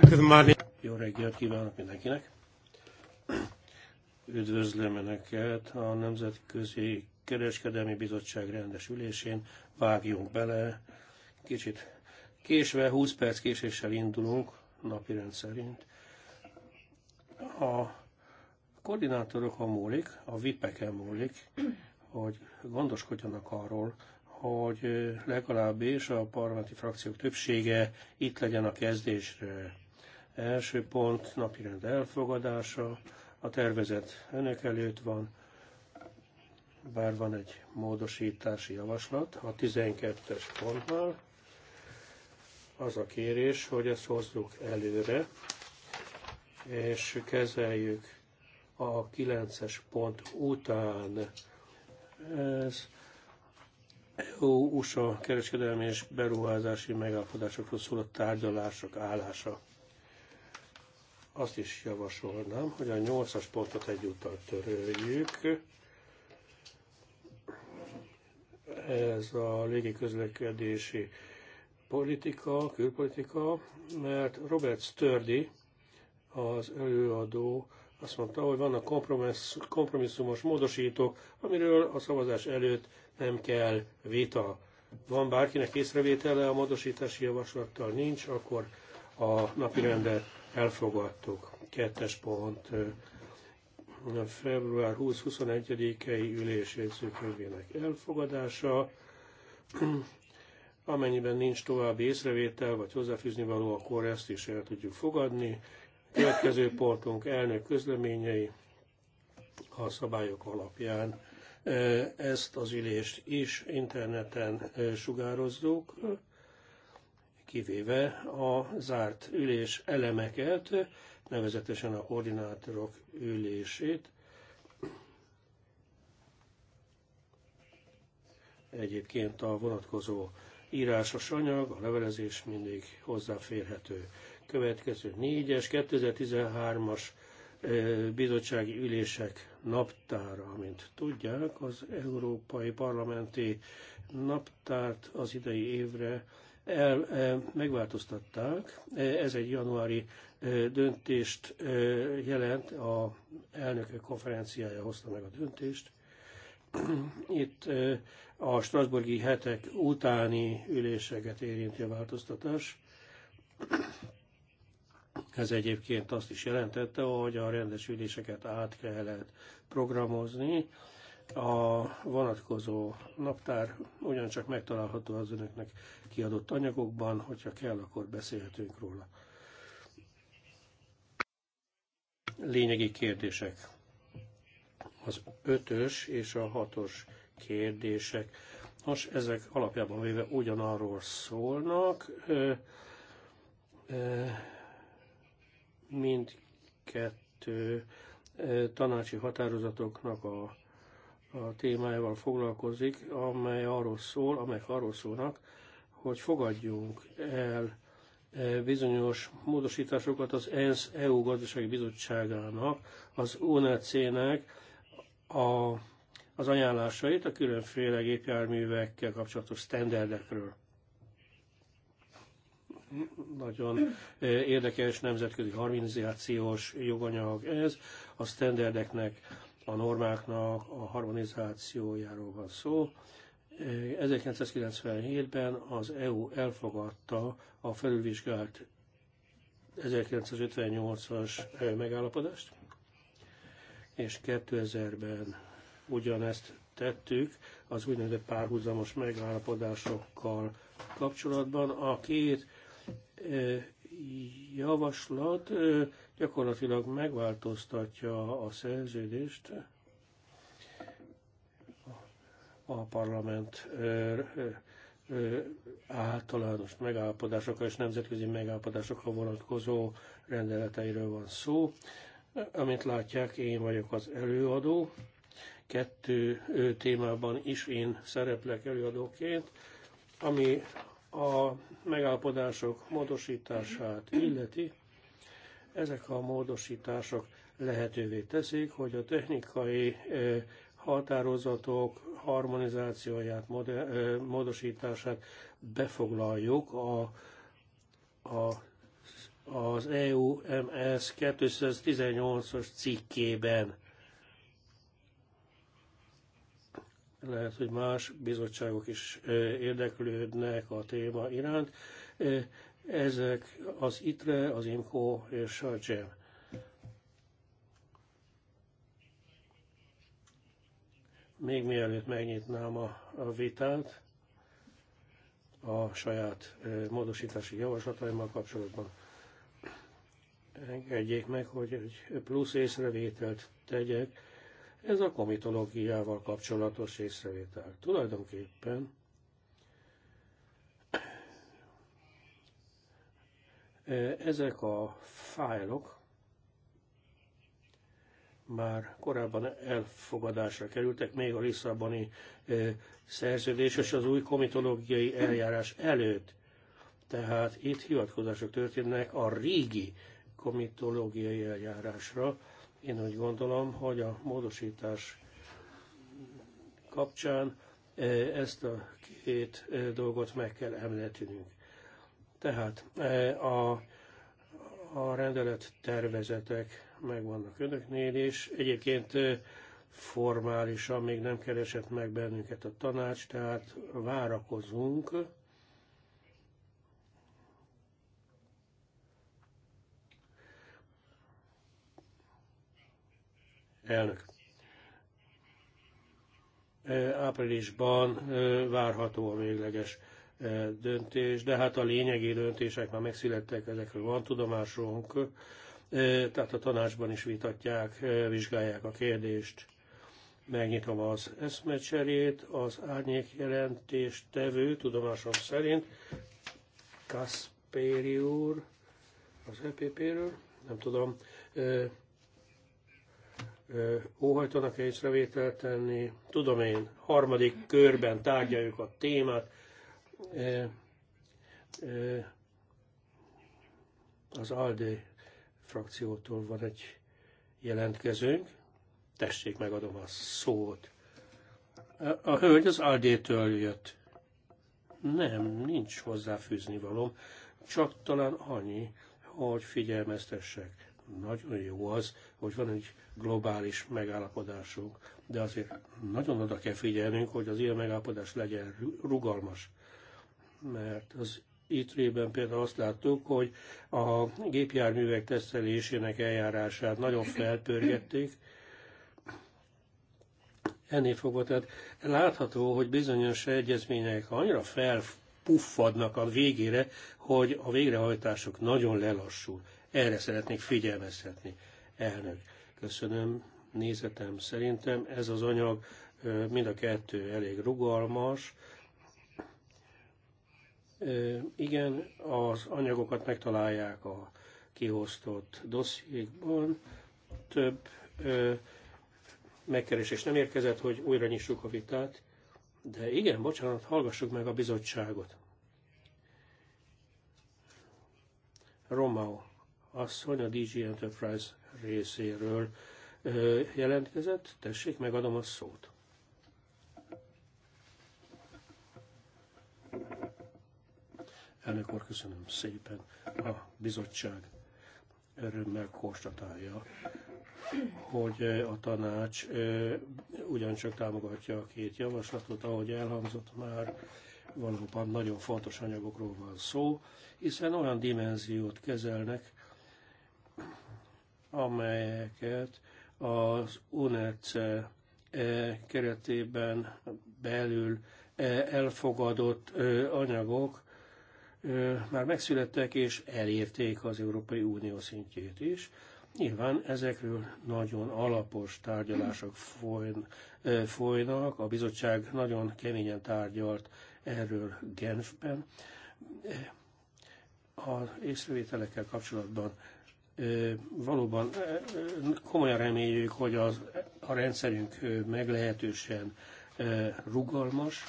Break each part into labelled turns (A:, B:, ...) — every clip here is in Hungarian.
A: Good morning. Jó reggelt kívánok mindenkinek. Üdvözlöm Önöket a Nemzetközi Kereskedelmi Bizottság rendes ülésén. Vágjunk bele. Kicsit késve, 20 perc késéssel indulunk napi rend szerint. A koordinátorokon múlik, a vip múlik, hogy gondoskodjanak arról, hogy legalábbis a parlamenti frakciók többsége itt legyen a kezdésre Első pont napirend elfogadása, a tervezet önök előtt van, bár van egy módosítási javaslat a 12-es pontnál. Az a kérés, hogy ezt hozzuk előre, és kezeljük a 9-es pont után. Ez EU-USA kereskedelmi és beruházási megállapodásokról szóló tárgyalások állása. Azt is javasolnám, hogy a 8-as pontot egyúttal töröljük. Ez a légiközlekedési politika, külpolitika, mert Robert Sturdy, az előadó, azt mondta, hogy vannak kompromisszumos módosítók, amiről a szavazás előtt nem kell vita. Van bárkinek észrevétele a módosítási javaslattal? Nincs, akkor a rendet elfogadtuk. Kettes pont február 20-21-i ülés jegyzőkönyvének elfogadása. Amennyiben nincs további észrevétel vagy hozzáfűzni való, akkor ezt is el tudjuk fogadni. Következő pontunk elnök közleményei a szabályok alapján. E, ezt az ülést is interneten e, sugározzuk, kivéve a zárt ülés elemeket, nevezetesen a koordinátorok ülését. Egyébként a vonatkozó írásos anyag, a levelezés mindig hozzáférhető következő négyes, 2013-as bizottsági ülések naptára, amint tudják, az Európai Parlamenti naptárt az idei évre el, megváltoztatták. Ez egy januári döntést jelent, a elnökök konferenciája hozta meg a döntést. Itt a Strasburgi hetek utáni üléseket érinti a változtatás. Ez egyébként azt is jelentette, hogy a rendesüléseket át kellett programozni. A vonatkozó naptár ugyancsak megtalálható az önöknek kiadott anyagokban, hogyha kell, akkor beszélhetünk róla. Lényegi kérdések. Az ötös és a hatos kérdések. Nos, ezek alapjában véve ugyanarról szólnak. Ö, ö, mindkettő tanácsi határozatoknak a, a témájával foglalkozik, amely arról szól, amelyek arról szólnak, hogy fogadjunk el bizonyos módosításokat az ENSZ EU Gazdasági Bizottságának, az UNEC-nek a, az ajánlásait a különféle gépjárművekkel kapcsolatos standardekről nagyon eh, érdekes nemzetközi harmonizációs joganyag ez, a standardeknek, a normáknak a harmonizációjáról van szó. 1997-ben eh, az EU elfogadta a felülvizsgált 1958-as eh, megállapodást, és 2000-ben ugyanezt tettük az úgynevezett párhuzamos megállapodásokkal kapcsolatban. A két javaslat gyakorlatilag megváltoztatja a szerződést a parlament általános megállapodásokkal és nemzetközi megállapodásokkal vonatkozó rendeleteiről van szó. Amint látják, én vagyok az előadó. Kettő témában is én szereplek előadóként, ami a megállapodások módosítását illeti, ezek a módosítások lehetővé teszik, hogy a technikai határozatok harmonizációját, módosítását befoglaljuk a, a, az EU-MS 218-as cikkében. lehet, hogy más bizottságok is érdeklődnek a téma iránt. Ezek az ITRE, az IMCO és a GEM. Még mielőtt megnyitnám a, vitát a saját módosítási javaslataimmal kapcsolatban, engedjék meg, hogy egy plusz észrevételt tegyek ez a komitológiával kapcsolatos észrevétel. Tulajdonképpen e, ezek a fájlok már korábban elfogadásra kerültek, még a Lisszaboni e, szerződés és az új komitológiai eljárás előtt. Tehát itt hivatkozások történnek a régi komitológiai eljárásra, én úgy gondolom, hogy a módosítás kapcsán e, ezt a két e, dolgot meg kell említenünk. Tehát e, a, a rendelet tervezetek megvannak önöknél, és egyébként formálisan még nem keresett meg bennünket a tanács, tehát várakozunk, Elnök. Áprilisban várható a végleges döntés, de hát a lényegi döntések már megszülettek, ezekről van tudomásunk, tehát a tanácsban is vitatják, vizsgálják a kérdést. Megnyitom az eszmecserét, az árnyék jelentés tevő, tudomásom szerint, Kasperi úr az EPP-ről, nem tudom, óhajtanak-e észrevételt tenni. Tudom én, harmadik körben tárgyaljuk a témát. Az ALDE frakciótól van egy jelentkezőnk. Tessék, megadom a szót. A hölgy az ALDE-től jött. Nem, nincs hozzáfűzni valom, csak talán annyi, hogy figyelmeztessek nagyon jó az, hogy van egy globális megállapodásunk, de azért nagyon oda kell figyelnünk, hogy az ilyen megállapodás legyen rugalmas. Mert az itt ben például azt láttuk, hogy a gépjárművek tesztelésének eljárását nagyon felpörgették, ennél fogva, tehát látható, hogy bizonyos egyezmények annyira felpuffadnak a végére, hogy a végrehajtásuk nagyon lelassul. Erre szeretnék figyelmeztetni. Elnök, köszönöm. Nézetem szerintem ez az anyag mind a kettő elég rugalmas. Igen, az anyagokat megtalálják a kiosztott dossziékban. Több megkeresés nem érkezett, hogy újra nyissuk a vitát. De igen, bocsánat, hallgassuk meg a bizottságot. Romau asszony a DG Enterprise részéről jelentkezett. Tessék, megadom a szót. Elnök úr, köszönöm szépen. A bizottság örömmel konstatálja, hogy a tanács ugyancsak támogatja a két javaslatot, ahogy elhangzott már, valóban nagyon fontos anyagokról van szó, hiszen olyan dimenziót kezelnek, amelyeket az UNEC eh, keretében belül eh, elfogadott eh, anyagok már megszülettek és elérték az Európai Unió szintjét is. Nyilván ezekről nagyon alapos tárgyalások folynak, a bizottság nagyon keményen tárgyalt erről Genfben. Az észrevételekkel kapcsolatban valóban komolyan reméljük, hogy az, a rendszerünk meglehetősen rugalmas,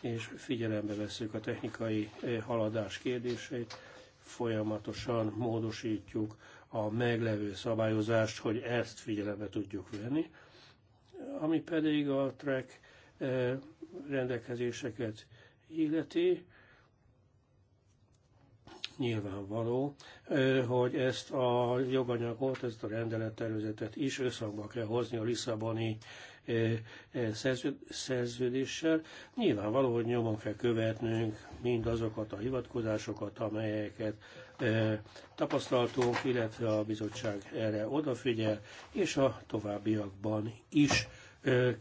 A: és figyelembe veszük a technikai haladás kérdéseit, folyamatosan módosítjuk a meglevő szabályozást, hogy ezt figyelembe tudjuk venni, ami pedig a track rendelkezéseket illeti, nyilvánvaló, hogy ezt a joganyagot, ezt a rendelettervezetet is összhangba kell hozni a Lisszaboni szerződéssel. Nyilvánvaló, hogy nyomon kell követnünk mindazokat a hivatkozásokat, amelyeket tapasztaltunk, illetve a bizottság erre odafigyel, és a továbbiakban is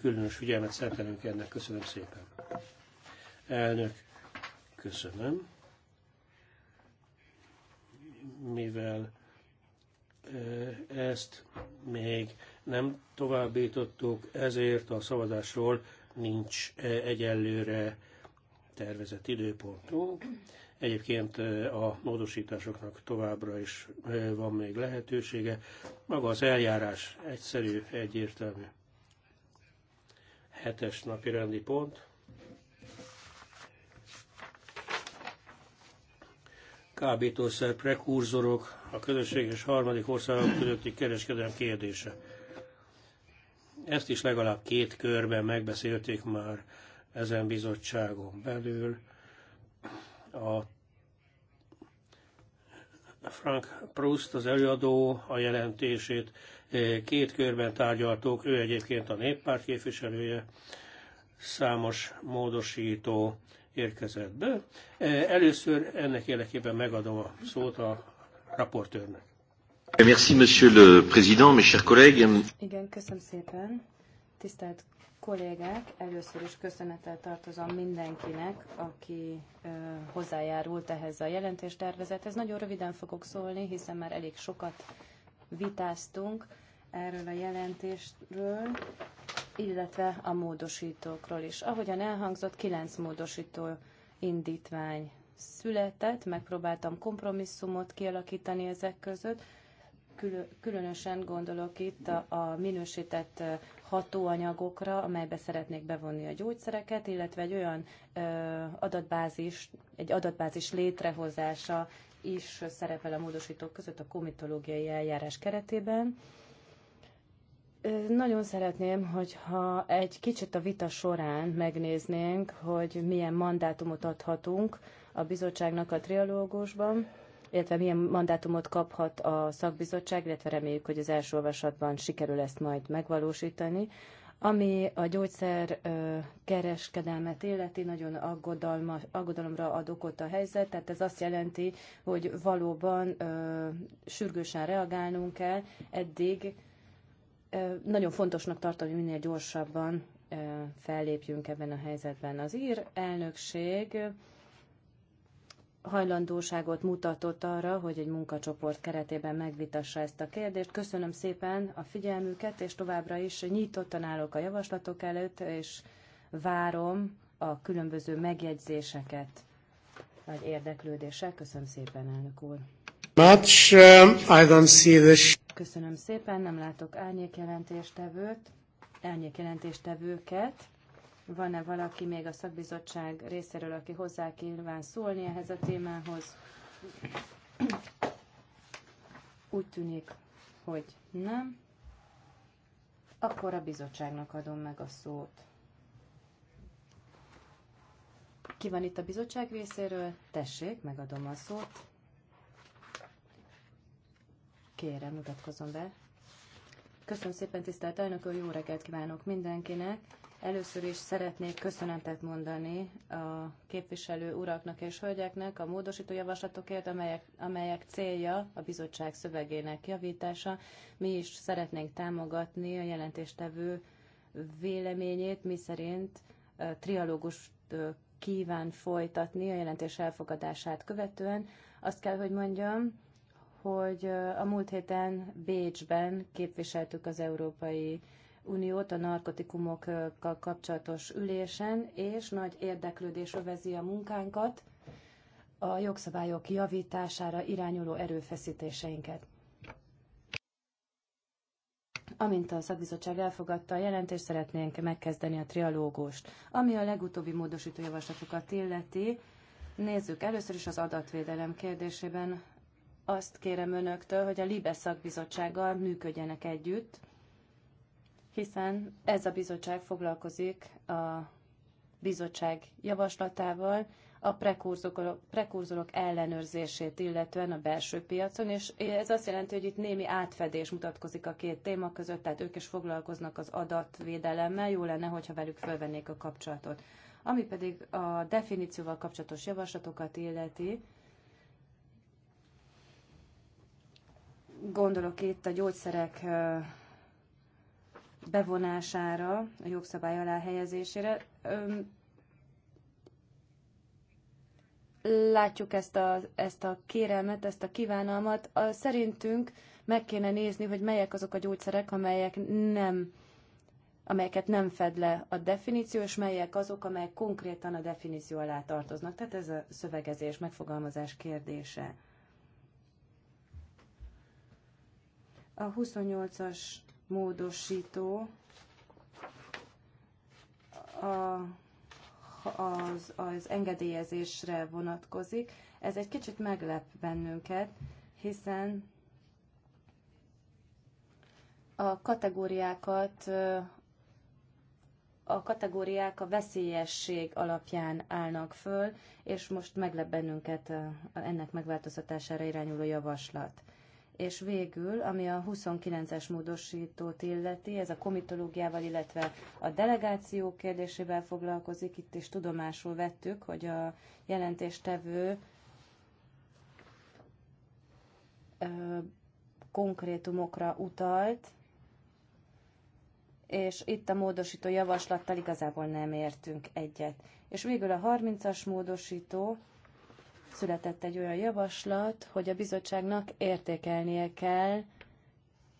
A: különös figyelmet szentelünk ennek. Köszönöm szépen. Elnök, köszönöm mivel ezt még nem továbbítottuk, ezért a szavazásról nincs egyelőre tervezett időpontunk. Egyébként a módosításoknak továbbra is van még lehetősége. Maga az eljárás egyszerű, egyértelmű. Hetes napi rendi pont. kábítószer prekurzorok, a közösség és harmadik országok közötti kereskedelem kérdése. Ezt is legalább két körben megbeszélték már ezen bizottságon belül. A Frank Proust, az előadó a jelentését eh, két körben tárgyaltók, ő egyébként a néppárt képviselője, számos módosító érkezett be. E, először ennek érdekében megadom a szót a raportőrnek. Merci, monsieur le président, mes chers collègues.
B: Igen, köszönöm szépen. Tisztelt kollégák, először is köszönettel tartozom mindenkinek, aki ö, hozzájárult ehhez a jelentéstervezethez. Nagyon röviden fogok szólni, hiszen már elég sokat vitáztunk erről a jelentésről, illetve a módosítókról is. Ahogyan elhangzott, kilenc módosító indítvány született, megpróbáltam kompromisszumot kialakítani ezek között, különösen gondolok itt a, a minősített hatóanyagokra, amelybe szeretnék bevonni a gyógyszereket, illetve egy olyan ö, adatbázis, egy adatbázis létrehozása is szerepel a módosítók között a komitológiai eljárás keretében. Nagyon szeretném, hogyha egy kicsit a vita során megnéznénk, hogy milyen mandátumot adhatunk a bizottságnak a trialógusban, illetve milyen mandátumot kaphat a szakbizottság, illetve reméljük, hogy az első olvasatban sikerül ezt majd megvalósítani. Ami a gyógyszer kereskedelmet illeti, nagyon aggodalma, aggodalomra ad okot a helyzet, tehát ez azt jelenti, hogy valóban ö, sürgősen reagálnunk kell. Eddig nagyon fontosnak tartom, hogy minél gyorsabban fellépjünk ebben a helyzetben. Az ír elnökség hajlandóságot mutatott arra, hogy egy munkacsoport keretében megvitassa ezt a kérdést. Köszönöm szépen a figyelmüket és továbbra is nyitottan állok a javaslatok előtt, és várom a különböző megjegyzéseket nagy érdeklődéssel. Köszönöm szépen, elnök úr.
A: Much, um, I don't see this.
B: Köszönöm szépen, nem látok árnyékjelentéstevőt, árnyékjelentéstevőket. Van-e valaki még a szakbizottság részéről, aki hozzá kíván szólni ehhez a témához? Úgy tűnik, hogy nem. Akkor a bizottságnak adom meg a szót. Ki van itt a bizottság részéről? Tessék, megadom a szót kérem, mutatkozom be. Köszönöm szépen, tisztelt elnök úr, jó reggelt kívánok mindenkinek. Először is szeretnék köszönetet mondani a képviselő uraknak és hölgyeknek a módosító javaslatokért, amelyek, amelyek célja a bizottság szövegének javítása. Mi is szeretnénk támogatni a jelentéstevő véleményét, miszerint trialógust kíván folytatni a jelentés elfogadását követően. Azt kell, hogy mondjam, hogy a múlt héten Bécsben képviseltük az Európai Uniót a narkotikumokkal kapcsolatos ülésen, és nagy érdeklődés övezi a munkánkat, a jogszabályok javítására irányuló erőfeszítéseinket. Amint a szakbizottság elfogadta a jelentést, szeretnénk megkezdeni a trialógust. Ami a legutóbbi módosítójavaslatokat illeti, nézzük először is az adatvédelem kérdésében azt kérem önöktől, hogy a LIBE szakbizottsággal működjenek együtt, hiszen ez a bizottság foglalkozik a bizottság javaslatával a prekurzorok, prekurzorok ellenőrzését illetően a belső piacon, és ez azt jelenti, hogy itt némi átfedés mutatkozik a két téma között, tehát ők is foglalkoznak az adatvédelemmel, jó lenne, hogyha velük fölvennék a kapcsolatot. Ami pedig a definícióval kapcsolatos javaslatokat illeti, Gondolok itt a gyógyszerek bevonására, a jogszabály alá helyezésére. Látjuk ezt a, ezt a kérelmet, ezt a kívánalmat. A, szerintünk meg kéne nézni, hogy melyek azok a gyógyszerek, amelyek nem amelyeket nem fed le a definíció, és melyek azok, amelyek konkrétan a definíció alá tartoznak. Tehát ez a szövegezés, megfogalmazás kérdése. A 28-as módosító a, az, az engedélyezésre vonatkozik. Ez egy kicsit meglep bennünket, hiszen a kategóriákat a kategóriák a veszélyesség alapján állnak föl, és most meglep bennünket ennek megváltoztatására irányuló javaslat és végül, ami a 29-es módosítót illeti, ez a komitológiával, illetve a delegáció kérdésével foglalkozik, itt is tudomásul vettük, hogy a jelentéstevő ö, konkrétumokra utalt, és itt a módosító javaslattal igazából nem értünk egyet. És végül a 30-as módosító, született egy olyan javaslat, hogy a bizottságnak értékelnie kell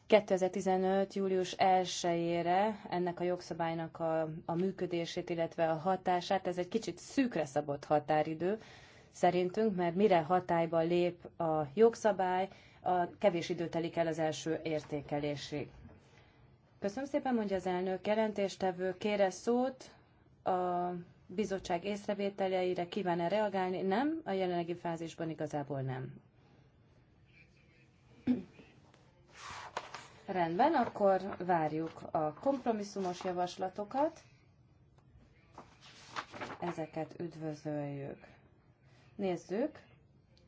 B: 2015. július 1-ére ennek a jogszabálynak a, a működését, illetve a hatását. Ez egy kicsit szűkre szabott határidő szerintünk, mert mire hatályba lép a jogszabály, a kevés idő telik el az első értékelésig. Köszönöm szépen, mondja az elnök jelentéstevő. Kére szót a bizottság észrevételeire kíván-e reagálni? Nem, a jelenlegi fázisban igazából nem. Rendben, akkor várjuk a kompromisszumos javaslatokat. Ezeket üdvözöljük. Nézzük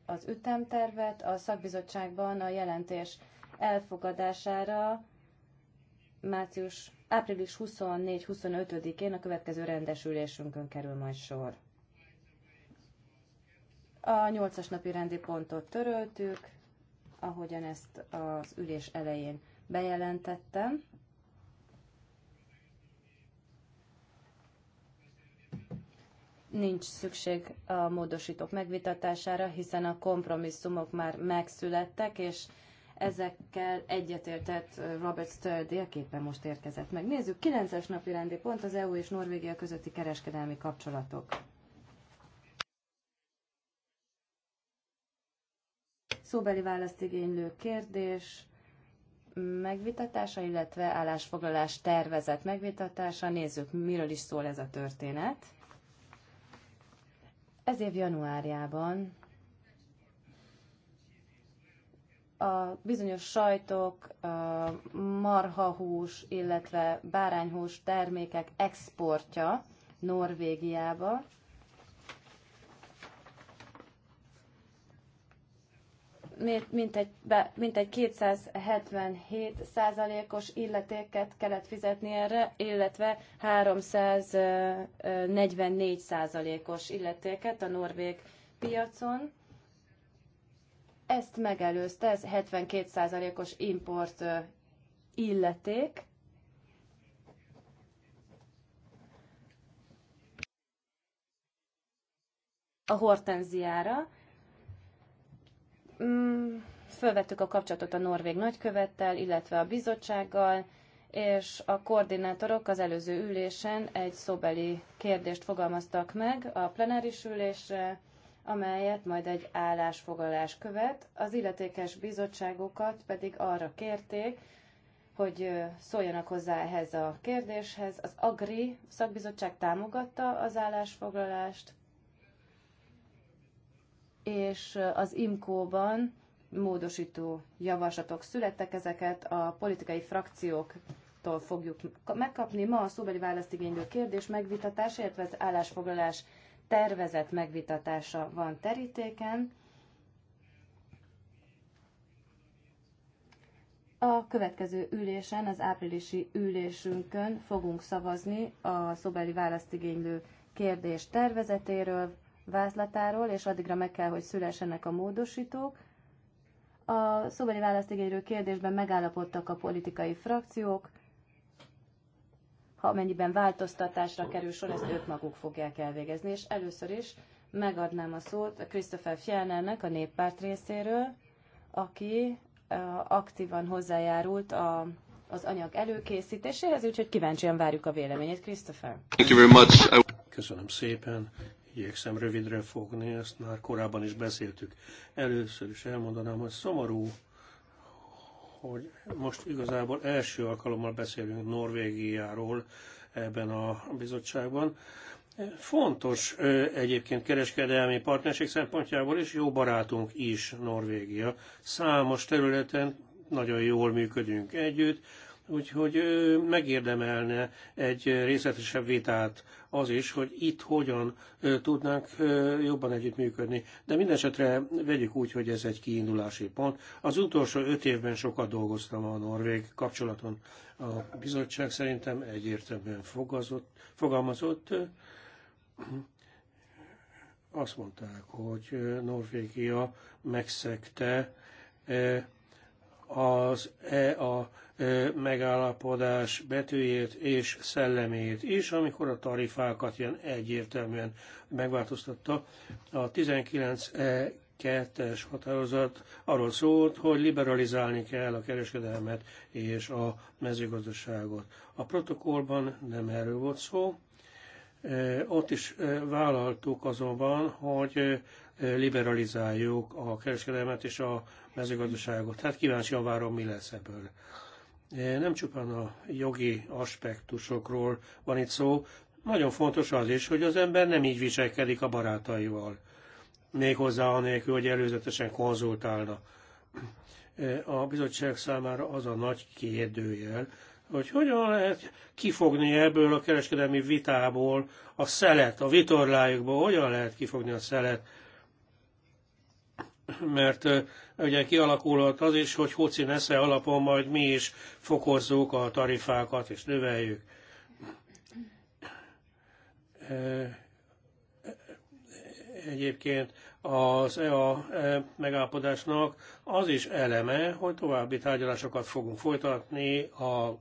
B: az ütemtervet. A szakbizottságban a jelentés elfogadására március, április 24-25-én a következő rendesülésünkön kerül majd sor. A nyolcas napi rendi pontot töröltük, ahogyan ezt az ülés elején bejelentettem. Nincs szükség a módosítók megvitatására, hiszen a kompromisszumok már megszülettek, és ezekkel egyetértett Robert Sturdy, aki éppen most érkezett meg. Nézzük, 9-es napi rendi pont az EU és Norvégia közötti kereskedelmi kapcsolatok. Szóbeli választ igénylő kérdés megvitatása, illetve állásfoglalás tervezet megvitatása. Nézzük, miről is szól ez a történet. Ez év januárjában a bizonyos sajtok, marhahús, illetve bárányhús termékek exportja Norvégiába. mint mint egy 277 százalékos illetéket kellett fizetni erre, illetve 344 százalékos illetéket a norvég piacon ezt megelőzte, ez 72%-os import illeték, a hortenziára. Mm, fölvettük a kapcsolatot a norvég nagykövettel, illetve a bizottsággal, és a koordinátorok az előző ülésen egy szóbeli kérdést fogalmaztak meg a plenáris ülésre, amelyet majd egy állásfoglalás követ, az illetékes bizottságokat pedig arra kérték, hogy szóljanak hozzá ehhez a kérdéshez. Az AGRI szakbizottság támogatta az állásfoglalást, és az IMKO-ban módosító javaslatok születtek, ezeket a politikai frakcióktól fogjuk megkapni. Ma a szóbeli választigénylő kérdés megvitatása, illetve az állásfoglalás tervezet megvitatása van terítéken. A következő ülésen, az áprilisi ülésünkön fogunk szavazni a szobeli választigénylő kérdés tervezetéről, vázlatáról, és addigra meg kell, hogy szülessenek a módosítók. A szobeli választigénylő kérdésben megállapodtak a politikai frakciók, ha amennyiben változtatásra kerül sor, ezt ők maguk fogják elvégezni. És először is megadnám a szót a Christopher Fjellnernek a néppárt részéről, aki aktívan hozzájárult a, az anyag előkészítéséhez, úgyhogy kíváncsian várjuk a véleményét. Christopher.
A: Thank you very much. Köszönöm szépen. Igyekszem rövidre fogni, ezt már korábban is beszéltük. Először is elmondanám, hogy szomorú hogy most igazából első alkalommal beszélünk Norvégiáról ebben a bizottságban. Fontos egyébként kereskedelmi partnerség szempontjából, és jó barátunk is Norvégia. Számos területen nagyon jól működünk együtt, Úgyhogy megérdemelne egy részletesebb vitát az is, hogy itt hogyan tudnánk jobban együttműködni. De minden esetre vegyük úgy, hogy ez egy kiindulási pont. Az utolsó öt évben sokat dolgoztam a norvég kapcsolaton. A bizottság szerintem egyértelműen fogazott, fogalmazott. Azt mondták, hogy Norvégia megszegte az EA megállapodás betűjét és szellemét is, amikor a tarifákat ilyen egyértelműen megváltoztatta. A 19.2-es határozat arról szólt, hogy liberalizálni kell a kereskedelmet és a mezőgazdaságot. A protokollban nem erről volt szó, ott is vállaltuk azonban, hogy liberalizáljuk a kereskedelmet és a mezőgazdaságot. Tehát kíváncsian várom, mi lesz ebből nem csupán a jogi aspektusokról van itt szó, nagyon fontos az is, hogy az ember nem így viselkedik a barátaival, méghozzá anélkül, hogy előzetesen konzultálna. A bizottság számára az a nagy kérdőjel, hogy hogyan lehet kifogni ebből a kereskedelmi vitából a szelet, a vitorlájukból, hogyan lehet kifogni a szelet, mert ugye kialakulhat az is, hogy Hoci Nesze alapon majd mi is fokozzuk a tarifákat és növeljük. Egyébként az EA megállapodásnak az is eleme, hogy további tárgyalásokat fogunk folytatni a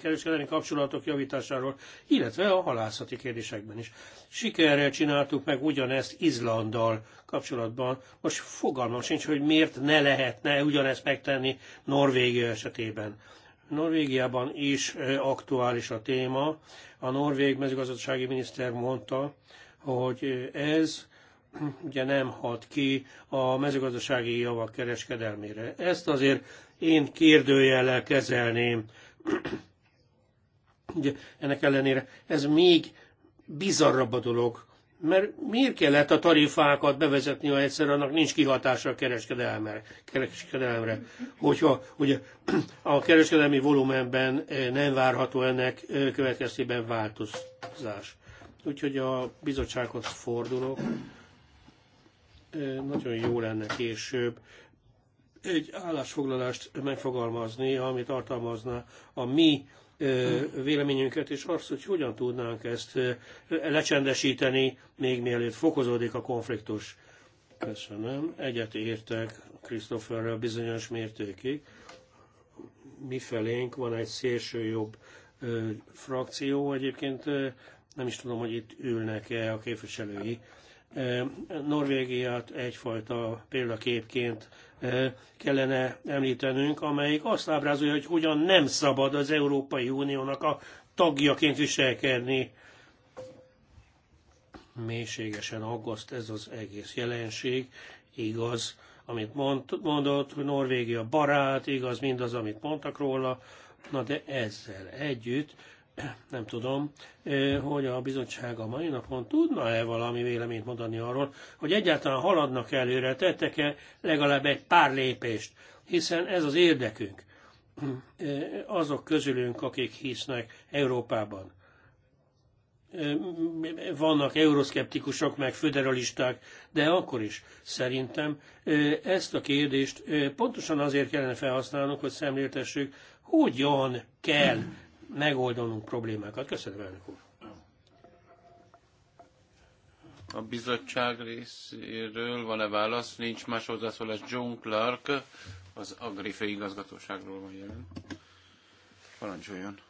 A: kereskedelmi kapcsolatok javításáról, illetve a halászati kérdésekben is. Sikerrel csináltuk meg ugyanezt Izlanddal kapcsolatban. Most fogalmam sincs, hogy miért ne lehetne ugyanezt megtenni Norvégia esetében. Norvégiában is aktuális a téma. A norvég mezőgazdasági miniszter mondta, hogy ez ugye nem hat ki a mezőgazdasági javak kereskedelmére. Ezt azért én kérdőjellel kezelném. Ugye, ennek ellenére ez még bizarrabb a dolog, mert miért kellett a tarifákat bevezetni, ha egyszer annak nincs kihatása a kereskedelmre, kereskedelemre hogyha ugye, a kereskedelmi volumenben eh, nem várható ennek eh, következtében változás. Úgyhogy a bizottsághoz fordulok. Eh, nagyon jó lenne később egy állásfoglalást megfogalmazni, ami tartalmazna a mi véleményünket, és azt, hogy hogyan tudnánk ezt lecsendesíteni, még mielőtt fokozódik a konfliktus. Köszönöm. Egyet értek Christopherrel bizonyos mértékig. Mi felénk van egy szélső jobb ö, frakció, egyébként ö, nem is tudom, hogy itt ülnek-e a képviselői. Ö, Norvégiát egyfajta példaképként kellene említenünk, amelyik azt ábrázolja, hogy hogyan nem szabad az Európai Uniónak a tagjaként viselkedni. Mélységesen aggaszt ez az egész jelenség, igaz, amit mondott, Norvégia barát, igaz mindaz, amit mondtak róla, na de ezzel együtt nem tudom, hogy a bizottság a mai napon tudna-e valami véleményt mondani arról, hogy egyáltalán haladnak előre, tettek-e legalább egy pár lépést, hiszen ez az érdekünk azok közülünk, akik hisznek Európában. Vannak euroszkeptikusok, meg föderalisták, de akkor is szerintem ezt a kérdést pontosan azért kellene felhasználnunk, hogy szemléltessük, hogyan kell megoldanunk problémákat. Köszönöm, elnök úr.
C: A bizottság részéről van-e válasz? Nincs más hozzászólás. John Clark az Agrifei igazgatóságról van jelen. Parancsoljon.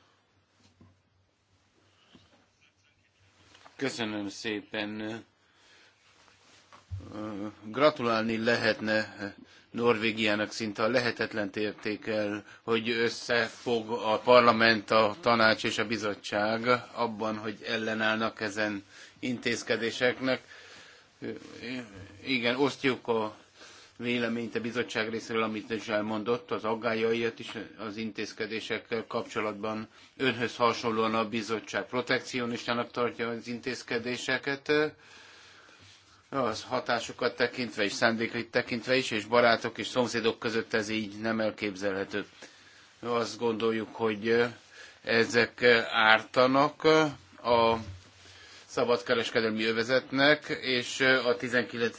C: Köszönöm szépen. Gratulálni lehetne Norvégiának szinte a lehetetlen el, hogy összefog a parlament, a tanács és a bizottság abban, hogy ellenállnak ezen intézkedéseknek. Igen, osztjuk a véleményt a bizottság részéről, amit is elmondott, az aggályaiat is az intézkedésekkel kapcsolatban. Önhöz hasonlóan a bizottság protekcionistának tartja az intézkedéseket az hatásokat tekintve és szándékait tekintve is, és barátok és szomszédok között ez így nem elképzelhető. Azt gondoljuk, hogy ezek ártanak a szabadkereskedelmi övezetnek, és a 19.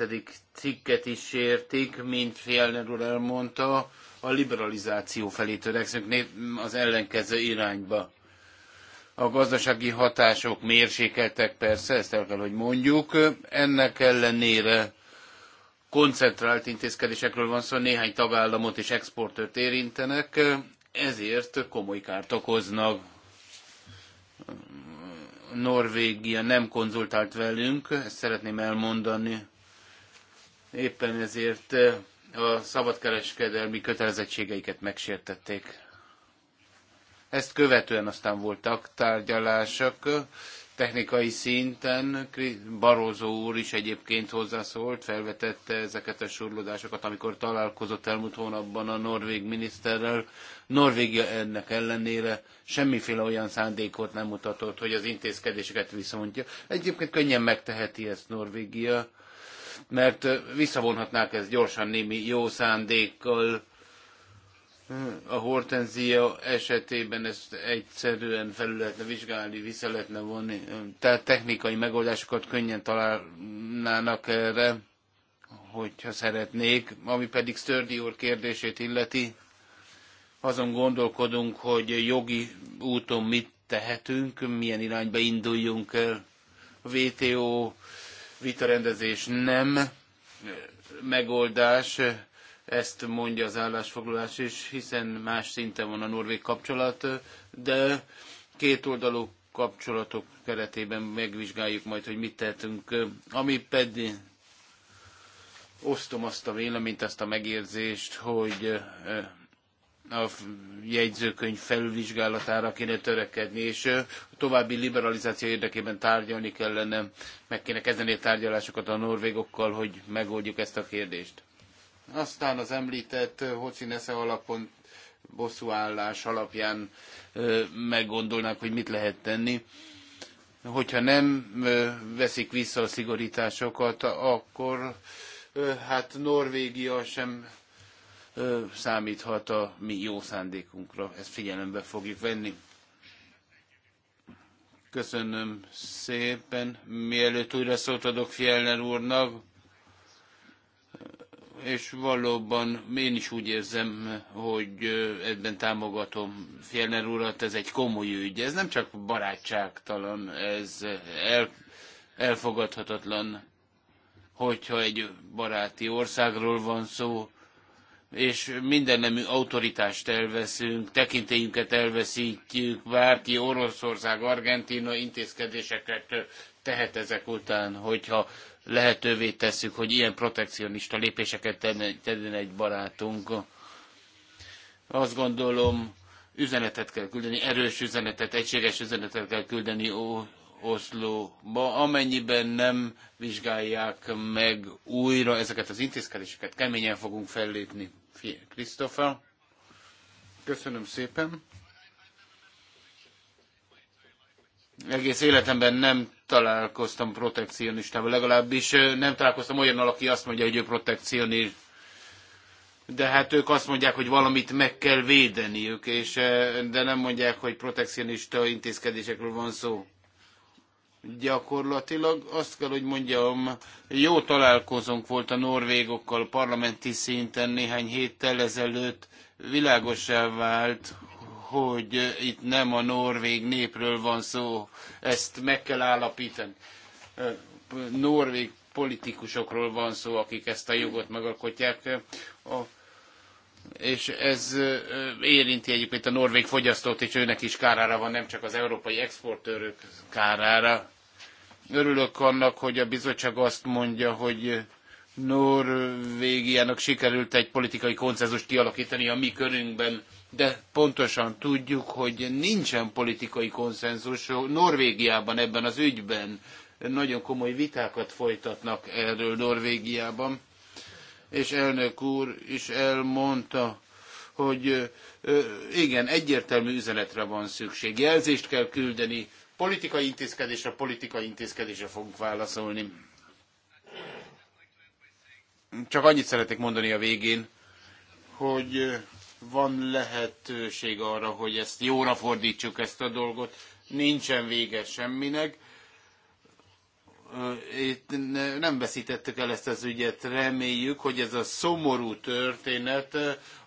C: cikket is értik, mint Fjellner úr elmondta, a liberalizáció felé törekszünk az ellenkező irányba. A gazdasági hatások mérsékeltek persze, ezt el kell, hogy mondjuk. Ennek ellenére koncentrált intézkedésekről van szó, néhány tagállamot és exportőt érintenek, ezért komoly kárt okoznak. Norvégia nem konzultált velünk, ezt szeretném elmondani. Éppen ezért a szabadkereskedelmi kötelezettségeiket megsértették. Ezt követően aztán voltak tárgyalások technikai szinten. Barózó úr is egyébként hozzászólt, felvetette ezeket a surlódásokat, amikor találkozott elmúlt hónapban a norvég miniszterrel. Norvégia ennek ellenére semmiféle olyan szándékot nem mutatott, hogy az intézkedéseket viszontja. Egyébként könnyen megteheti ezt Norvégia, mert visszavonhatnák ezt gyorsan némi jó szándékkal, a hortenzia esetében ezt egyszerűen felül lehetne vizsgálni, vissza lehetne vonni. Tehát technikai megoldásokat könnyen találnának erre, hogyha szeretnék. Ami pedig Sturdy úr kérdését illeti, azon gondolkodunk, hogy jogi úton mit tehetünk, milyen irányba induljunk el. A VTO vitarendezés nem megoldás, ezt mondja az állásfoglalás is, hiszen más szinten van a norvég kapcsolat, de kétoldalú kapcsolatok keretében megvizsgáljuk majd, hogy mit tehetünk. Ami pedig osztom azt a véleményt, azt a megérzést, hogy eh, a jegyzőkönyv felülvizsgálatára kéne törekedni, és eh, a további liberalizáció érdekében tárgyalni kellene, meg kéne kezdeni a tárgyalásokat a norvégokkal, hogy megoldjuk ezt a kérdést. Aztán az említett eh, Hocinesze alapon bosszúállás alapján eh, meggondolnák, hogy mit lehet tenni. Hogyha nem eh, veszik vissza a szigorításokat, akkor hát Norvégia sem számíthat a mi jó szándékunkra. Ezt figyelembe fogjuk venni. Köszönöm szépen. Mielőtt újra szólt adok Fjellner úrnak, és valóban én is úgy érzem, hogy ebben támogatom Fjellner urat, ez egy komoly ügy, ez nem csak barátságtalan, ez el, elfogadhatatlan, hogyha egy baráti országról van szó, és nemű autoritást elveszünk, tekintélyünket elveszítjük, bárki Oroszország, Argentina intézkedéseket tehet ezek után, hogyha lehetővé tesszük, hogy ilyen protekcionista lépéseket tegyen egy barátunk. Azt gondolom, üzenetet kell küldeni, erős üzenetet, egységes üzenetet kell küldeni Ó, Oszlóba, amennyiben nem vizsgálják meg újra ezeket az intézkedéseket. Keményen fogunk fellépni. Krisztofa, köszönöm szépen. egész életemben nem találkoztam protekcionistával, legalábbis nem találkoztam olyannal, aki azt mondja, hogy ő protekcionist. De hát ők azt mondják, hogy valamit meg kell védeniük, és, de nem mondják, hogy protekcionista intézkedésekről van szó. Gyakorlatilag azt kell, hogy mondjam, jó találkozónk volt a norvégokkal parlamenti szinten néhány héttel ezelőtt, világosá vált, hogy itt nem a norvég népről van szó, ezt meg kell állapítani. Norvég politikusokról van szó, akik ezt a jogot megalkotják. A és ez érinti egyébként a norvég fogyasztót, és őnek is kárára van, nem csak az európai exportőrök kárára. Örülök annak, hogy a bizottság azt mondja, hogy Norvégiának sikerült egy politikai konszenzust kialakítani a mi körünkben de pontosan tudjuk, hogy nincsen politikai konszenzus Norvégiában ebben az ügyben. Nagyon komoly vitákat folytatnak erről Norvégiában, és elnök úr is elmondta, hogy igen, egyértelmű üzenetre van szükség. Jelzést kell küldeni, politikai intézkedésre, politikai intézkedésre fogunk válaszolni. Csak annyit szeretnék mondani a végén, hogy van lehetőség arra, hogy ezt jóra fordítsuk ezt a dolgot, nincsen vége semminek. Itt nem veszítettük el ezt az ügyet, reméljük, hogy ez a szomorú történet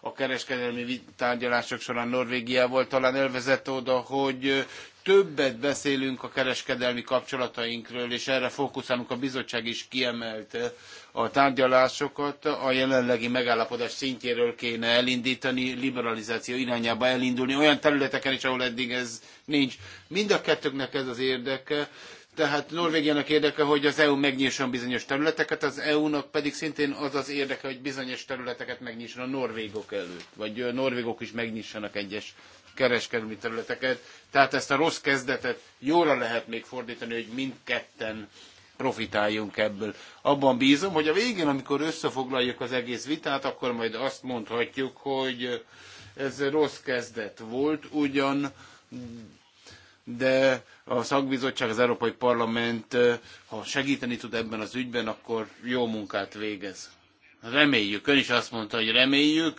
C: a kereskedelmi tárgyalások során Norvégiával talán elvezett oda, hogy többet beszélünk a kereskedelmi kapcsolatainkról, és erre fókuszálunk, a bizottság is kiemelte eh, a tárgyalásokat, a jelenlegi megállapodás szintjéről kéne elindítani, liberalizáció irányába elindulni, olyan területeken is, ahol eddig ez nincs. Mind a kettőknek ez az érdeke, tehát Norvégiának érdeke, hogy az EU megnyisson bizonyos területeket, az EU-nak pedig szintén az az érdeke, hogy bizonyos területeket megnyisson a norvégok előtt, vagy eh, norvégok is megnyissanak egyes kereskedelmi területeket. Tehát ezt a rossz kezdetet jóra lehet még fordítani, hogy mindketten profitáljunk ebből. Abban bízom, hogy a végén, amikor összefoglaljuk az egész vitát, akkor majd azt mondhatjuk, hogy ez rossz kezdet volt, ugyan, de a szakbizottság, az Európai Parlament, ha segíteni tud ebben az ügyben, akkor jó munkát végez. Reméljük. Ön is azt mondta, hogy reméljük.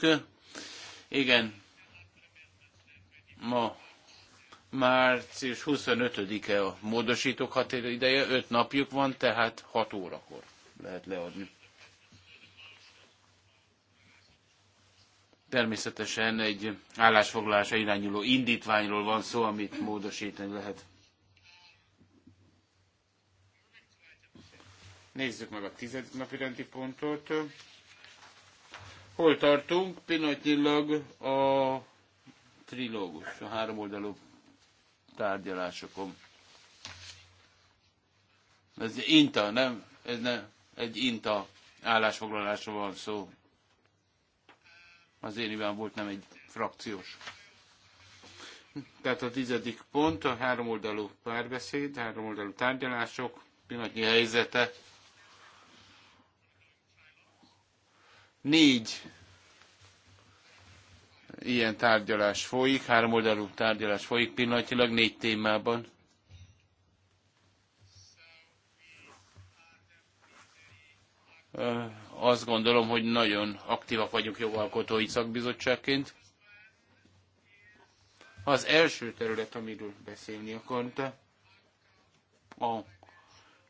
C: Igen, Ma március 25-e a módosítók határa ideje, 5 napjuk van, tehát 6 órakor lehet leadni. Természetesen egy állásfoglalásra irányuló indítványról van szó, amit módosítani lehet. Nézzük meg a tizedik napi rendi pontot. Hol tartunk? Pillanatnyilag a trilógus, a háromoldalú tárgyalásokon. Ez inta, nem? Ez nem egy inta állásfoglalásról van szó. Az én iván volt, nem egy frakciós. Tehát a tizedik pont, a háromoldalú párbeszéd, háromoldalú tárgyalások, pillanatnyi helyzete. Négy ilyen tárgyalás folyik, háromoldalú tárgyalás folyik pillanatilag négy témában. Azt gondolom, hogy nagyon aktívak vagyunk jogalkotói szakbizottságként. Az első terület, amiről beszélni akarta, a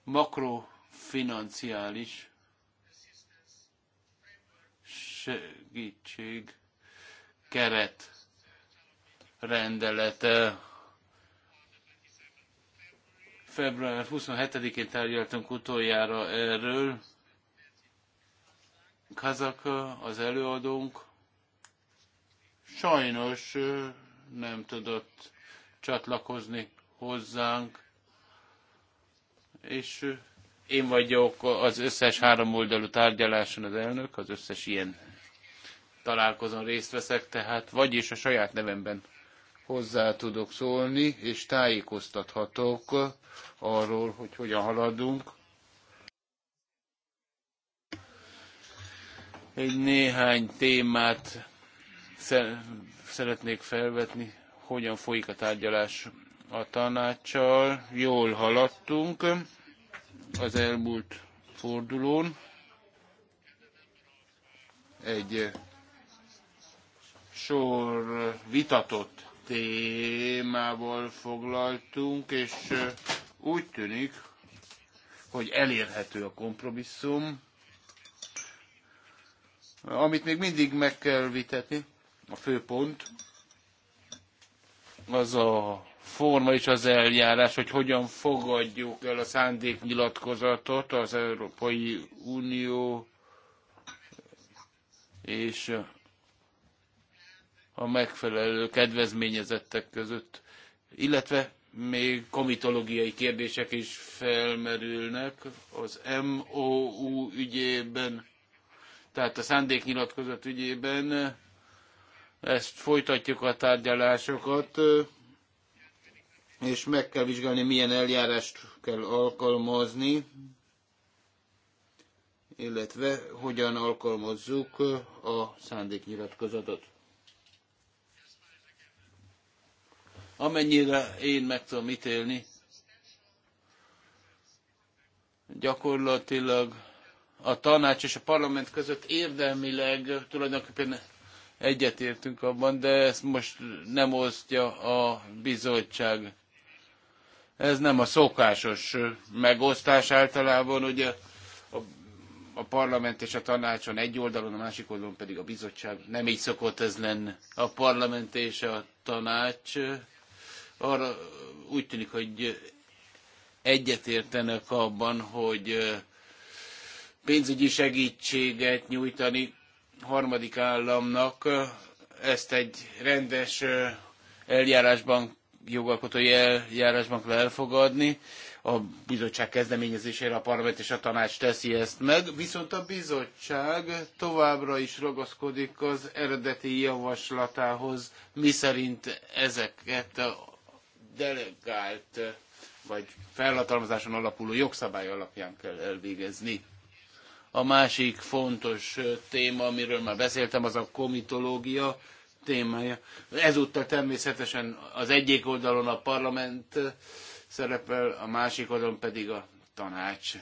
C: makrofinanciális segítség keret rendelete. Február 27-én tárgyaltunk utoljára erről. Kazaka, az előadónk, sajnos nem tudott csatlakozni hozzánk, és én vagyok az összes három oldalú tárgyaláson az elnök, az összes ilyen találkozón részt veszek, tehát vagyis a saját nevemben hozzá tudok szólni, és tájékoztathatok arról, hogy hogyan haladunk. Egy néhány témát szeretnék felvetni, hogyan folyik a tárgyalás a tanácssal. Jól haladtunk az elmúlt fordulón. Egy sor vitatott témával foglaltunk, és úgy tűnik, hogy elérhető a kompromisszum, amit még mindig meg kell vitetni, a fő pont, az a forma és az eljárás, hogy hogyan fogadjuk el a szándéknyilatkozatot az Európai Unió és a megfelelő kedvezményezettek között, illetve még komitológiai kérdések is felmerülnek az MOU ügyében, tehát a szándéknyilatkozat ügyében. Ezt folytatjuk a tárgyalásokat, és meg kell vizsgálni, milyen eljárást kell alkalmazni, illetve hogyan alkalmazzuk a szándéknyilatkozatot. Amennyire én meg tudom ítélni, gyakorlatilag a tanács és a parlament között érdemileg tulajdonképpen egyetértünk abban, de ezt most nem osztja a bizottság. Ez nem a szokásos megosztás általában, ugye a, a parlament és a tanácson egy oldalon, a másik oldalon pedig a bizottság. Nem így szokott ez lenni. A parlament és a tanács arra úgy tűnik, hogy egyetértenek abban, hogy pénzügyi segítséget nyújtani harmadik államnak, ezt egy rendes eljárásban, jogalkotói eljárásban kell elfogadni. A bizottság kezdeményezésére a parlament és a tanács teszi ezt meg, viszont a bizottság továbbra is ragaszkodik az eredeti javaslatához, miszerint ezeket delegált vagy felhatalmazáson alapuló jogszabály alapján kell elvégezni. A másik fontos téma, amiről már beszéltem, az a komitológia témája. Ezúttal természetesen az egyik oldalon a parlament szerepel, a másik oldalon pedig a tanács.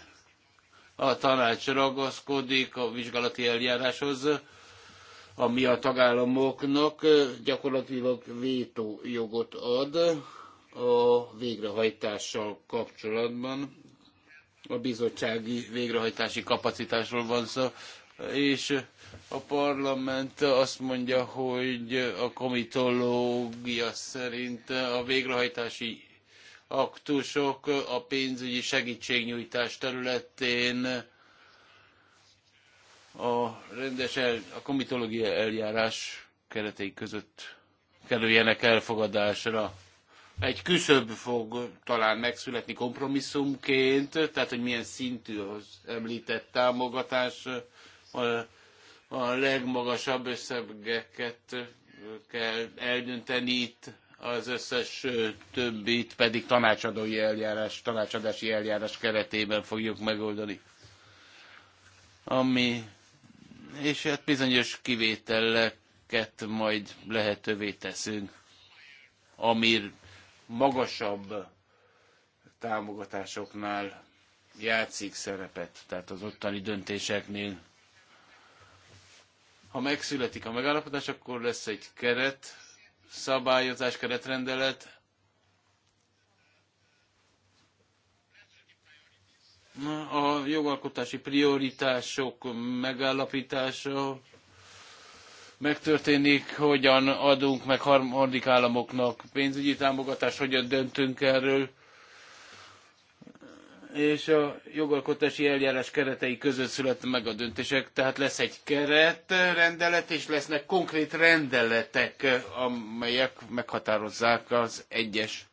C: A tanács ragaszkodik a vizsgálati eljáráshoz, ami a tagállamoknak gyakorlatilag vétójogot ad a végrehajtással kapcsolatban. A bizottsági végrehajtási kapacitásról van szó, és a parlament azt mondja, hogy a komitológia szerint a végrehajtási aktusok a pénzügyi segítségnyújtás területén a rendes el, a komitológia eljárás keretei között kerüljenek elfogadásra egy küszöb fog talán megszületni kompromisszumként, tehát hogy milyen szintű az említett támogatás, a, a legmagasabb összegeket kell eldönteni itt, az összes többit pedig tanácsadói eljárás, tanácsadási eljárás keretében fogjuk megoldani. Ami, és hát bizonyos kivételeket majd lehetővé teszünk, amir magasabb támogatásoknál játszik szerepet, tehát az ottani döntéseknél. Ha megszületik a megállapodás, akkor lesz egy keret, szabályozás, keretrendelet, a jogalkotási prioritások megállapítása, megtörténik, hogyan adunk meg harmadik államoknak pénzügyi támogatást, hogyan döntünk erről, és a jogalkotási eljárás keretei között születnek meg a döntések, tehát lesz egy keretrendelet, és lesznek konkrét rendeletek, amelyek meghatározzák az egyes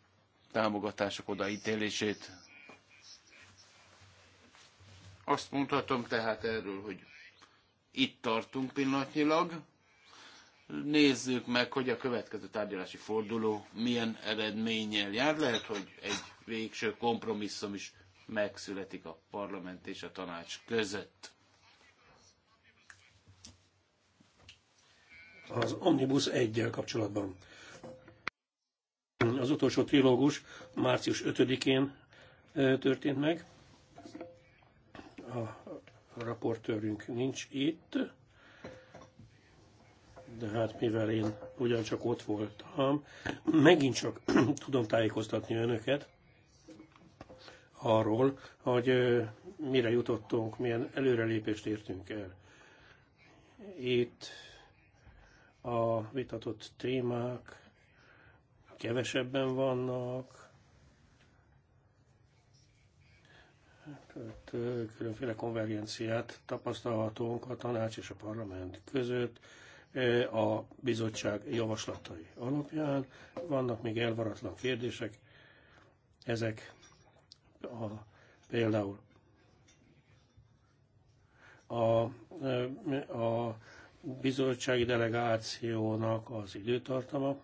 C: támogatások odaítélését. Azt mondhatom tehát erről, hogy itt tartunk pillanatnyilag. Nézzük meg, hogy a következő tárgyalási forduló milyen eredménnyel jár. Lehet, hogy egy végső kompromisszum is megszületik a parlament és a tanács között.
A: Az Omnibus 1 kapcsolatban. Az utolsó trilógus március 5-én történt meg. A raportőrünk nincs itt de hát mivel én ugyancsak ott voltam, megint csak tudom tájékoztatni önöket arról, hogy mire jutottunk, milyen előrelépést értünk el. Itt a vitatott témák kevesebben vannak, különféle konvergenciát tapasztalhatunk a tanács és a parlament között, a bizottság javaslatai alapján. Vannak még elvaratlan kérdések, ezek a, például a, a bizottsági delegációnak az időtartama,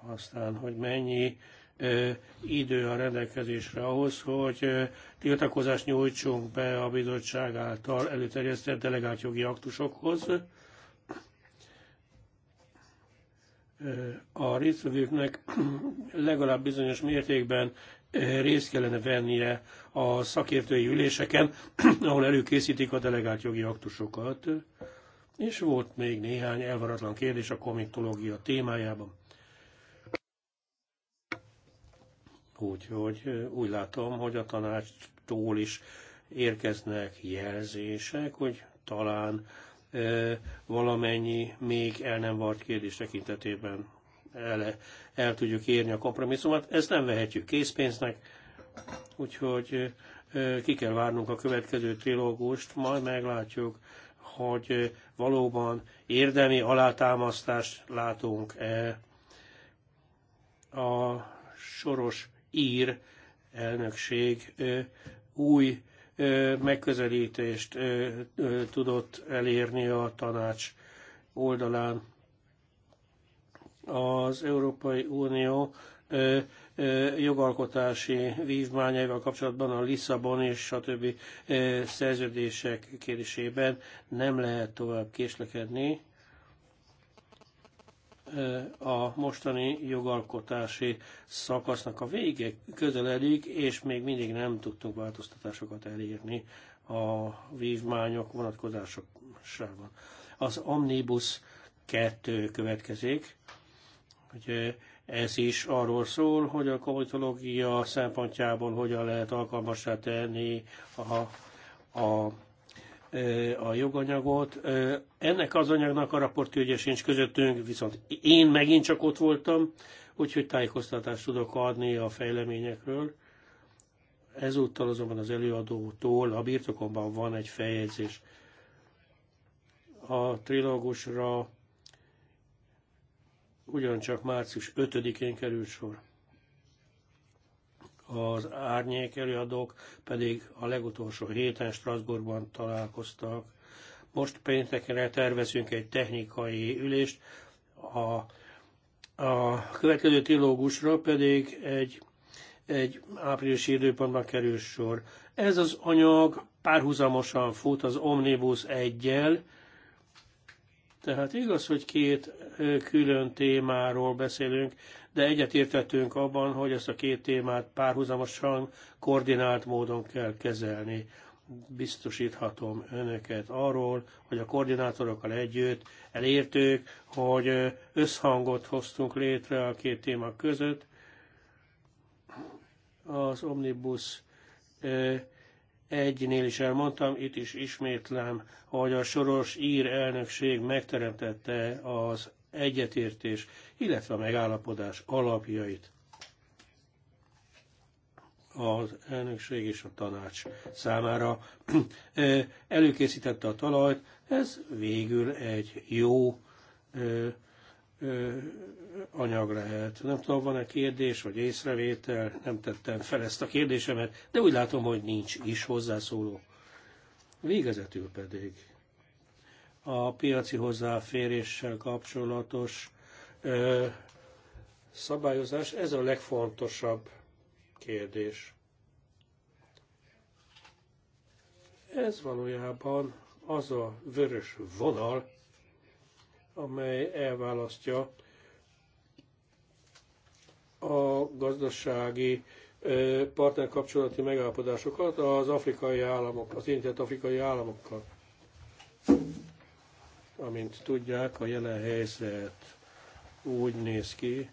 A: aztán, hogy mennyi ö, idő a rendelkezésre ahhoz, hogy ö, tiltakozást nyújtsunk be a bizottság által előterjesztett delegált jogi aktusokhoz. a résztvevőknek legalább bizonyos mértékben eh, részt kellene vennie a szakértői üléseken, ahol előkészítik a delegált jogi aktusokat. És volt még néhány elvaratlan kérdés a komiktológia témájában. Úgyhogy eh, úgy látom, hogy a tanácstól is érkeznek jelzések, hogy talán valamennyi még el nem vart kérdés tekintetében el, el tudjuk érni a kompromisszumot. Ezt nem vehetjük készpénznek, úgyhogy ki kell várnunk a következő trilógust, majd meglátjuk, hogy valóban érdemi alátámasztást látunk-e a soros ír elnökség új megközelítést tudott elérni a tanács oldalán. Az Európai Unió jogalkotási vívmányaival kapcsolatban a Lisszabon és stb. szerződések kérdésében nem lehet tovább késlekedni a mostani jogalkotási szakasznak a vége közeledik, és még mindig nem tudtunk változtatásokat elérni a vívmányok vonatkozásában. Az Omnibus 2 következik, ugye ez is arról szól, hogy a komitológia szempontjából hogyan lehet alkalmasra tenni a, a a joganyagot. Ennek az anyagnak a ügye sincs közöttünk, viszont én megint csak ott voltam, úgyhogy tájékoztatást tudok adni a fejleményekről. Ezúttal azonban az előadótól a birtokomban van egy feljegyzés. A trilógusra ugyancsak március 5-én került sor az árnyék előadók pedig a legutolsó héten Strasbourgban találkoztak. Most péntekre tervezünk egy technikai ülést, a, a következő trilógusra pedig egy, egy áprilisi időpontban kerül sor. Ez az anyag párhuzamosan fut az Omnibus 1-jel, tehát igaz, hogy két külön témáról beszélünk, de egyetértettünk abban, hogy ezt a két témát párhuzamosan, koordinált módon kell kezelni. Biztosíthatom önöket arról, hogy a koordinátorokkal együtt elértük, hogy összhangot hoztunk létre a két téma között. Az Omnibus egynél is elmondtam, itt is ismétlem, hogy a soros ír elnökség megteremtette az egyetértés, illetve a megállapodás alapjait az elnökség és a tanács számára előkészítette a talajt, ez végül egy jó anyag lehet. Nem tudom, van-e kérdés vagy észrevétel, nem tettem fel ezt a kérdésemet, de úgy látom, hogy nincs is hozzászóló. Végezetül pedig a piaci hozzáféréssel kapcsolatos ö, szabályozás, ez a legfontosabb kérdés. Ez valójában az a vörös vonal, amely elválasztja a gazdasági partnerkapcsolati megállapodásokat az afrikai államok, az érintett afrikai államokkal. Amint tudják, a jelen helyzet úgy néz ki,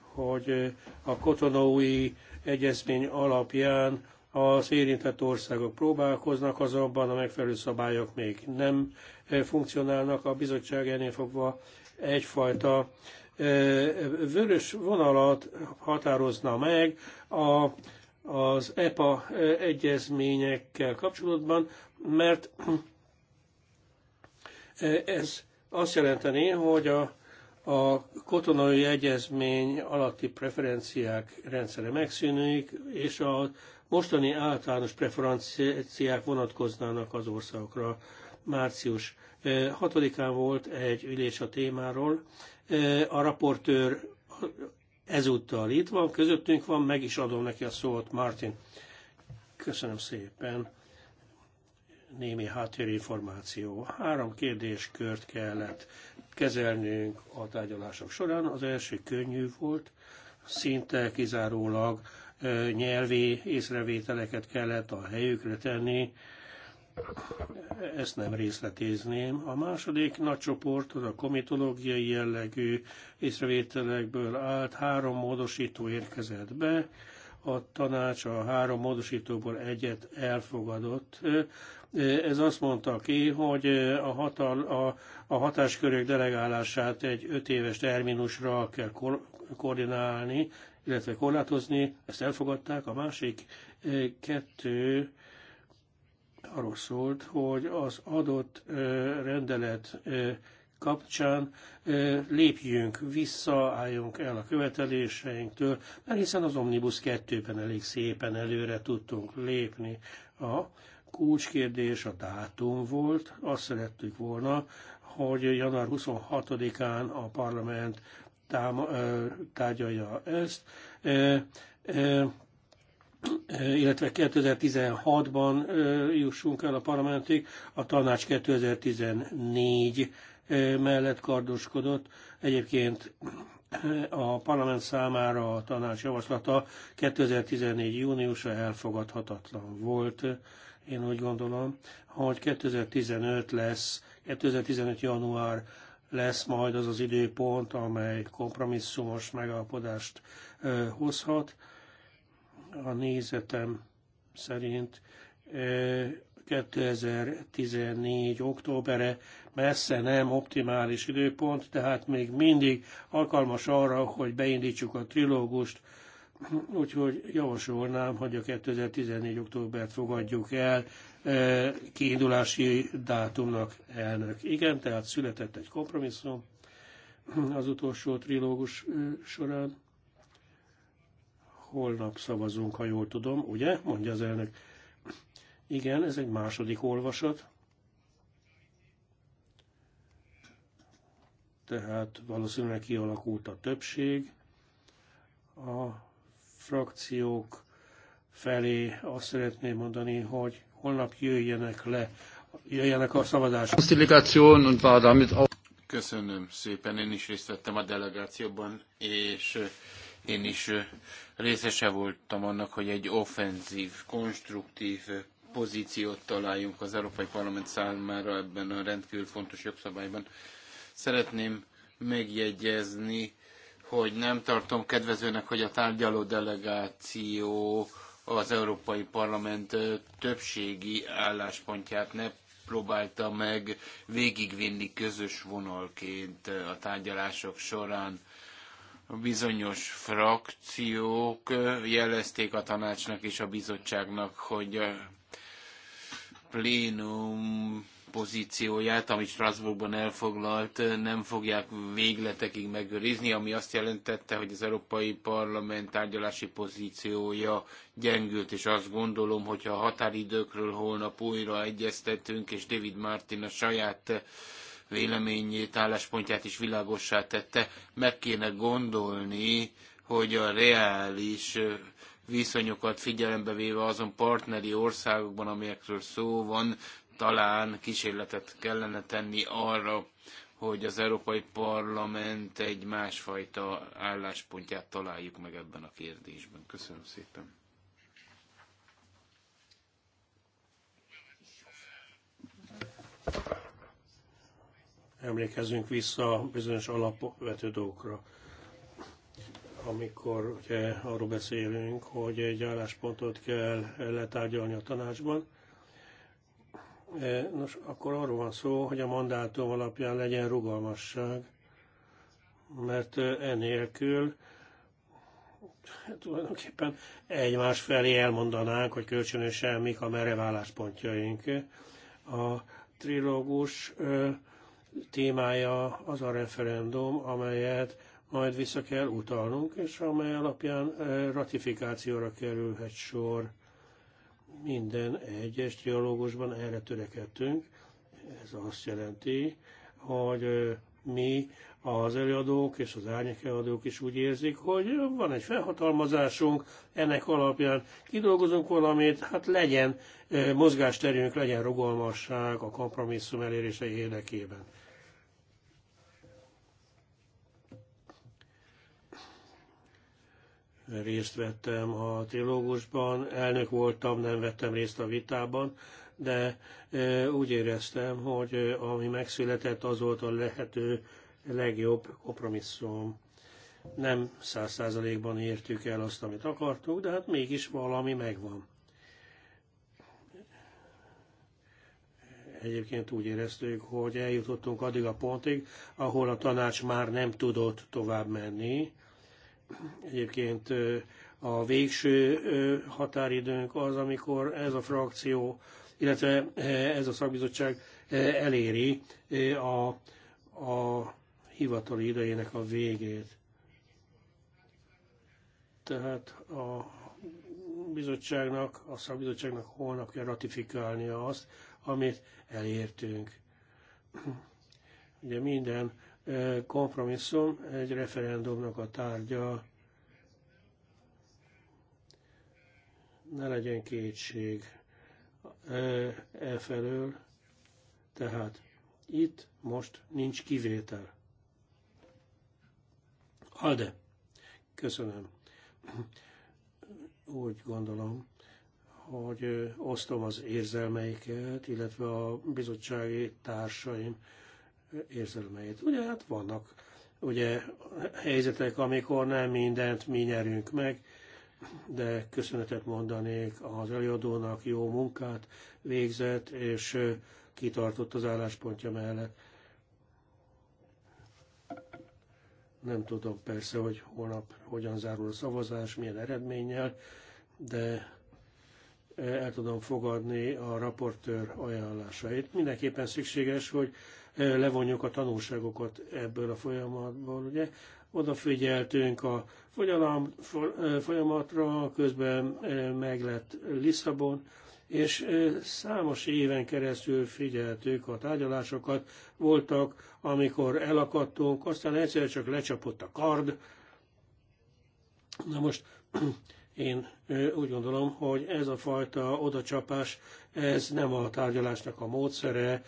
A: hogy a kotonói egyezmény alapján az érintett országok próbálkoznak, azonban a megfelelő szabályok még nem eh, funkcionálnak. A bizottság ennél fogva egyfajta eh, vörös vonalat határozna meg a, az EPA eh, egyezményekkel kapcsolatban, mert ez azt jelenteni, hogy a, a kotonai egyezmény alatti preferenciák rendszere megszűnik, és a mostani általános preferenciák vonatkoznának az országokra. Március 6-án eh, volt egy ülés a témáról. Eh, a raportőr ezúttal itt van, közöttünk van, meg is adom neki a szót, Martin. Köszönöm szépen némi háttérinformáció. Három kérdéskört kellett kezelnünk a tárgyalások során. Az első könnyű volt, szinte kizárólag nyelvi észrevételeket kellett a helyükre tenni, ezt nem részletézném. A második nagy csoport az a komitológiai jellegű észrevételekből állt, három módosító érkezett be, a tanács a három módosítóból egyet elfogadott, ez azt mondta ki, hogy a, hatal, a, a hatáskörök delegálását egy öt éves terminusra kell ko koordinálni, illetve korlátozni, ezt elfogadták. A másik kettő arról szólt, hogy az adott rendelet kapcsán lépjünk vissza, álljunk el a követeléseinktől, mert hiszen az Omnibus 2-ben elég szépen előre tudtunk lépni. A kulcskérdés a dátum volt. Azt szerettük volna, hogy január 26-án a parlament táma, tárgyalja ezt, illetve 2016-ban jussunk el a parlamentig, a tanács 2014 mellett kardoskodott. Egyébként a parlament számára a tanács javaslata 2014. júniusa elfogadhatatlan volt. Én úgy gondolom, hogy 2015 lesz, 2015 január lesz majd az az időpont, amely kompromisszumos megállapodást hozhat. A nézetem szerint 2014. októbere messze nem optimális időpont, tehát még mindig alkalmas arra, hogy beindítsuk a trilógust Úgyhogy javasolnám, hogy a 2014. októbert fogadjuk el e, kiindulási dátumnak elnök. Igen, tehát született egy kompromisszum az utolsó trilógus e, során. Holnap szavazunk, ha jól tudom, ugye? Mondja az elnök. Igen, ez egy második olvasat. Tehát valószínűleg kialakult a többség a frakciók felé azt szeretném mondani, hogy
C: holnap jöjjenek le, jöjjenek a szavazások. Köszönöm szépen, én is részt vettem a delegációban, és eh, én is eh, részese voltam annak, hogy egy offenzív, konstruktív eh, pozíciót találjunk az Európai Parlament számára ebben a rendkívül fontos jogszabályban. Szeretném megjegyezni, hogy nem tartom kedvezőnek, hogy a tárgyaló delegáció az Európai Parlament többségi álláspontját ne próbálta meg végigvinni közös vonalként a tárgyalások során. Bizonyos frakciók jelezték a tanácsnak és a bizottságnak, hogy a plénum pozícióját, amit Strasbourgban elfoglalt, nem fogják végletekig megőrizni, ami azt jelentette, hogy az Európai Parlament tárgyalási pozíciója gyengült, és azt gondolom, hogyha a határidőkről holnap újra egyeztetünk, és David Martin a saját véleményét, álláspontját is világossá tette, meg kéne gondolni, hogy a reális viszonyokat figyelembe véve azon partneri országokban, amelyekről szó van, talán kísérletet kellene tenni arra, hogy az Európai Parlament egy másfajta álláspontját találjuk meg ebben a kérdésben. Köszönöm szépen.
A: Emlékezzünk vissza a bizonyos alapvető dolgokra amikor ugye, arról beszélünk, hogy egy álláspontot kell letárgyalni a tanácsban, E, nos, akkor arról van szó, hogy a mandátum alapján legyen rugalmasság, mert e, enélkül hát tulajdonképpen egymás felé elmondanánk, hogy kölcsönösen mik a merev álláspontjaink. A trilógus e, témája az a referendum, amelyet majd vissza kell utalnunk, és amely alapján ratifikációra kerülhet sor. Minden egyes trialógusban erre törekedtünk. Ez azt jelenti, hogy mi az előadók és az előadók is úgy érzik, hogy van egy felhatalmazásunk, ennek alapján kidolgozunk valamit, hát legyen mozgásterünk, legyen rugalmasság a kompromisszum elérése érdekében. részt vettem a trilógusban, elnök voltam, nem vettem részt a vitában, de úgy éreztem, hogy ami megszületett, az volt a lehető legjobb kompromisszum. Nem száz százalékban értük el azt, amit akartuk, de hát mégis valami megvan. Egyébként úgy éreztük, hogy eljutottunk addig a pontig, ahol a tanács már nem tudott tovább menni, Egyébként a végső határidőnk az, amikor ez a frakció, illetve ez a szakbizottság eléri a, a hivatali idejének a végét. Tehát a bizottságnak, a szakbizottságnak holnap kell ratifikálnia azt, amit elértünk. Ugye minden kompromisszum egy referendumnak a tárgya. Ne legyen kétség e, e felől, tehát itt most nincs kivétel. Alde, köszönöm. Úgy gondolom, hogy osztom az érzelmeiket, illetve a bizottsági társaim érzelmeit. Ugye hát vannak ugye helyzetek, amikor nem mindent mi nyerünk meg, de köszönetet mondanék az előadónak, jó munkát végzett, és kitartott az álláspontja mellett. Nem tudom persze, hogy holnap hogyan zárul a szavazás, milyen eredménnyel, de el tudom fogadni a raportőr ajánlásait. Mindenképpen szükséges, hogy levonjuk a tanulságokat ebből a folyamatból, ugye? Odafigyeltünk a fogyalám folyamatra, közben meg lett Lisszabon, és számos éven keresztül figyeltük a tárgyalásokat, voltak, amikor elakadtunk, aztán egyszer csak lecsapott a kard. Na most én úgy gondolom, hogy ez a fajta odacsapás, ez nem a tárgyalásnak a módszere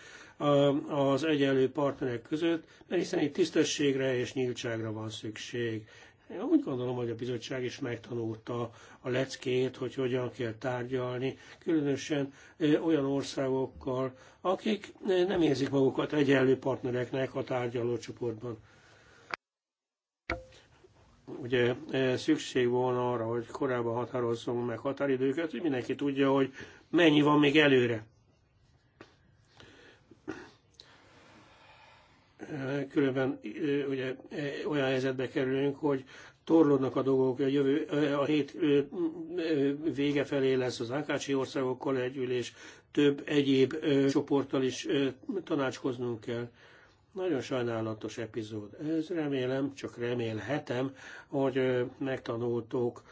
A: az egyenlő partnerek között, mert hiszen itt tisztességre és nyíltságra van szükség. Én úgy gondolom, hogy a bizottság is megtanulta a leckét, hogy hogyan kell tárgyalni, különösen olyan országokkal, akik nem érzik magukat egyenlő partnereknek a tárgyaló csoportban ugye e, szükség volna arra, hogy korábban határozzunk meg határidőket, hogy mindenki tudja, hogy mennyi van még előre. Különben e, ugye e, olyan helyzetbe kerülünk, hogy torlódnak a dolgok, a, jövő, a hét vége felé lesz az Ákácsi országokkal együlés, több egyéb csoporttal is tanácskoznunk kell nagyon sajnálatos epizód ez, remélem, csak remélhetem, hogy megtanultok,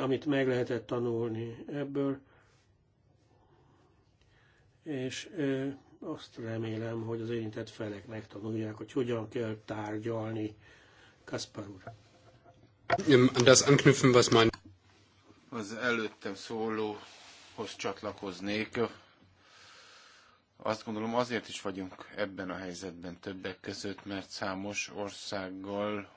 A: amit meg lehetett tanulni ebből, és azt remélem, hogy az érintett felek megtanulják, hogy
C: hogyan kell tárgyalni. Kaspar úr. das anknüpfen, was man... Az előttem szólóhoz csatlakoznék. Azt gondolom azért is vagyunk ebben a helyzetben többek között, mert számos országgal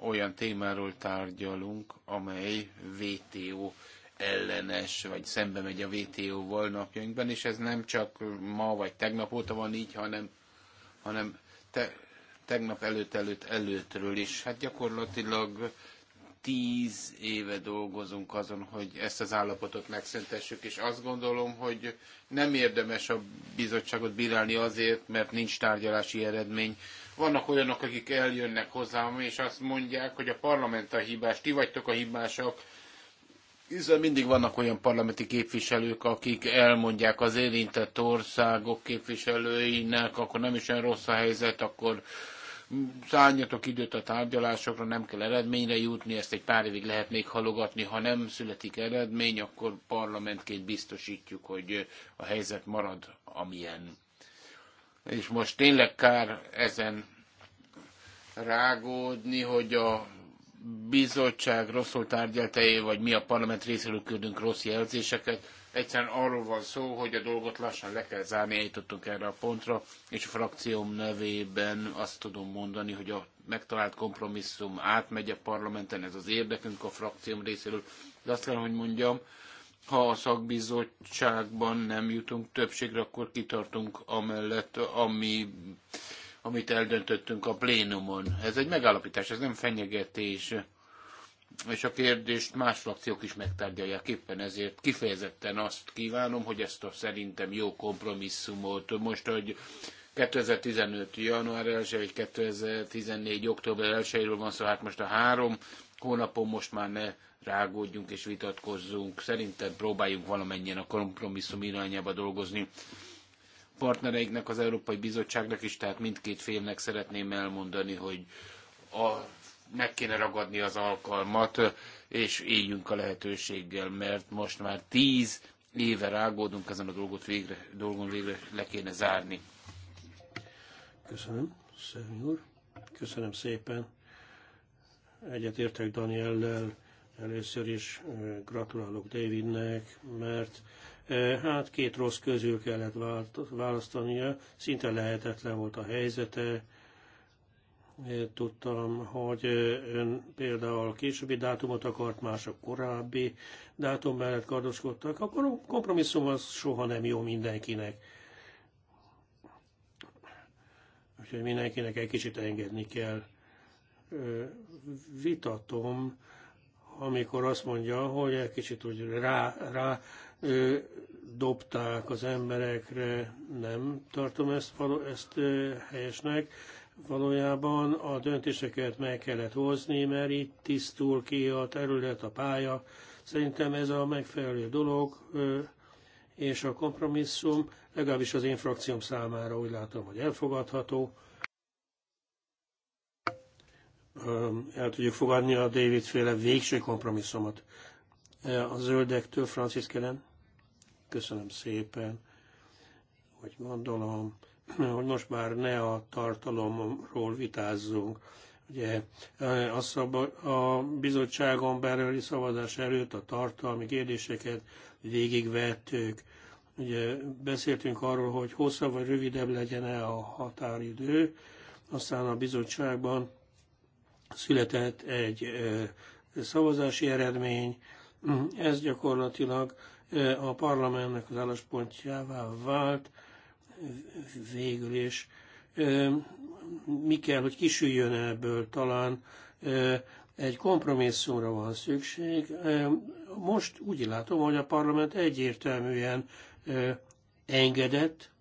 C: olyan témáról tárgyalunk, amely VTO ellenes, vagy szembe megy a VTO-val napjainkban, és ez nem csak ma vagy tegnap óta van így, hanem, hanem te, tegnap előtt előtt előttről is. Hát gyakorlatilag tíz éve dolgozunk azon, hogy ezt az állapotot megszüntessük, és azt gondolom, hogy nem érdemes a bizottságot bírálni azért, mert nincs tárgyalási eredmény. Vannak olyanok, akik eljönnek hozzám, és azt mondják, hogy a parlament a hibás, ti vagytok a hibásak, hiszen mindig vannak olyan parlamenti képviselők, akik elmondják az érintett országok képviselőinek, akkor nem is olyan rossz a helyzet, akkor szálljatok időt a tárgyalásokra, nem kell eredményre jutni, ezt egy pár évig lehet még halogatni, ha nem születik eredmény, akkor parlamentként biztosítjuk, hogy a helyzet marad, amilyen. És most tényleg kár ezen rágódni, hogy a bizottság rosszul tárgyalta, vagy mi a parlament részéről küldünk rossz jelzéseket Egyszerűen arról van szó, hogy a dolgot lassan le kell zárni, eljutottunk erre a pontra, és a frakcióm nevében azt tudom mondani, hogy a megtalált kompromisszum átmegy a parlamenten, ez az érdekünk a frakcióm részéről, de azt kell, hogy mondjam, ha a szakbizottságban nem jutunk többségre, akkor kitartunk amellett, ami, amit eldöntöttünk a plénumon. Ez egy megállapítás, ez nem fenyegetés és a kérdést más frakciók is megtárgyalják. Éppen ezért kifejezetten azt kívánom, hogy ezt a szerintem jó kompromisszumot most, hogy 2015. január 1 vagy 2014. október 1-ről van szó, hát most a három hónapon most már ne rágódjunk és vitatkozzunk. Szerintem próbáljunk valamennyien a kompromisszum irányába dolgozni. Partnereiknek, az Európai Bizottságnak is, tehát mindkét félnek szeretném elmondani, hogy a meg kéne ragadni az alkalmat, és éljünk a lehetőséggel, mert most már tíz éve rágódunk ezen a dolgot végre, dolgon végre le kéne zárni.
A: Köszönöm, Szemi úr. Köszönöm szépen. Egyetértek Daniellel. Először is gratulálok Davidnek, mert hát két rossz közül kellett választania, szinte lehetetlen volt a helyzete, Tudtam, hogy ön például későbbi dátumot akart, mások korábbi dátum mellett kardoskodtak, akkor a kompromisszum az soha nem jó mindenkinek. Úgyhogy mindenkinek egy kicsit engedni kell. Vitatom, amikor azt mondja, hogy egy kicsit úgy rá, rá dobták az emberekre, nem tartom ezt, ezt helyesnek. Valójában a döntéseket meg kellett hozni, mert itt tisztul ki a terület, a pálya. Szerintem ez a megfelelő dolog, és a kompromisszum, legalábbis az én frakcióm számára úgy látom, hogy elfogadható. El tudjuk fogadni a David féle végső kompromisszumot. A zöldektől Francis Kellen. Köszönöm szépen, hogy gondolom hogy most már ne a tartalomról vitázzunk. Ugye eh, a, szab- a bizottságon belőli szavazás előtt a tartalmi kérdéseket végigvettük. Ugye beszéltünk arról, hogy hosszabb vagy rövidebb legyen-e a határidő, aztán a bizottságban született egy eh, szavazási eredmény, ez gyakorlatilag eh, a parlamentnek az álláspontjává vált, végül is. Mi kell, hogy kisüljön ebből talán egy kompromisszumra van szükség. Most úgy látom, hogy a parlament egyértelműen engedett.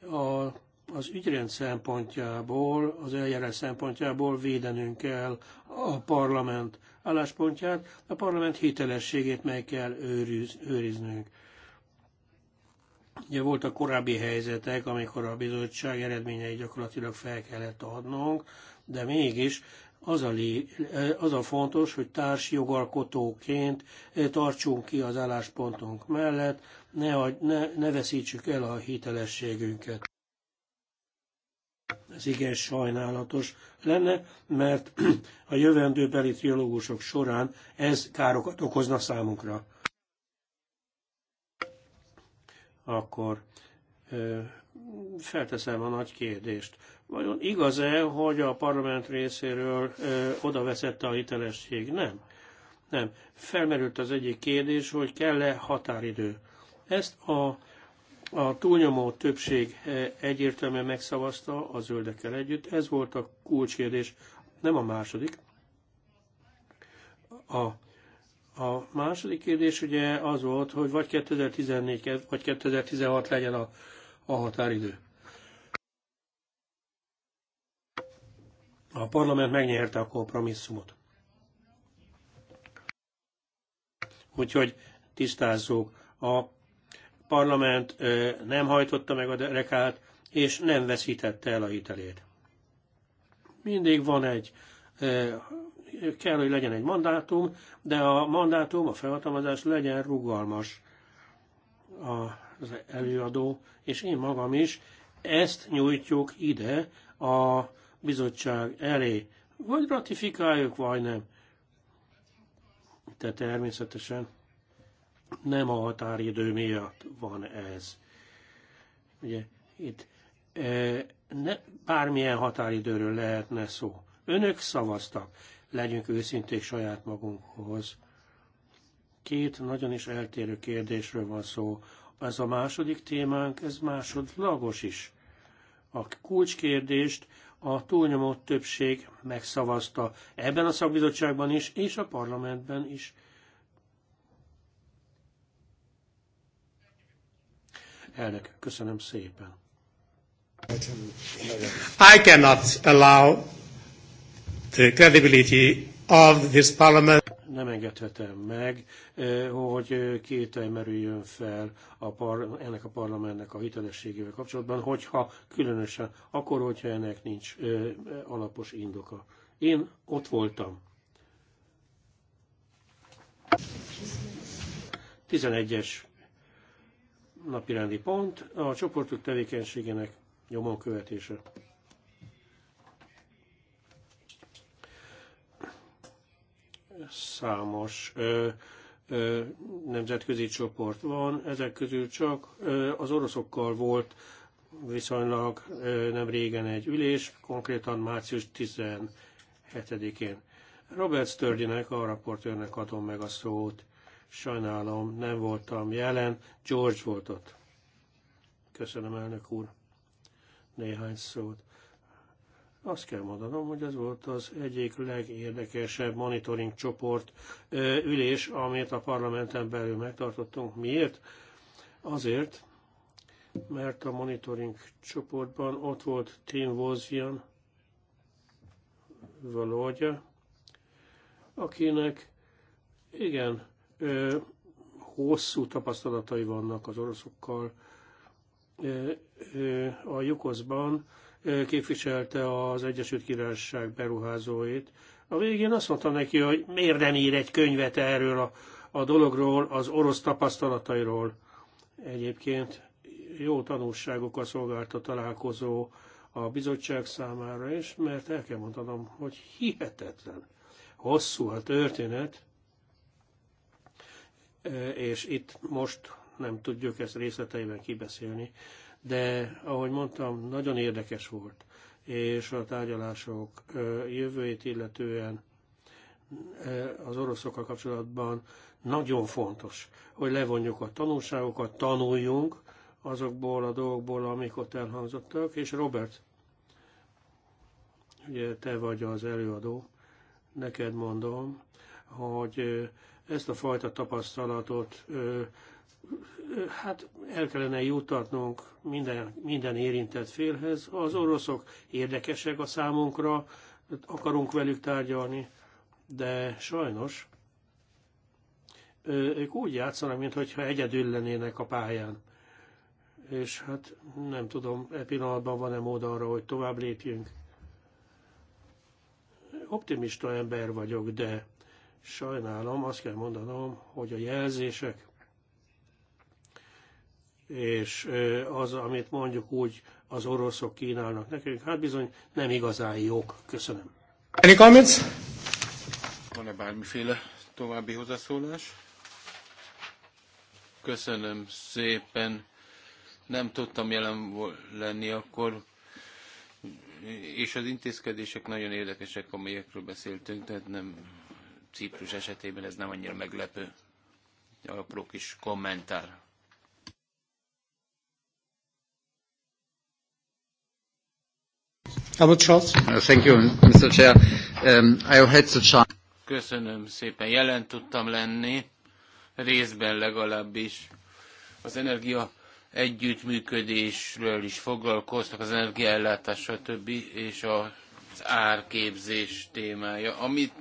A: A, az ügyrend szempontjából, az eljárás szempontjából védenünk kell a parlament álláspontját, a parlament hitelességét meg kell őriz, őriznünk. Ugye voltak korábbi helyzetek, amikor a bizottság eredményei gyakorlatilag fel kellett adnunk, de mégis az a, lé, az a fontos, hogy társ jogalkotóként eh, tartsunk ki az álláspontunk mellett, ne, ne, ne veszítsük el a hitelességünket. Ez igen sajnálatos lenne, mert a jövendőbeli triológusok során ez károkat okozna számunkra. Akkor felteszem a nagy kérdést. Vajon igaz-e, hogy a parlament részéről veszette a hitelesség? Nem. Nem. Felmerült az egyik kérdés, hogy kell-e határidő. Ezt a a túlnyomó többség eh, egyértelműen megszavazta a zöldekkel együtt. Ez volt a kulcskérdés, nem a második. A, a második kérdés ugye az volt, hogy vagy 2014 vagy 2016 legyen a, a határidő. A parlament megnyerte a kompromisszumot. Úgyhogy tisztázzuk, a parlament nem hajtotta meg a derekát, és nem veszítette el a hitelét. Mindig van egy, kell, hogy legyen egy mandátum, de a mandátum, a felhatalmazás legyen rugalmas az előadó, és én magam is ezt nyújtjuk ide a bizottság elé. Vagy ratifikáljuk, vagy nem. Te természetesen nem a határidő miatt van ez. Ugye itt e, ne, bármilyen határidőről lehetne szó. Önök szavaztak, legyünk őszinték saját magunkhoz. Két nagyon is eltérő kérdésről van szó. Ez a második témánk, ez másodlagos is. A kulcskérdést a túlnyomott többség megszavazta ebben a szakbizottságban is, és a parlamentben is Elnök, köszönöm szépen. I cannot allow the credibility of this parliament. Nem engedhetem meg, eh, hogy eh, kétel merüljön fel a par, ennek a parlamentnek a hitelességével kapcsolatban, hogyha különösen akkor, hogyha ennek nincs eh, alapos indoka. Én ott voltam. 11-es napirendi pont a csoportok tevékenységének nyomon követése. Számos ö, ö, nemzetközi csoport van, ezek közül csak ö, az oroszokkal volt viszonylag ö, nem régen egy ülés, konkrétan március 17-én. Robert Sturdynek, a raportőrnek adom meg a szót. Sajnálom, nem voltam jelen, George volt ott. Köszönöm, elnök úr. Néhány szót. Azt kell mondanom, hogy ez volt az egyik legérdekesebb monitoring csoport ülés, amit a parlamenten belül megtartottunk. Miért? Azért, mert a monitoring csoportban ott volt Tim Wozian, Valógya, akinek igen, hosszú tapasztalatai vannak az oroszokkal. A Jukoszban képviselte az Egyesült Királyság beruházóit. A végén azt mondta neki, hogy miért nem ír egy könyvet erről a, a dologról, az orosz tapasztalatairól. Egyébként jó tanulságokkal szolgált a találkozó a bizottság számára is, mert el kell mondanom, hogy hihetetlen hosszú a történet, és itt most nem tudjuk ezt részleteiben kibeszélni, de ahogy mondtam, nagyon érdekes volt, és a tárgyalások jövőjét illetően az oroszokkal kapcsolatban nagyon fontos, hogy levonjuk a tanulságokat, tanuljunk azokból a dolgokból, amik ott elhangzottak, és Robert, ugye te vagy az előadó, neked mondom, hogy ezt a fajta tapasztalatot hát el kellene jutatnunk minden, minden érintett félhez. Az oroszok érdekesek a számunkra, akarunk velük tárgyalni, de sajnos ők úgy játszanak, mintha egyedül lennének a pályán. És hát nem tudom, e pillanatban van-e mód arra, hogy tovább lépjünk. Optimista ember vagyok, de Sajnálom, azt kell mondanom, hogy a jelzések és az, amit mondjuk úgy az oroszok kínálnak nekünk, hát bizony nem igazán jók. Köszönöm. Any comments?
C: Van-e bármiféle további hozzászólás? Köszönöm szépen. Nem tudtam jelen lenni akkor, és az intézkedések nagyon érdekesek, amelyekről beszéltünk, tehát nem Ciprus esetében ez nem annyira meglepő. Apró kis kommentár. Uh, thank you, Mr.
A: Chair. Um, had
C: Köszönöm szépen, jelen tudtam lenni, részben legalábbis. Az energia együttműködésről is foglalkoztak, az energiaellátás, stb. és az árképzés témája, amit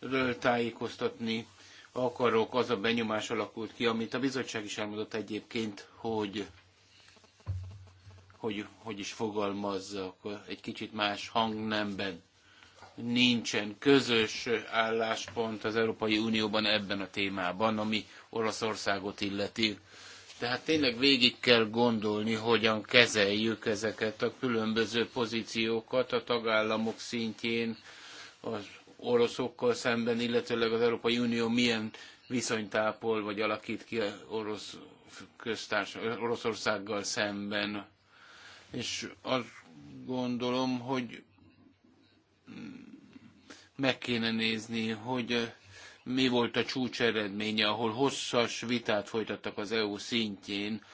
C: ről tájékoztatni akarok. Az a benyomás alakult ki, amit a bizottság is elmondott egyébként, hogy hogy, hogy is fogalmazzak, egy kicsit más hangnemben nincsen közös álláspont az Európai Unióban ebben a témában, ami Olaszországot illeti. Tehát tényleg végig kell gondolni, hogyan kezeljük ezeket a különböző pozíciókat a tagállamok szintjén, az oroszokkal szemben, illetőleg az Európai Unió milyen viszonytápol vagy alakít ki orosz köztárs, Oroszországgal szemben. És azt gondolom, hogy meg kéne nézni, hogy mi volt a csúcs eredménye, ahol hosszas vitát folytattak az EU szintjén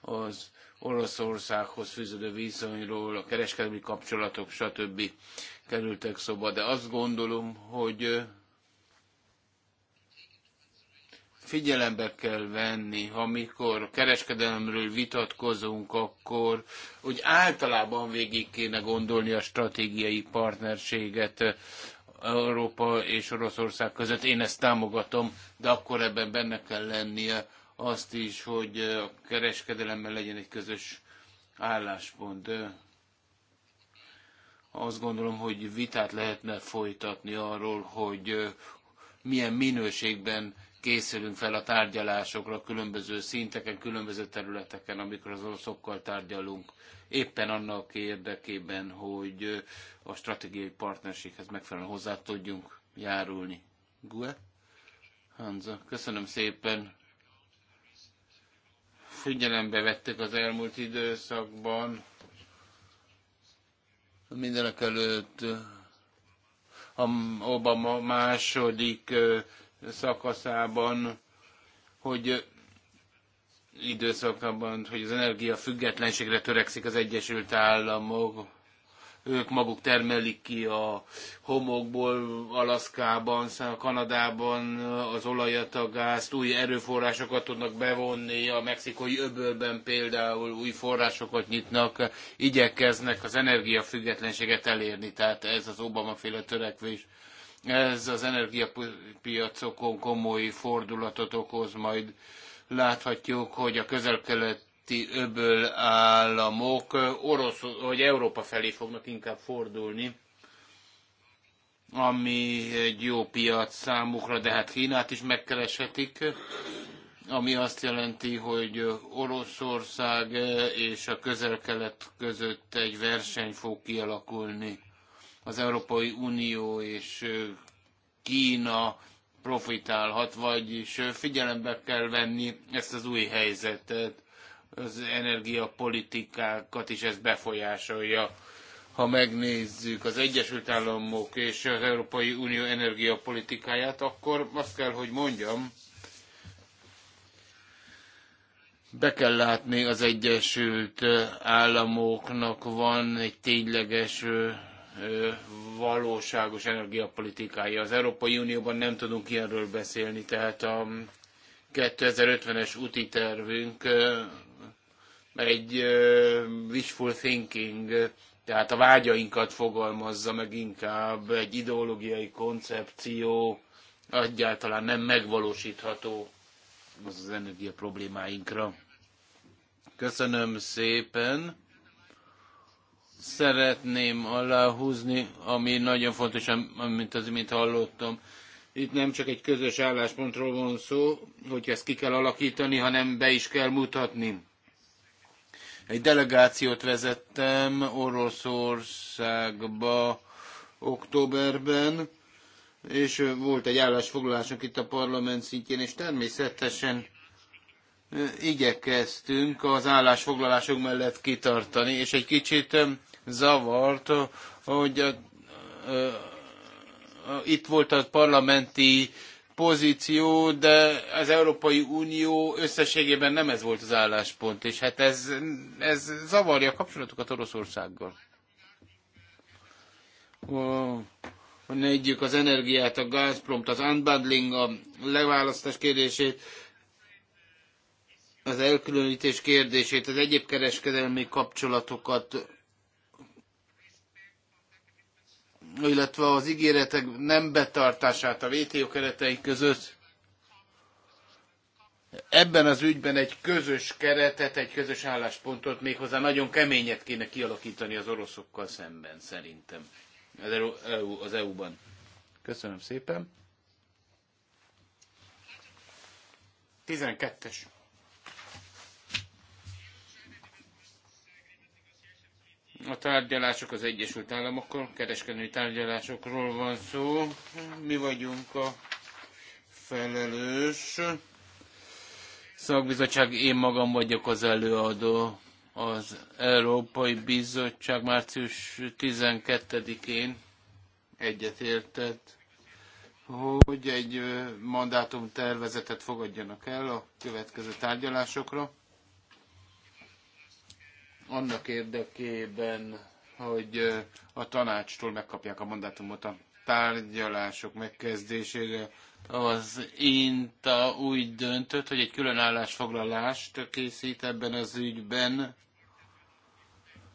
C: az Oroszországhoz fűződő viszonyról, a kereskedelmi kapcsolatok, stb kerültek szóba, de azt gondolom, hogy figyelembe kell venni, amikor kereskedelemről vitatkozunk, akkor úgy általában végig kéne gondolni a stratégiai partnerséget Európa és Oroszország között. Én ezt támogatom, de akkor ebben benne kell lennie azt is, hogy a kereskedelemmel legyen egy közös álláspont. Azt gondolom, hogy vitát lehetne folytatni arról, hogy milyen minőségben készülünk fel a tárgyalásokra különböző szinteken, különböző területeken, amikor az oroszokkal tárgyalunk, éppen annak érdekében, hogy a stratégiai partnerséghez megfelelően hozzá tudjunk járulni. Gue? Hanza, köszönöm szépen. Figyelembe vettük az elmúlt időszakban Mindenek előtt Obama második szakaszában, hogy időszakban, hogy az energia függetlenségre törekszik az Egyesült Államok, ők maguk termelik ki a homokból, Alaszkában, Kanadában az olajat, a gázt, új erőforrásokat tudnak bevonni, a mexikói öbölben például új forrásokat nyitnak, igyekeznek az energiafüggetlenséget elérni, tehát ez az Obama-féle törekvés. Ez az energiapiacokon komoly fordulatot okoz, majd láthatjuk, hogy a közel-kelet keleti öböl államok orosz, hogy Európa felé fognak inkább fordulni, ami egy jó piac számukra, de hát Kínát is megkereshetik, ami azt jelenti, hogy Oroszország és a közel-kelet között egy verseny fog kialakulni. Az Európai Unió és Kína profitálhat, vagyis figyelembe kell venni ezt az új helyzetet az energiapolitikákat is ez befolyásolja. Ha megnézzük az Egyesült Államok és az Európai Unió energiapolitikáját, akkor azt kell, hogy mondjam, be kell látni, az Egyesült Államoknak van egy tényleges valóságos energiapolitikája. Az Európai Unióban nem tudunk ilyenről beszélni, tehát a 2050-es úti tervünk egy wishful thinking, tehát a vágyainkat fogalmazza meg inkább egy ideológiai koncepció, egyáltalán nem megvalósítható az az energia problémáinkra. Köszönöm szépen. Szeretném aláhúzni, ami nagyon fontos, amit az imént hallottam. Itt nem csak egy közös álláspontról van szó, hogy ezt ki kell alakítani, hanem be is kell mutatni egy delegációt vezettem Oroszországba októberben, és volt egy állásfoglalásunk itt a parlament szintjén, és természetesen igyekeztünk az állásfoglalások mellett kitartani, és egy kicsit zavart, hogy a, a, a, itt volt a parlamenti pozíció, de az Európai Unió összességében nem ez volt az álláspont, és hát ez, ez zavarja a kapcsolatokat Oroszországgal. egyik az energiát, a Gazpromt, az unbundling, a leválasztás kérdését, az elkülönítés kérdését, az egyéb kereskedelmi kapcsolatokat illetve az ígéretek nem betartását a WTO keretei között. Ebben az ügyben egy közös keretet, egy közös álláspontot méghozzá nagyon keményet kéne kialakítani az oroszokkal szemben, szerintem, az EU-ban. Köszönöm szépen. 12-es. a tárgyalások az Egyesült Államokkal, kereskedelmi tárgyalásokról van szó. Mi vagyunk a felelős szakbizottság, én magam vagyok az előadó. Az Európai Bizottság március 12-én egyetértett, hogy egy mandátum tervezetet fogadjanak el a következő tárgyalásokra annak érdekében, hogy a tanácstól megkapják a mandátumot a tárgyalások megkezdésére. Az INTA úgy döntött, hogy egy külön állásfoglalást készít ebben az ügyben.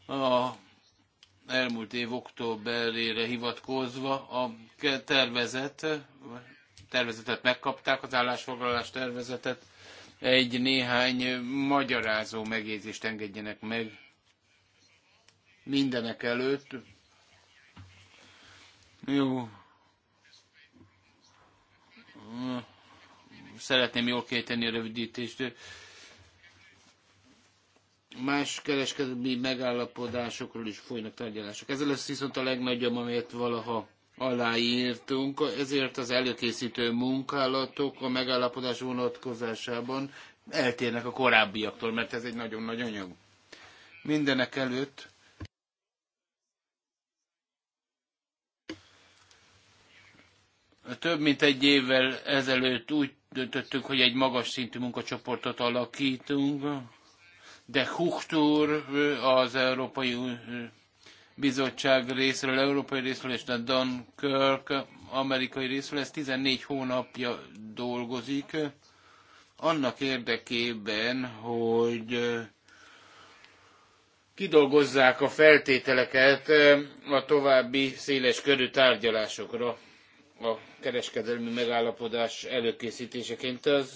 C: A elmúlt év októberére hivatkozva a tervezet, tervezetet megkapták, az állásfoglalás tervezetet, egy néhány magyarázó megjegyzést engedjenek meg mindenek előtt. Jó. Szeretném jól kéteni a rövidítést. Más kereskedelmi megállapodásokról is folynak tárgyalások. Ez lesz viszont a legnagyobb, amelyet valaha aláírtunk, ezért az előkészítő munkálatok a megállapodás vonatkozásában eltérnek a korábbiaktól, mert ez egy nagyon nagy anyag. Mindenek előtt Több mint egy évvel ezelőtt úgy döntöttünk, hogy egy magas szintű munkacsoportot alakítunk, de Huchtur az Európai Bizottság részről, Európai részről, és a Kirk amerikai részről, ez 14 hónapja dolgozik, annak érdekében, hogy kidolgozzák a feltételeket a további széles körű tárgyalásokra a kereskedelmi megállapodás előkészítéseként. Az,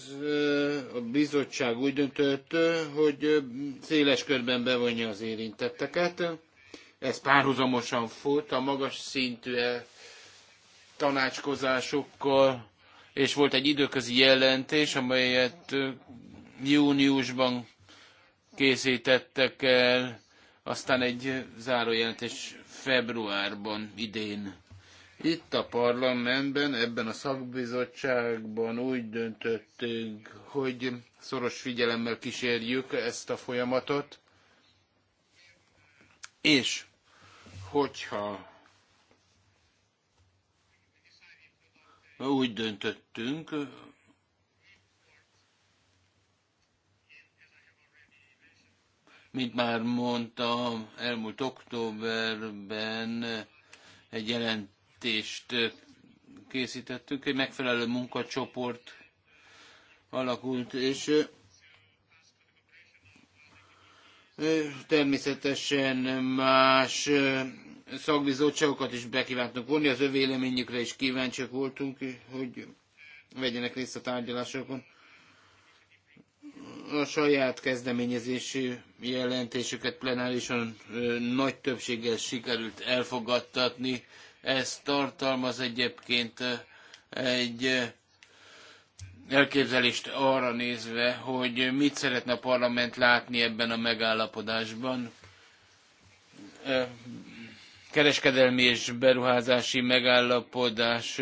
C: a bizottság úgy döntött, hogy széles körben bevonja az érintetteket. Ez párhuzamosan fut a magas szintű e tanácskozásokkal, és volt egy időközi jelentés, amelyet júniusban készítettek el, aztán egy zárójelentés februárban idén itt a parlamentben, ebben a szakbizottságban úgy döntöttünk, hogy szoros figyelemmel kísérjük ezt a folyamatot, és hogyha úgy döntöttünk, mint már mondtam, elmúlt októberben egy jelent jelentést készítettünk, egy megfelelő munkacsoport alakult, és természetesen más szakbizottságokat is bekívántunk vonni, az ő véleményükre is kíváncsiak voltunk, hogy vegyenek részt a tárgyalásokon. A saját kezdeményezésű jelentésüket plenárison nagy többséggel sikerült elfogadtatni, ez tartalmaz egyébként egy elképzelést arra nézve, hogy mit szeretne a parlament látni ebben a megállapodásban. Kereskedelmi és beruházási megállapodás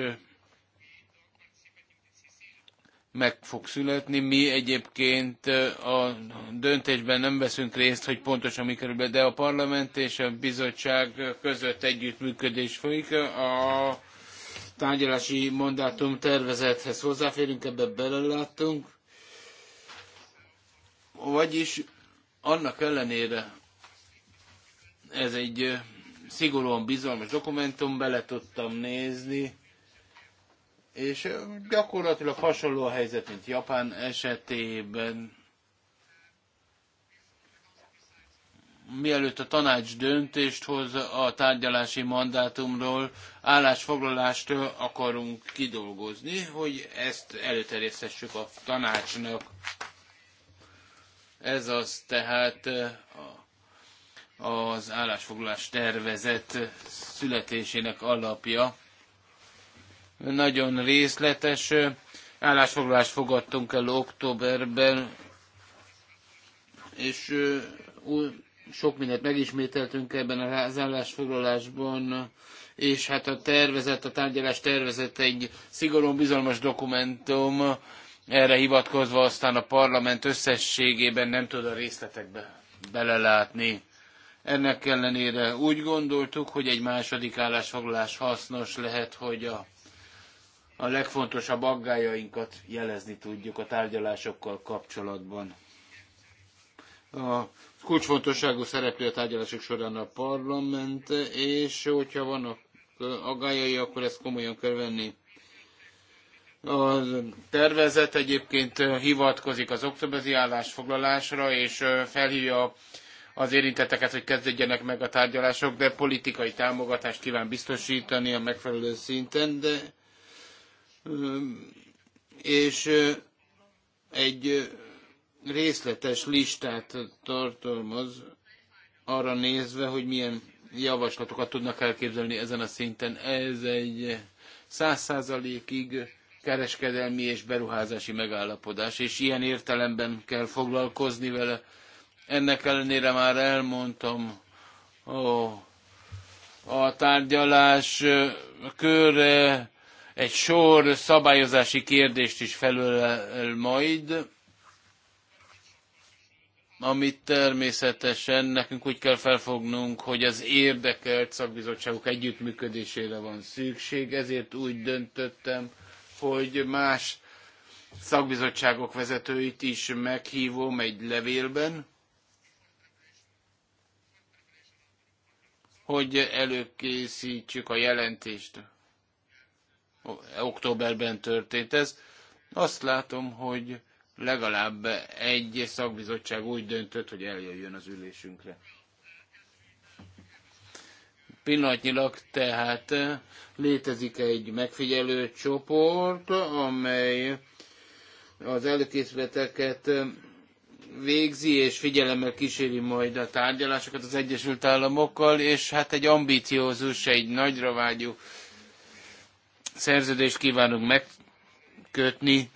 C: meg fog születni. Mi egyébként a döntésben nem veszünk részt, hogy pontosan mi kerül be, de a parlament és a bizottság között együttműködés folyik. A tárgyalási mandátum tervezethez hozzáférünk, ebbe beleláttunk. Vagyis annak ellenére ez egy szigorúan bizalmas dokumentum, bele tudtam nézni, és gyakorlatilag hasonló a helyzet, mint Japán esetében. Mielőtt a tanács döntést hoz a tárgyalási mandátumról, állásfoglalást akarunk kidolgozni, hogy ezt előterjesztessük a tanácsnak. Ez az tehát az állásfoglalás tervezet születésének alapja nagyon részletes állásfoglalást fogadtunk el októberben, és sok mindent megismételtünk ebben az állásfoglalásban, és hát a tervezet, a tárgyalás tervezet egy szigorúan bizalmas dokumentum, erre hivatkozva aztán a parlament összességében nem tud a részletekbe belelátni. Ennek ellenére úgy gondoltuk, hogy egy második állásfoglalás hasznos lehet, hogy a a legfontosabb aggájainkat jelezni tudjuk a tárgyalásokkal kapcsolatban. A kulcsfontosságú szereplő a tárgyalások során a parlament, és hogyha vannak aggályai, akkor ezt komolyan kell venni. A tervezet egyébként hivatkozik az októberi állásfoglalásra, és felhívja az érintetteket, hogy kezdődjenek meg a tárgyalások, de politikai támogatást kíván biztosítani a megfelelő szinten, de és egy részletes listát tartalmaz arra nézve, hogy milyen javaslatokat tudnak elképzelni ezen a szinten. Ez egy száz százalékig kereskedelmi és beruházási megállapodás, és ilyen értelemben kell foglalkozni vele. Ennek ellenére már elmondtam, ó, a tárgyalás körre egy sor szabályozási kérdést is felölel majd, amit természetesen nekünk úgy kell felfognunk, hogy az érdekelt szakbizottságok együttműködésére van szükség, ezért úgy döntöttem, hogy más szakbizottságok vezetőit is meghívom egy levélben, hogy előkészítsük a jelentést októberben történt ez. Azt látom, hogy legalább egy szakbizottság úgy döntött, hogy eljöjjön az ülésünkre. Pillanatnyilag tehát létezik egy megfigyelő csoport, amely az előkészületeket végzi és figyelemmel kíséri majd a tárgyalásokat az Egyesült Államokkal, és hát egy ambíciózus, egy nagyra vágyó szerződést kívánunk megkötni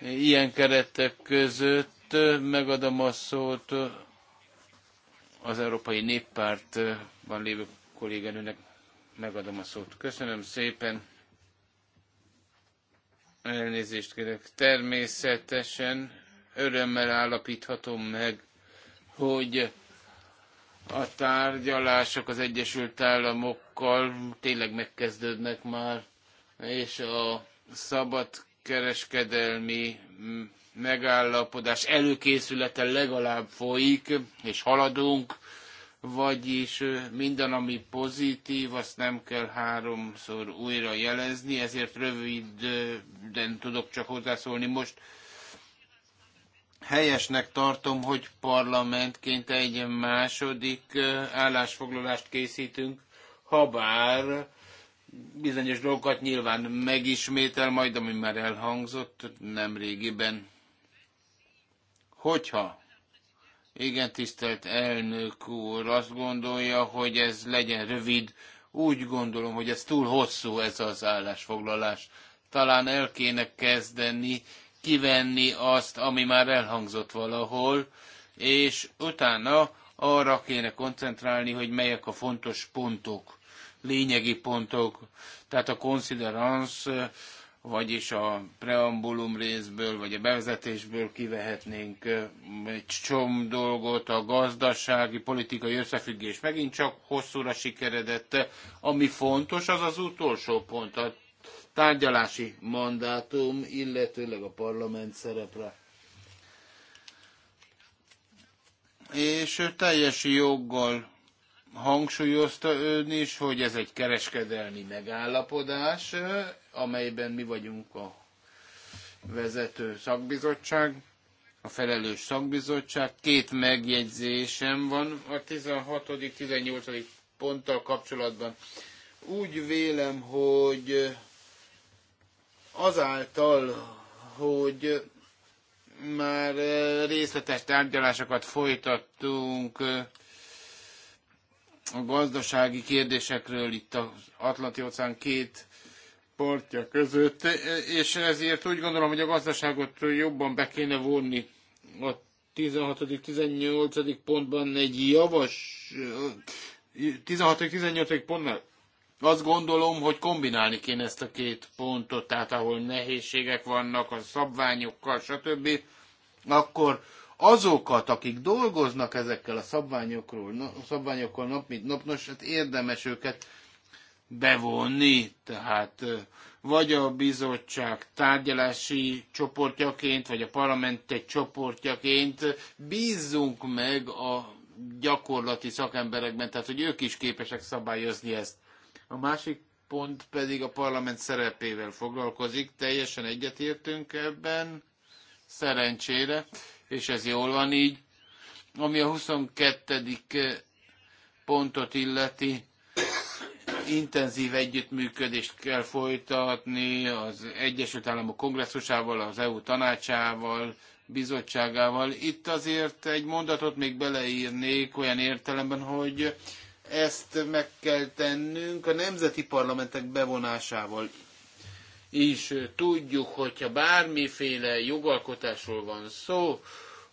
C: ilyen keretek között. Megadom a szót az Európai Néppártban lévő kolléganőnek. Megadom a szót. Köszönöm szépen. Elnézést kérek. Természetesen örömmel állapíthatom meg, hogy a tárgyalások az Egyesült Államokkal tényleg megkezdődnek már és a szabad kereskedelmi megállapodás előkészülete legalább folyik, és haladunk, vagyis minden, ami pozitív, azt nem kell háromszor újra jelezni, ezért röviden tudok csak hozzászólni most. Helyesnek tartom, hogy parlamentként egy második állásfoglalást készítünk, habár bizonyos dolgokat nyilván megismétel majd, ami már elhangzott nem régiben. Hogyha igen, tisztelt elnök úr, azt gondolja, hogy ez legyen rövid. Úgy gondolom, hogy ez túl hosszú ez az állásfoglalás. Talán el kéne kezdeni kivenni azt, ami már elhangzott valahol, és utána arra kéne koncentrálni, hogy melyek a fontos pontok lényegi pontok, tehát a konsiderans, vagyis a preambulum részből, vagy a bevezetésből kivehetnénk egy csom dolgot, a gazdasági, politikai összefüggés megint csak hosszúra sikeredett. Ami fontos, az az utolsó pont, a tárgyalási mandátum, illetőleg a parlament szerepre. És teljes joggal hangsúlyozta ön is, hogy ez egy kereskedelmi megállapodás, eh, amelyben mi vagyunk a vezető szakbizottság, a felelős szakbizottság. Két megjegyzésem van a 16.-18. ponttal kapcsolatban. Úgy vélem, hogy azáltal, hogy már eh, részletes tárgyalásokat folytattunk, eh, a gazdasági kérdésekről itt az Atlanti-óceán két partja között, és ezért úgy gondolom, hogy a gazdaságot jobban be kéne vonni a 16.-18. pontban egy javas... 16.-18. pontnál azt gondolom, hogy kombinálni kéne ezt a két pontot, tehát ahol nehézségek vannak a szabványokkal, stb., akkor azokat, akik dolgoznak ezekkel a szabványokról, szabványokkal nap mint nap, nos, hát érdemes őket bevonni, tehát vagy a bizottság tárgyalási csoportjaként, vagy a parlament egy csoportjaként bízzunk meg a gyakorlati szakemberekben, tehát hogy ők is képesek szabályozni ezt. A másik pont pedig a parlament szerepével foglalkozik, teljesen egyetértünk ebben, szerencsére és ez jól van így. Ami a 22. pontot illeti, intenzív együttműködést kell folytatni az Egyesült Államok kongresszusával, az EU tanácsával, bizottságával. Itt azért egy mondatot még beleírnék olyan értelemben, hogy ezt meg kell tennünk a nemzeti parlamentek bevonásával is tudjuk, hogyha bármiféle jogalkotásról van szó,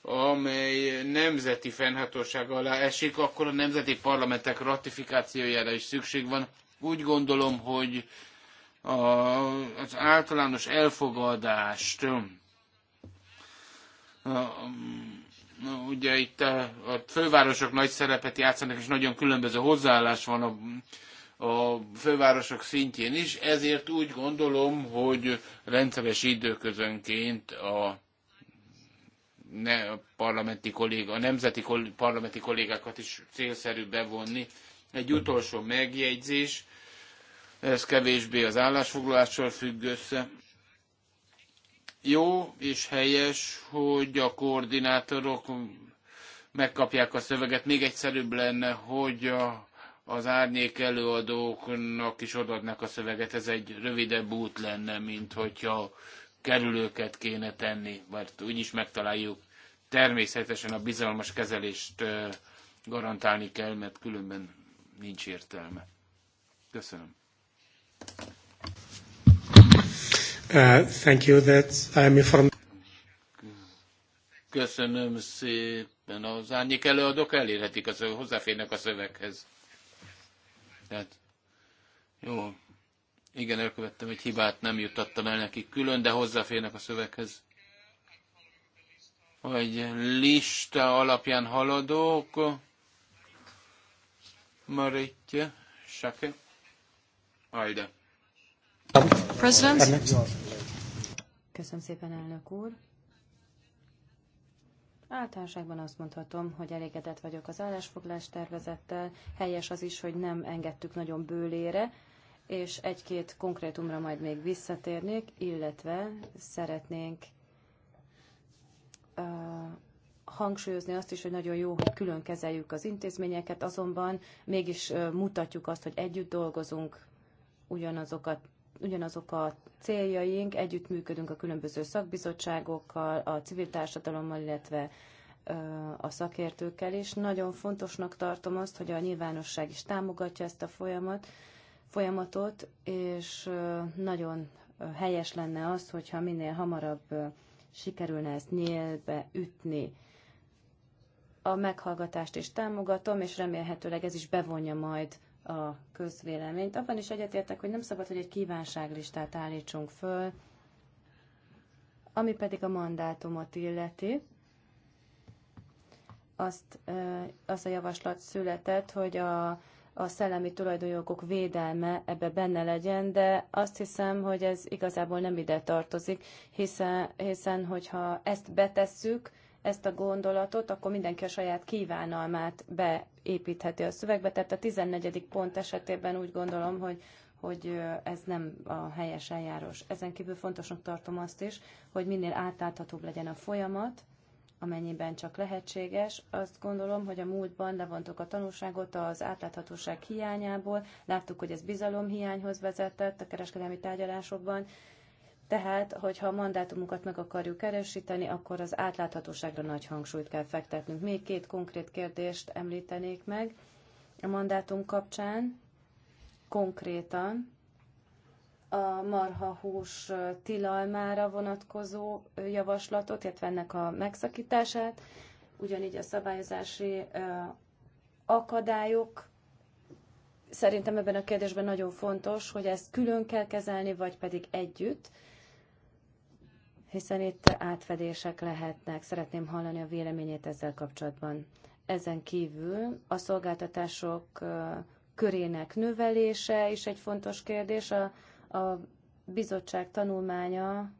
C: amely nemzeti fennhatóság alá esik, akkor a nemzeti parlamentek ratifikációjára is szükség van. Úgy gondolom, hogy az általános elfogadást ugye itt a fővárosok nagy szerepet játszanak, és nagyon különböző hozzáállás van a a fővárosok szintjén is, ezért úgy gondolom, hogy rendszeres időközönként a ne, a parlamenti kolléga, a nemzeti kollég, parlamenti kollégákat is célszerű bevonni. Egy utolsó megjegyzés, ez kevésbé az állásfoglalással függ össze. Jó és helyes, hogy a koordinátorok megkapják a szöveget. Még egyszerűbb lenne, hogy a az árnyék előadóknak is odaadnak a szöveget, ez egy rövidebb út lenne, mint hogyha kerülőket kéne tenni, mert is megtaláljuk. Természetesen a bizalmas kezelést garantálni kell, mert különben nincs értelme. Köszönöm.
A: Uh, thank you that I'm informed.
C: Köszönöm szépen. Az árnyék előadók elérhetik, szöveg, hozzáférnek a szöveghez. Tehát jó, igen, elkövettem egy hibát, nem juttattam el nekik külön, de hozzáférnek a szöveghez. Vagy lista alapján haladók. Maritja, Sake, Ajde.
B: President. Köszönöm szépen, elnök úr. Általánoságban azt mondhatom, hogy elégedett vagyok az állásfoglás tervezettel. Helyes az is, hogy nem engedtük nagyon bőlére, és egy-két konkrétumra majd még visszatérnék, illetve szeretnénk uh, hangsúlyozni azt is, hogy nagyon jó, hogy külön kezeljük az intézményeket, azonban mégis mutatjuk azt, hogy együtt dolgozunk, ugyanazokat ugyanazok a céljaink, együttműködünk a különböző szakbizottságokkal, a civil társadalommal, illetve a szakértőkkel is. Nagyon fontosnak tartom azt, hogy a nyilvánosság is támogatja ezt a folyamat, folyamatot, és nagyon helyes lenne az, hogyha minél hamarabb sikerülne ezt nyélbe ütni. A meghallgatást is támogatom, és remélhetőleg ez is bevonja majd a közvéleményt. Abban is egyetértek, hogy nem szabad, hogy egy kívánságlistát állítsunk föl, ami pedig a mandátumot illeti. Azt, az a javaslat született, hogy a, a szellemi tulajdonjogok védelme ebbe benne legyen, de azt hiszem, hogy ez igazából nem ide tartozik, hiszen, hiszen hogyha ezt betesszük, ezt a gondolatot, akkor mindenki a saját kívánalmát beépítheti a szövegbe. Tehát a 14. pont esetében úgy gondolom, hogy, hogy ez nem a helyes eljárás. Ezen kívül fontosnak tartom azt is, hogy minél átláthatóbb legyen a folyamat, amennyiben csak lehetséges. Azt gondolom, hogy a múltban levontuk a tanulságot az átláthatóság hiányából, láttuk, hogy ez bizalomhiányhoz vezetett a kereskedelmi tárgyalásokban, tehát, hogyha a mandátumukat meg akarjuk erősíteni, akkor az átláthatóságra nagy hangsúlyt kell fektetnünk. Még két konkrét kérdést említenék meg a mandátum kapcsán. Konkrétan a marhahús tilalmára vonatkozó javaslatot, illetve ennek a megszakítását, ugyanígy a szabályozási akadályok szerintem ebben a kérdésben nagyon fontos, hogy ezt külön kell kezelni, vagy pedig együtt, hiszen itt átfedések lehetnek. Szeretném hallani a véleményét ezzel kapcsolatban. Ezen kívül a szolgáltatások körének növelése is egy fontos kérdés. A, a bizottság tanulmánya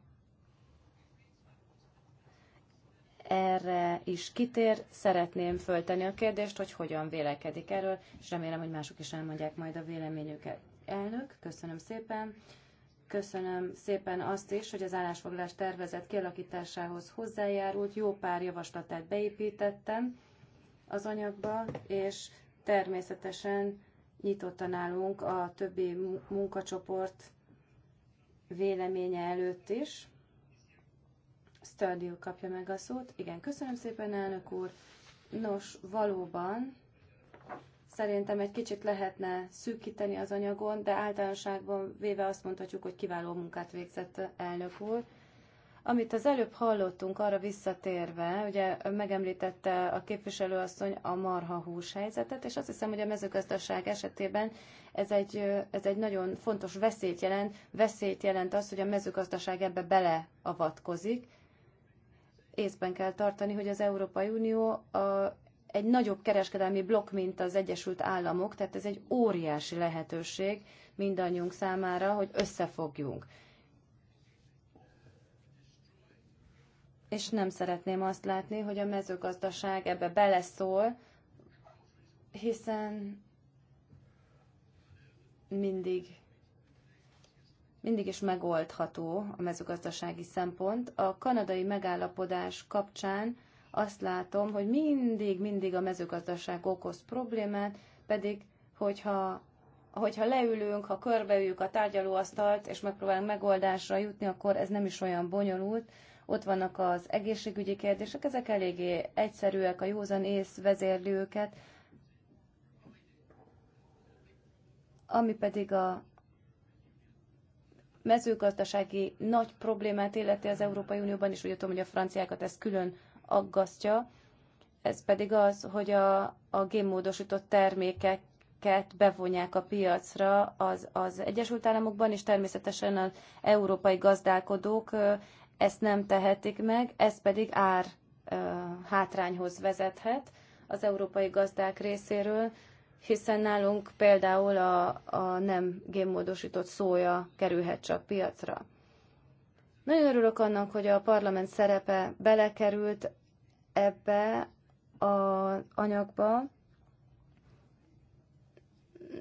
B: erre is kitér. Szeretném föltenni a kérdést, hogy hogyan vélekedik erről, és remélem, hogy mások is elmondják majd a véleményüket. Elnök, köszönöm szépen. Köszönöm szépen azt is, hogy az állásfoglalás tervezet kialakításához hozzájárult, jó pár javaslatát beépítettem az anyagba, és természetesen nyitottan állunk a többi munkacsoport véleménye előtt is. Sturdill kapja meg a szót. Igen, köszönöm szépen, elnök úr. Nos, valóban Szerintem egy kicsit lehetne szűkíteni az anyagon, de általánosságban véve azt mondhatjuk, hogy kiváló munkát végzett elnök úr. Amit az előbb hallottunk, arra visszatérve, ugye megemlítette a képviselőasszony a marha hús helyzetet, és azt hiszem, hogy a mezőgazdaság esetében ez egy, ez egy nagyon fontos veszélyt jelent. Veszélyt jelent az, hogy a mezőgazdaság ebbe beleavatkozik. Észben kell tartani, hogy az Európai Unió a egy nagyobb kereskedelmi blokk, mint az Egyesült Államok, tehát ez egy óriási lehetőség mindannyiunk számára, hogy összefogjunk. És nem szeretném azt látni, hogy a mezőgazdaság ebbe beleszól, hiszen mindig mindig is megoldható a mezőgazdasági szempont. A kanadai megállapodás kapcsán azt látom, hogy mindig, mindig a mezőgazdaság okoz problémát, pedig hogyha hogyha leülünk, ha körbeüljük a tárgyalóasztalt, és megpróbálunk megoldásra jutni, akkor ez nem is olyan bonyolult. Ott vannak az egészségügyi kérdések, ezek eléggé egyszerűek, a józan ész vezérli őket. Ami pedig a mezőgazdasági nagy problémát illeti az Európai Unióban, és úgy tudom, hogy a franciákat ez külön aggasztja, ez pedig az, hogy a, a génmódosított termékeket bevonják a piacra az, az Egyesült Államokban, és természetesen az európai gazdálkodók ezt nem tehetik meg, ez pedig ár hátrányhoz vezethet az európai gazdák részéről, hiszen nálunk például a, a nem génmódosított szója kerülhet csak piacra. Nagyon örülök annak, hogy a parlament szerepe belekerült ebbe az anyagba.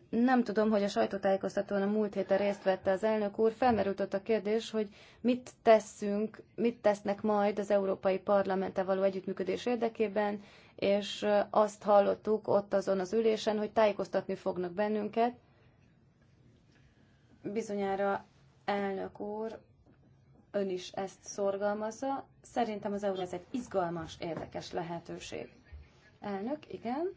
B: Nem tudom, hogy a sajtótájékoztatón a múlt héten részt vette az elnök úr. Felmerült ott a kérdés, hogy mit teszünk, mit tesznek majd az Európai Parlamenttel való együttműködés érdekében, és azt hallottuk ott azon az ülésen, hogy tájékoztatni fognak bennünket. Bizonyára elnök úr ön is ezt szorgalmazza. Szerintem az EU ez egy izgalmas, érdekes lehetőség. Elnök, igen.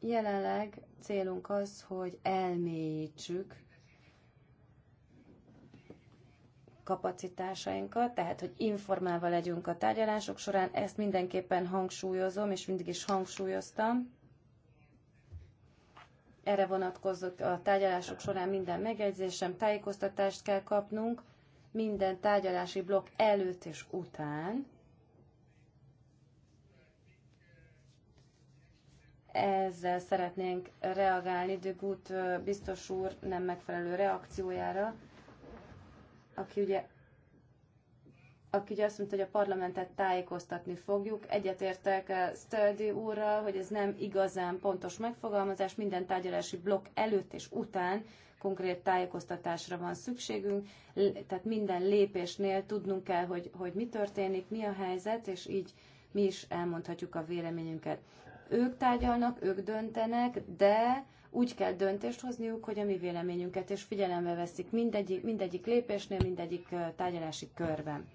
B: Jelenleg célunk az, hogy elmélyítsük kapacitásainkat, tehát hogy informálva legyünk a tárgyalások során, ezt mindenképpen hangsúlyozom, és mindig is hangsúlyoztam erre vonatkozott a tárgyalások során minden megjegyzésem, tájékoztatást kell kapnunk, minden tárgyalási blokk előtt és után. Ezzel szeretnénk reagálni Gut biztos úr nem megfelelő reakciójára, aki ugye aki ugye azt mondta, hogy a parlamentet tájékoztatni fogjuk. Egyetértek eh, stöldi úrral, hogy ez nem igazán pontos megfogalmazás, minden tárgyalási blokk előtt és után konkrét tájékoztatásra van szükségünk, tehát minden lépésnél tudnunk kell, hogy, hogy mi történik, mi a helyzet, és így mi is elmondhatjuk a véleményünket. Ők tárgyalnak, ők döntenek, de úgy kell döntést hozniuk, hogy a mi véleményünket és figyelembe veszik mindegyik, mindegyik lépésnél, mindegyik eh, tárgyalási körben.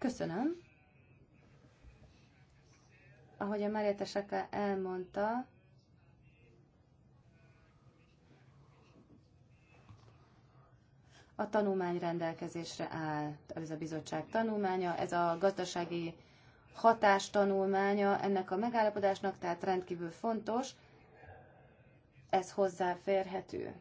B: Köszönöm. Ahogy a Marietta Saka elmondta, a tanulmány rendelkezésre áll. Ez a bizottság tanulmánya, ez a gazdasági hatás tanulmánya ennek a megállapodásnak, tehát rendkívül fontos, ez hozzáférhető.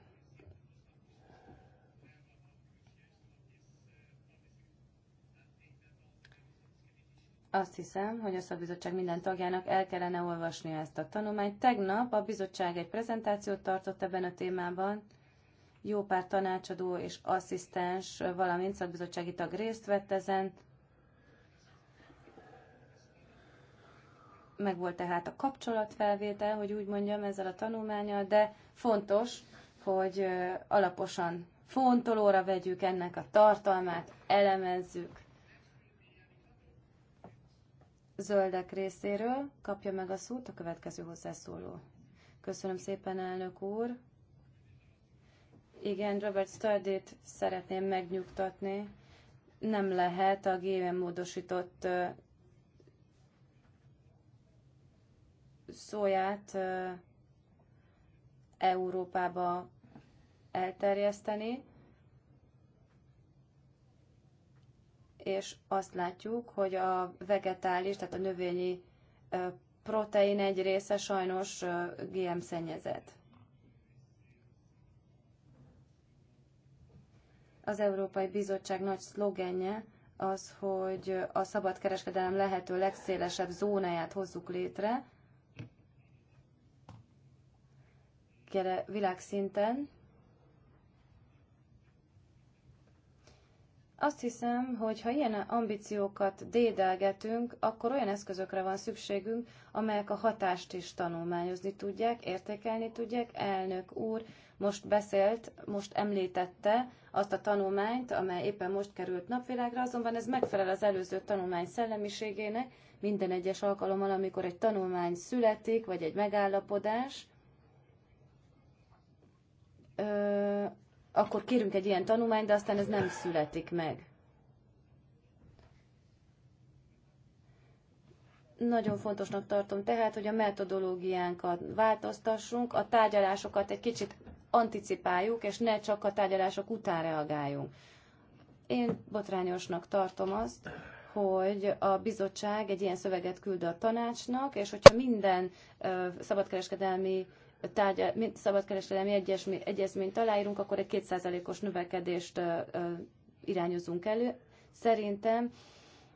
B: Azt hiszem, hogy a szakbizottság minden tagjának el kellene olvasnia ezt a tanulmányt. Tegnap a bizottság egy prezentációt tartott ebben a témában. Jó pár tanácsadó és asszisztens, valamint szakbizottsági tag részt vett ezen. Meg volt tehát a kapcsolatfelvétel, hogy úgy mondjam, ezzel a tanulmányal, de fontos, hogy alaposan fontolóra vegyük ennek a tartalmát, elemezzük zöldek részéről kapja meg a szót a következő hozzászóló. Köszönöm szépen, elnök úr. Igen, Robert Stardit szeretném megnyugtatni. Nem lehet a GM módosított szóját Európába elterjeszteni. és azt látjuk, hogy a vegetális, tehát a növényi protein egy része sajnos GM szennyezett. Az Európai Bizottság nagy szlogenje az, hogy a szabad kereskedelem lehető legszélesebb zónáját hozzuk létre világszinten, Azt hiszem, hogy ha ilyen ambíciókat dédelgetünk, akkor olyan eszközökre van szükségünk, amelyek a hatást is tanulmányozni tudják, értékelni tudják. Elnök úr most beszélt, most említette azt a tanulmányt, amely éppen most került napvilágra, azonban ez megfelel az előző tanulmány szellemiségének. Minden egyes alkalommal, amikor egy tanulmány születik, vagy egy megállapodás, akkor kérünk egy ilyen tanulmányt, de aztán ez nem születik meg. Nagyon fontosnak tartom tehát, hogy a metodológiánkat változtassunk, a tárgyalásokat egy kicsit anticipáljuk, és ne csak a tárgyalások után reagáljunk. Én botrányosnak tartom azt, hogy a bizottság egy ilyen szöveget küld a tanácsnak, és hogyha minden ö, szabadkereskedelmi tárgya, mint szabadkereskedelmi egyezményt, egyezményt aláírunk, akkor egy kétszázalékos os növekedést irányozunk elő. Szerintem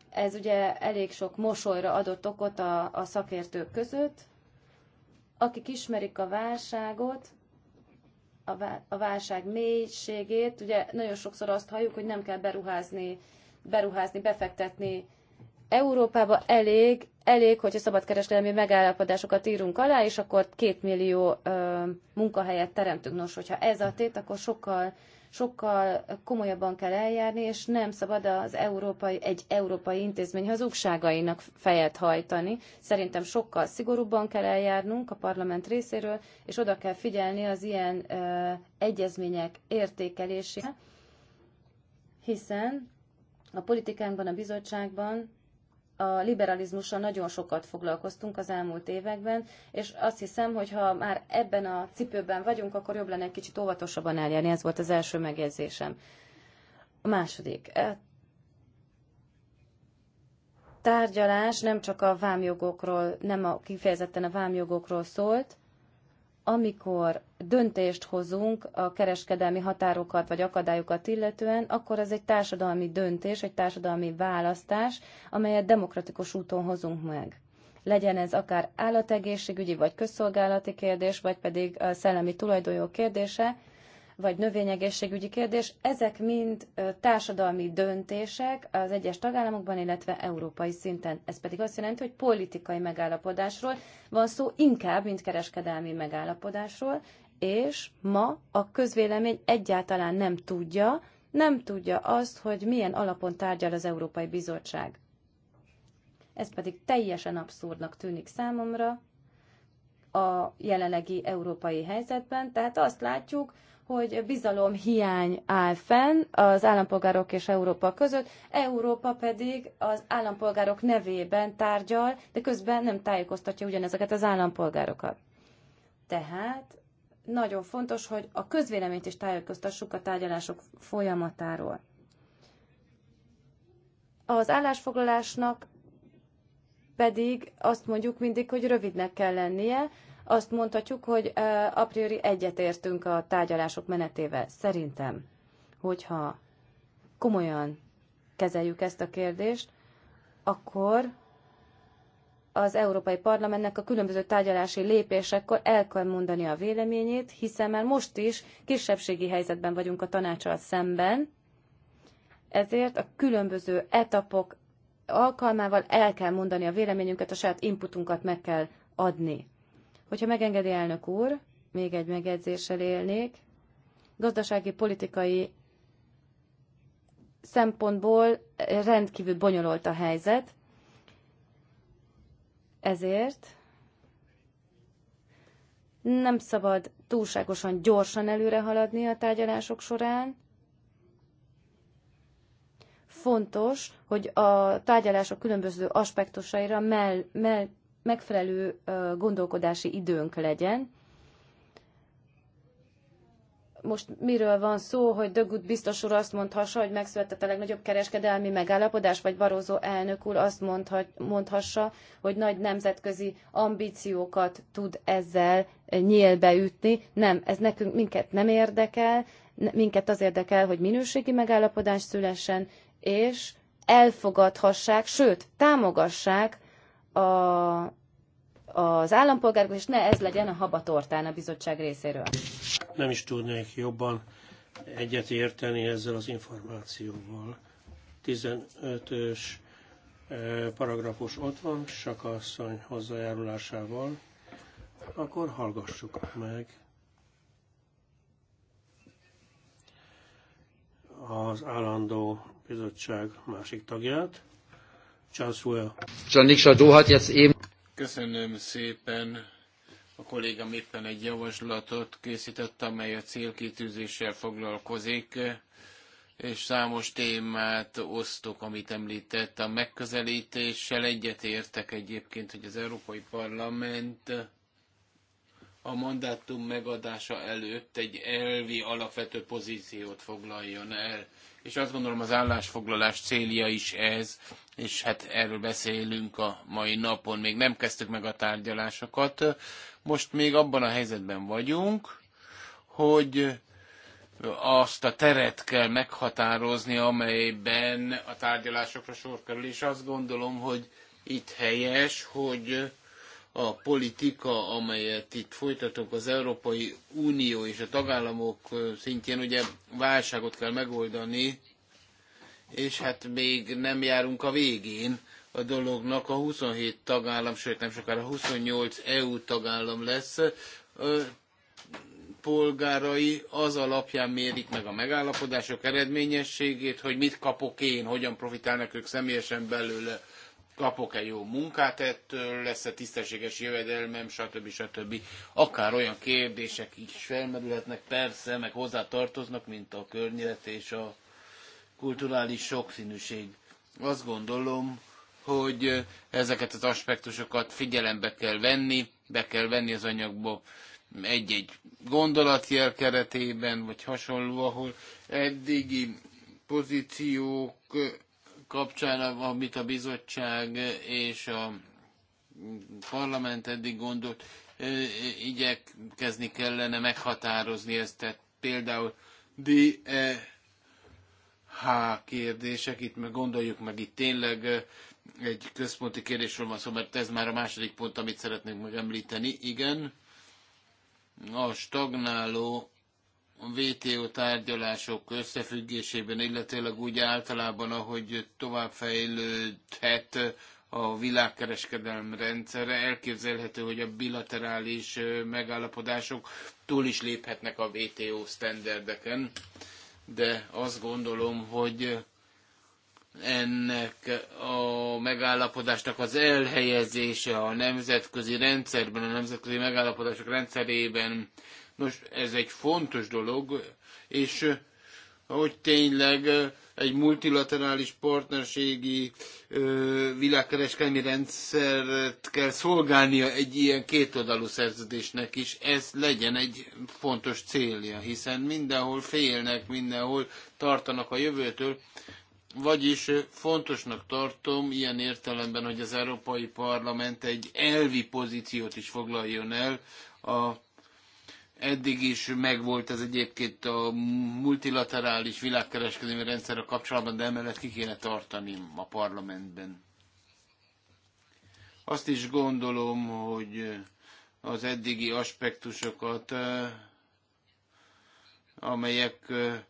B: ez ugye elég sok mosolyra adott okot a, a szakértők között. Akik ismerik a válságot, a, a válság mélységét, ugye nagyon sokszor azt halljuk, hogy nem kell beruházni, beruházni, befektetni Európába elég, elég, hogy a szabadkereskedelmi megállapodásokat írunk alá, és akkor két millió ö, munkahelyet teremtünk. Nos, hogyha ez a tét, akkor sokkal, sokkal komolyabban kell eljárni, és nem szabad az európai, egy európai intézmény hazugságainak fejet hajtani. Szerintem sokkal szigorúbban kell eljárnunk a parlament részéről, és oda kell figyelni az ilyen ö, egyezmények értékelésére, hiszen a politikánkban, a bizottságban a liberalizmussal nagyon sokat foglalkoztunk az elmúlt években, és azt hiszem, hogy ha már ebben a cipőben vagyunk, akkor jobb lenne egy kicsit óvatosabban eljárni. Ez volt az első megjegyzésem. A második. A e, tárgyalás nem csak a vámjogokról, nem a, kifejezetten a vámjogokról szólt, amikor döntést hozunk a kereskedelmi határokat vagy akadályokat illetően, akkor ez egy társadalmi döntés, egy társadalmi választás, amelyet demokratikus úton hozunk meg. Legyen ez akár állategészségügyi vagy közszolgálati kérdés, vagy pedig szellemi tulajdonjog kérdése, vagy növényegészségügyi kérdés, ezek mind társadalmi döntések az egyes tagállamokban, illetve európai szinten. Ez pedig azt jelenti, hogy politikai megállapodásról van szó inkább, mint kereskedelmi megállapodásról, és ma a közvélemény egyáltalán nem tudja, nem tudja azt, hogy milyen alapon tárgyal az Európai Bizottság. Ez pedig teljesen abszurdnak tűnik számomra a jelenlegi európai helyzetben, tehát azt látjuk, hogy bizalom áll fenn az állampolgárok és Európa között, Európa pedig az állampolgárok nevében tárgyal, de közben nem tájékoztatja ugyanezeket az állampolgárokat. Tehát nagyon fontos, hogy a közvéleményt is tájékoztassuk a tárgyalások folyamatáról. Az állásfoglalásnak pedig azt mondjuk mindig, hogy rövidnek kell lennie, azt mondhatjuk, hogy a priori egyetértünk a tárgyalások menetével. Szerintem, hogyha komolyan kezeljük ezt a kérdést, akkor az Európai Parlamentnek a különböző tárgyalási lépésekkor el kell mondani a véleményét, hiszen már most is kisebbségi helyzetben vagyunk a tanácsal szemben, ezért a különböző etapok alkalmával el kell mondani a véleményünket, a saját inputunkat meg kell adni. Hogyha megengedi elnök úr, még egy megjegyzéssel élnék. Gazdasági, politikai szempontból rendkívül bonyolult a helyzet, ezért nem szabad túlságosan gyorsan előre haladni a tárgyalások során. Fontos, hogy a tárgyalások különböző aspektusaira mell, mell megfelelő gondolkodási időnk legyen. Most miről van szó, hogy Dögut biztos úr azt mondhassa, hogy megszületett a legnagyobb kereskedelmi megállapodás, vagy Barózó elnök úr azt mondhat, mondhassa, hogy nagy nemzetközi ambíciókat tud ezzel nyílbe ütni. Nem, ez nekünk minket nem érdekel, minket az érdekel, hogy minőségi megállapodás szülessen, és elfogadhassák, sőt, támogassák a, az állampolgárok, és ne ez legyen a habatortán a bizottság részéről.
A: Nem is tudnék jobban egyet érteni ezzel az információval. 15-ös eh, paragrafus ott van, Sakasszony hozzájárulásával, akkor hallgassuk meg. az állandó bizottság másik tagját. Charles Sewell. John Nick hat jetzt
C: Köszönöm szépen. A kollégám éppen egy javaslatot készített, amely a célkitűzéssel foglalkozik, és számos témát osztok, amit említett. A megközelítéssel egyetértek egyébként, hogy az Európai Parlament a mandátum megadása előtt egy elvi alapvető pozíciót foglaljon el. És azt gondolom az állásfoglalás célja is ez, és hát erről beszélünk a mai napon. Még nem kezdtük meg a tárgyalásokat. Most még abban a helyzetben vagyunk, hogy azt a teret kell meghatározni, amelyben a tárgyalásokra sor kerül, és azt gondolom, hogy itt helyes, hogy a politika, amelyet itt folytatunk az Európai Unió és a tagállamok szintjén, ugye válságot kell megoldani, és hát még nem járunk a végén a dolognak. A 27 tagállam, sőt nem sokára 28 EU tagállam lesz, polgárai az alapján mérik meg a megállapodások eredményességét, hogy mit kapok én, hogyan profitálnak ők személyesen belőle kapok-e jó munkát ettől, lesz-e tisztességes jövedelmem, stb. stb. Akár olyan kérdések is felmerülhetnek, persze, meg hozzá tartoznak, mint a környezet és a kulturális sokszínűség. Azt gondolom, hogy ezeket az aspektusokat figyelembe kell venni, be kell venni az anyagba egy-egy gondolatjel keretében, vagy hasonló, ahol eddigi pozíciók kapcsán, amit a bizottság és a parlament eddig gondolt, igyekezni kellene meghatározni ezt, tehát például DEH kérdések, itt meg gondoljuk meg itt tényleg egy központi kérdésről van szó, mert ez már a második pont, amit szeretnénk megemlíteni. Igen, a stagnáló WTO tárgyalások összefüggésében, illetőleg úgy általában, ahogy továbbfejlődhet a világkereskedelem rendszere, elképzelhető, hogy a bilaterális megállapodások túl is léphetnek a WTO sztenderdeken, de azt gondolom, hogy ennek a megállapodásnak az elhelyezése a nemzetközi rendszerben, a nemzetközi megállapodások rendszerében Nos, ez egy fontos dolog, és eh, hogy tényleg eh, egy multilaterális partnerségi eh, világkereskedelmi rendszert kell szolgálnia egy ilyen kétoldalú szerződésnek is. Ez legyen egy fontos célja, hiszen mindenhol félnek, mindenhol tartanak a jövőtől, vagyis fontosnak tartom ilyen értelemben, hogy az Európai Parlament egy elvi pozíciót is foglaljon el a Eddig is megvolt ez egyébként a multilaterális világkereskedelmi rendszerre kapcsolatban, de emellett ki kéne tartani a parlamentben. Azt is gondolom, hogy az eddigi aspektusokat, amelyeket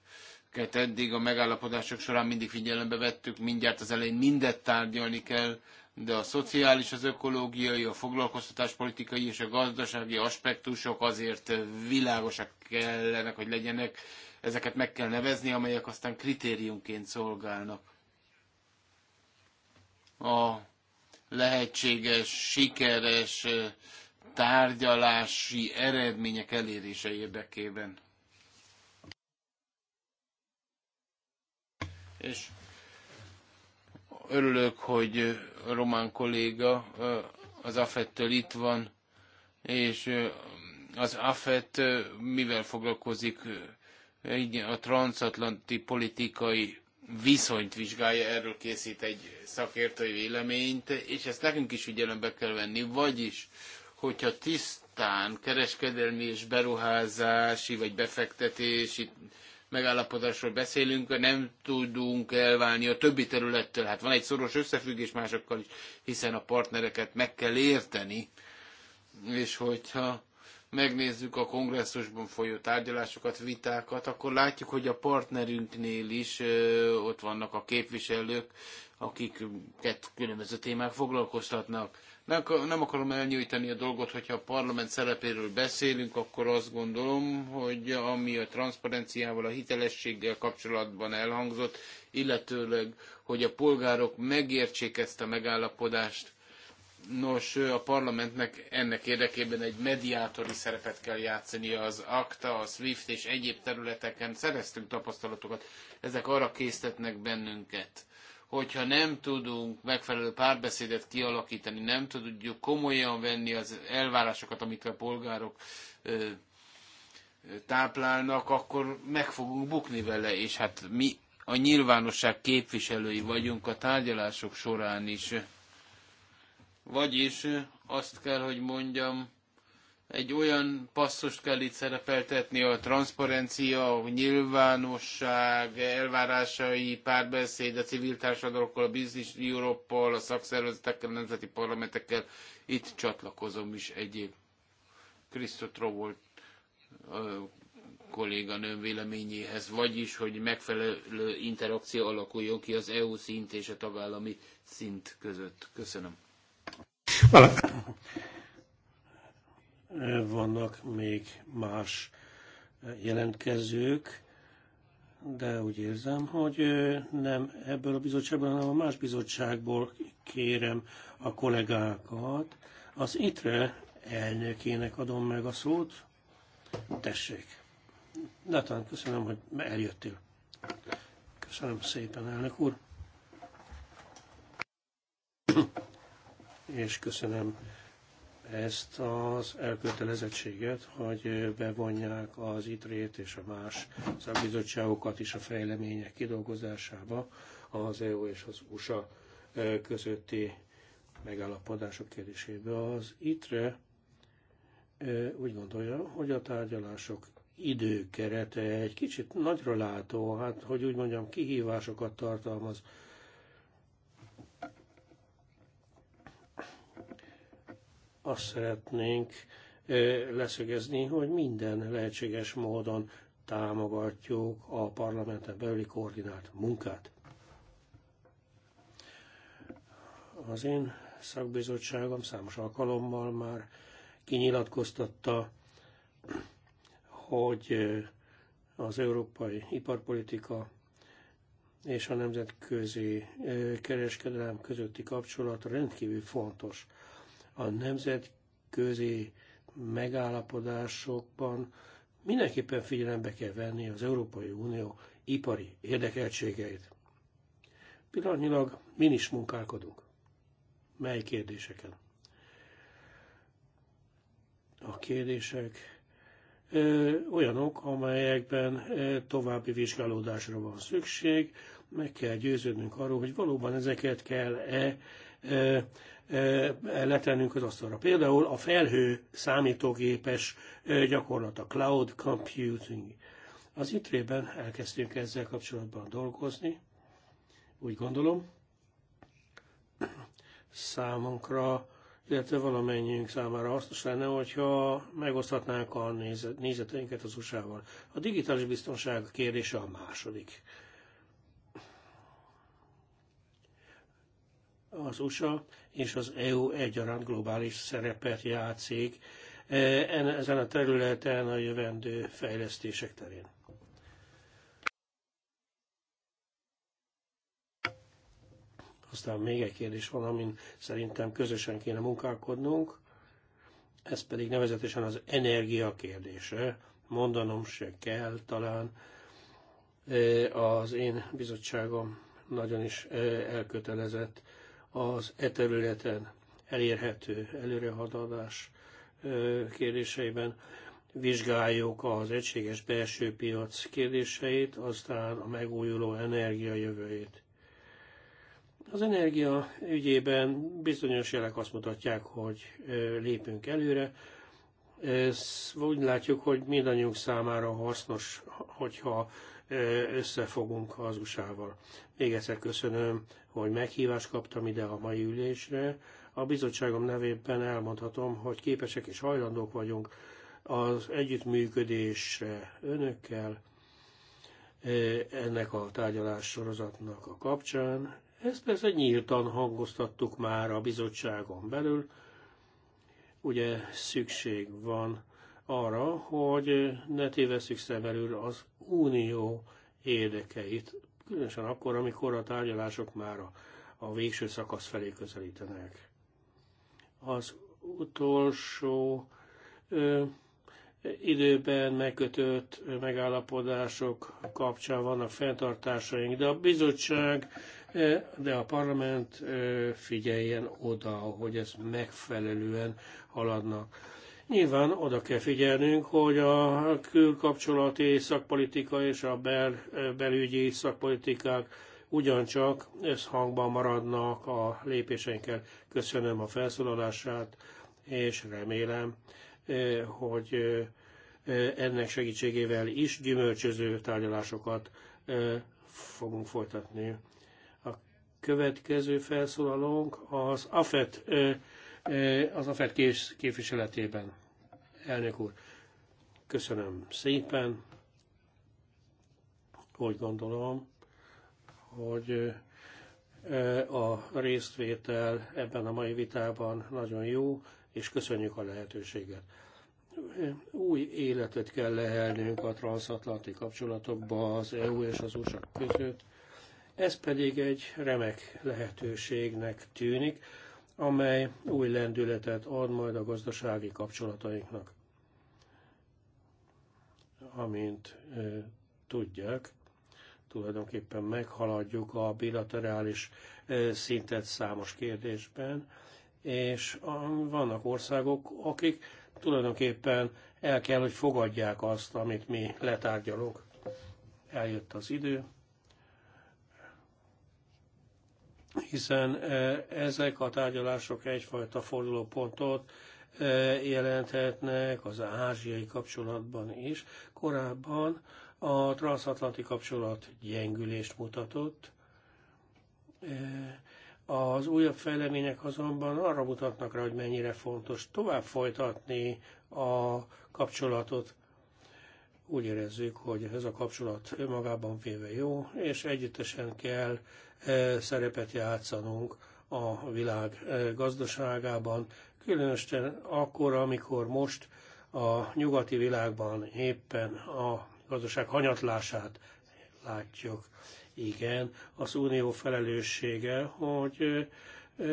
C: eddig a megállapodások során mindig figyelembe vettük, mindjárt az elején mindet tárgyalni kell, de a szociális, az ökológiai, a foglalkoztatáspolitikai és a gazdasági aspektusok azért világosak kellenek, hogy legyenek. Ezeket meg kell nevezni, amelyek aztán kritériumként szolgálnak. A lehetséges, sikeres eh, tárgyalási eredmények elérése érdekében. És örülök, hogy román kolléga az AFET-től itt van, és az AFET mivel foglalkozik? A transatlanti politikai viszonyt vizsgálja, erről készít egy szakértői véleményt, és ezt nekünk is figyelembe kell venni, vagyis, hogyha tisztán kereskedelmi és beruházási vagy befektetési megállapodásról beszélünk, nem tudunk elválni a többi területtől. Hát van egy szoros összefüggés másokkal is, hiszen a partnereket meg kell érteni. És hogyha megnézzük a kongresszusban folyó tárgyalásokat, vitákat, akkor látjuk, hogy a partnerünknél is ö, ott vannak a képviselők, akiket különböző témák foglalkoztatnak nem akarom elnyújtani a dolgot, hogyha a parlament szerepéről beszélünk, akkor azt gondolom, hogy ami a transzparenciával, a hitelességgel kapcsolatban elhangzott, illetőleg, hogy a polgárok megértsék ezt a megállapodást, Nos, a parlamentnek ennek érdekében egy mediátori szerepet kell játszania az ACTA, a SWIFT és egyéb területeken szereztünk tapasztalatokat. Ezek arra késztetnek bennünket, hogyha nem tudunk megfelelő párbeszédet kialakítani, nem tudjuk komolyan venni az elvárásokat, amit a polgárok ö, táplálnak, akkor meg fogunk bukni vele, és hát mi a nyilvánosság képviselői vagyunk a tárgyalások során is. Vagyis azt kell, hogy mondjam, egy olyan passzust kell itt szerepeltetni, a transzparencia, a nyilvánosság, elvárásai, párbeszéd a civil társadalommal, a Business europe a szakszervezetekkel, a nemzeti parlamentekkel. Itt csatlakozom is egyéb. Krisztotro volt kolléganőm véleményéhez, vagyis, hogy megfelelő interakció alakuljon ki az EU szint és a tagállami szint között. Köszönöm
A: vannak még más jelentkezők, de úgy érzem, hogy nem ebből a bizottságból, hanem a más bizottságból kérem a kollégákat. Az ITRE elnökének adom meg a szót. Tessék. Natán, köszönöm, hogy eljöttél. Köszönöm szépen, elnök úr. És köszönöm ezt az elkötelezettséget, hogy bevonják az ITRÉT és a más szakbizottságokat is a fejlemények kidolgozásába az EU és az USA közötti megállapodások kérdésébe. Az ITRE úgy gondolja, hogy a tárgyalások időkerete egy kicsit nagyra látó, hát hogy úgy mondjam, kihívásokat tartalmaz Azt szeretnénk leszögezni, hogy minden lehetséges módon támogatjuk a parlamenten belüli koordinált munkát. Az én szakbizottságom számos alkalommal már kinyilatkoztatta, hogy az európai iparpolitika és a nemzetközi kereskedelem közötti kapcsolat rendkívül fontos a nemzetközi megállapodásokban mindenképpen figyelembe kell venni az Európai Unió ipari érdekeltségeit. Pillanatnyilag mi is munkálkodunk? Mely kérdéseken? A kérdések ö, olyanok, amelyekben ö, további vizsgálódásra van szükség, meg kell győződnünk arról, hogy valóban ezeket kell-e letennünk az asztalra. Például a felhő számítógépes gyakorlat, a cloud computing. Az ITRE-ben elkezdtünk ezzel kapcsolatban dolgozni, úgy gondolom. Számunkra, illetve valamennyiünk számára hasznos lenne, hogyha megoszthatnánk a nézeteinket az USA-val. A digitális biztonság kérdése a második az USA és az EU egyaránt globális szerepet játszik e, ezen a területen a jövendő fejlesztések terén. Aztán még egy kérdés van, amin szerintem közösen kéne munkálkodnunk, ez pedig nevezetesen az energia kérdése. Mondanom se kell talán, e, az én bizottságom nagyon is e, elkötelezett az e területen elérhető előrehaladás kérdéseiben. Vizsgáljuk az egységes belső piac kérdéseit, aztán a megújuló energia jövőjét. Az energia ügyében bizonyos jelek azt mutatják, hogy lépünk előre. Ez úgy látjuk, hogy mindannyiunk számára hasznos, hogyha összefogunk az Még egyszer köszönöm, hogy meghívást kaptam ide a mai ülésre. A bizottságom nevében elmondhatom, hogy képesek és hajlandók vagyunk az együttműködésre önökkel, ennek a tárgyalás sorozatnak a kapcsán. Ezt persze nyíltan hangoztattuk már a bizottságon belül. Ugye szükség van arra, hogy ne tévesszük szem elől az unió érdekeit, különösen akkor, amikor a tárgyalások már a, a végső szakasz felé közelítenek. Az utolsó ö, időben megkötött megállapodások kapcsán vannak fenntartásaink, de a bizottság, de a parlament figyeljen oda, hogy ez megfelelően haladnak. Nyilván oda kell figyelnünk, hogy a külkapcsolati szakpolitika és a bel, belügyi szakpolitikák ugyancsak összhangban maradnak a lépéseinkkel. Köszönöm a felszólalását, és remélem, eh, hogy eh, ennek segítségével is gyümölcsöző tárgyalásokat eh, fogunk folytatni. A következő felszólalónk az AFET Eh, az AFED képviseletében. Elnök úr, köszönöm szépen. Úgy gondolom, hogy eh, a résztvétel ebben a mai vitában nagyon jó, és köszönjük a lehetőséget. Eh, új életet kell lehelnünk a transatlanti kapcsolatokba az EU és az USA között. Ez pedig egy remek lehetőségnek tűnik amely új lendületet ad majd a gazdasági kapcsolatainknak. Amint tudják, tulajdonképpen meghaladjuk a bilaterális szintet számos kérdésben, és vannak országok, akik tulajdonképpen el kell, hogy fogadják azt, amit mi letárgyalunk. Eljött az idő, hiszen e, ezek a tárgyalások egyfajta fordulópontot e, jelenthetnek az ázsiai kapcsolatban is. Korábban a transatlanti kapcsolat gyengülést mutatott. E, az újabb fejlemények azonban arra mutatnak rá, hogy mennyire fontos tovább folytatni a kapcsolatot úgy érezzük, hogy ez a kapcsolat önmagában véve jó, és együttesen kell e, szerepet játszanunk a világ e, gazdaságában, különösen akkor, amikor most a nyugati világban éppen a gazdaság hanyatlását látjuk. Igen, az unió felelőssége, hogy e,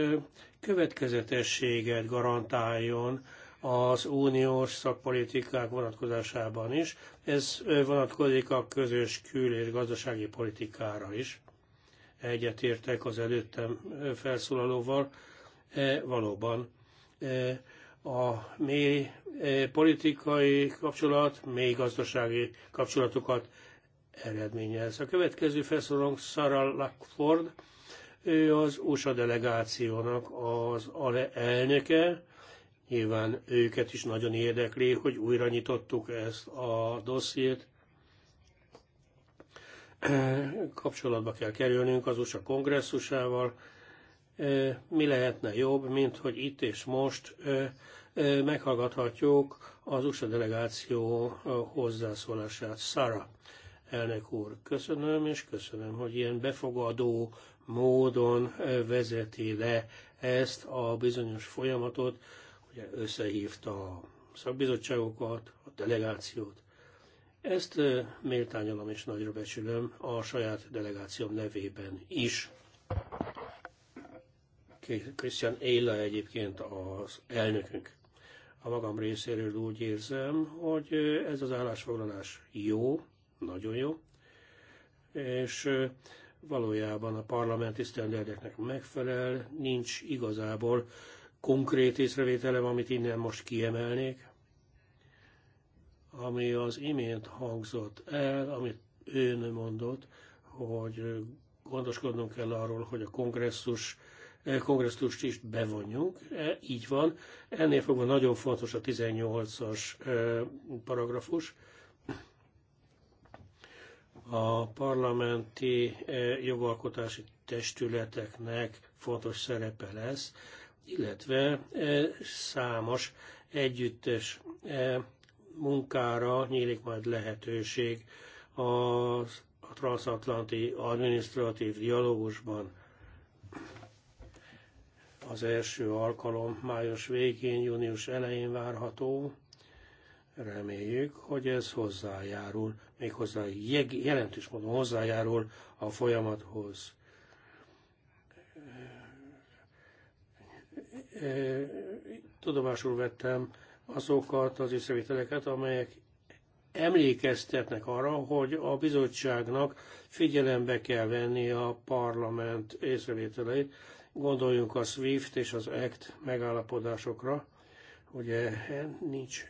A: következetességet garantáljon az uniós szakpolitikák vonatkozásában is. Ez vonatkozik a közös kül- és gazdasági politikára is. Egyetértek az előttem felszólalóval. E, valóban e, a mély e, politikai kapcsolat, mély gazdasági kapcsolatokat eredményez. A következő felszólalónk Sarah Lackford, ő az USA delegációnak az elnöke, Nyilván őket is nagyon érdekli, hogy újra nyitottuk ezt a dossziét. Kapcsolatba kell kerülnünk az USA kongresszusával. Mi lehetne jobb, mint hogy itt és most meghallgathatjuk az USA delegáció hozzászólását. Sara, elnök úr, köszönöm, és köszönöm, hogy ilyen befogadó módon vezeti le ezt a bizonyos folyamatot, ugye összehívta a szakbizottságokat, a delegációt. Ezt méltányolom és nagyra becsülöm a saját delegációm nevében is. Christian Éla egyébként az elnökünk. A magam részéről úgy érzem, hogy ez az állásfoglalás jó, nagyon jó, és valójában a parlamenti sztenderdeknek megfelel, nincs igazából konkrét észrevételem, amit innen most kiemelnék, ami az imént hangzott el, amit ön mondott, hogy gondoskodnunk kell arról, hogy a kongresszus eh, kongresszust is bevonjunk. E, így van. Ennél fogva nagyon fontos a 18-as eh, paragrafus. A parlamenti eh, jogalkotási testületeknek fontos szerepe lesz illetve e, számos együttes e, munkára nyílik majd lehetőség a transatlanti Administratív dialógusban. Az első alkalom május végén, június elején várható. Reméljük, hogy ez hozzájárul, méghozzá jelentős módon hozzájárul a folyamathoz. Eh, tudomásul vettem azokat az észrevételeket, amelyek emlékeztetnek arra, hogy a bizottságnak figyelembe kell venni a parlament észrevételeit. Gondoljunk a SWIFT és az ACT megállapodásokra. Ugye eh, nincs,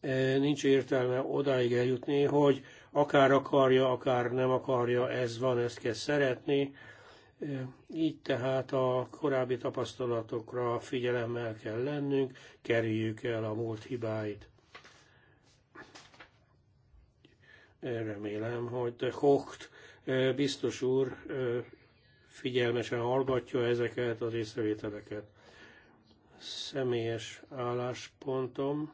A: eh, nincs értelme odáig eljutni, hogy akár akarja, akár nem akarja, ez van, ezt kell szeretni így tehát a korábbi tapasztalatokra figyelemmel kell lennünk, kerüljük el a múlt hibáit. Remélem, hogy de Hocht biztos úr figyelmesen hallgatja ezeket az észrevételeket. Személyes álláspontom,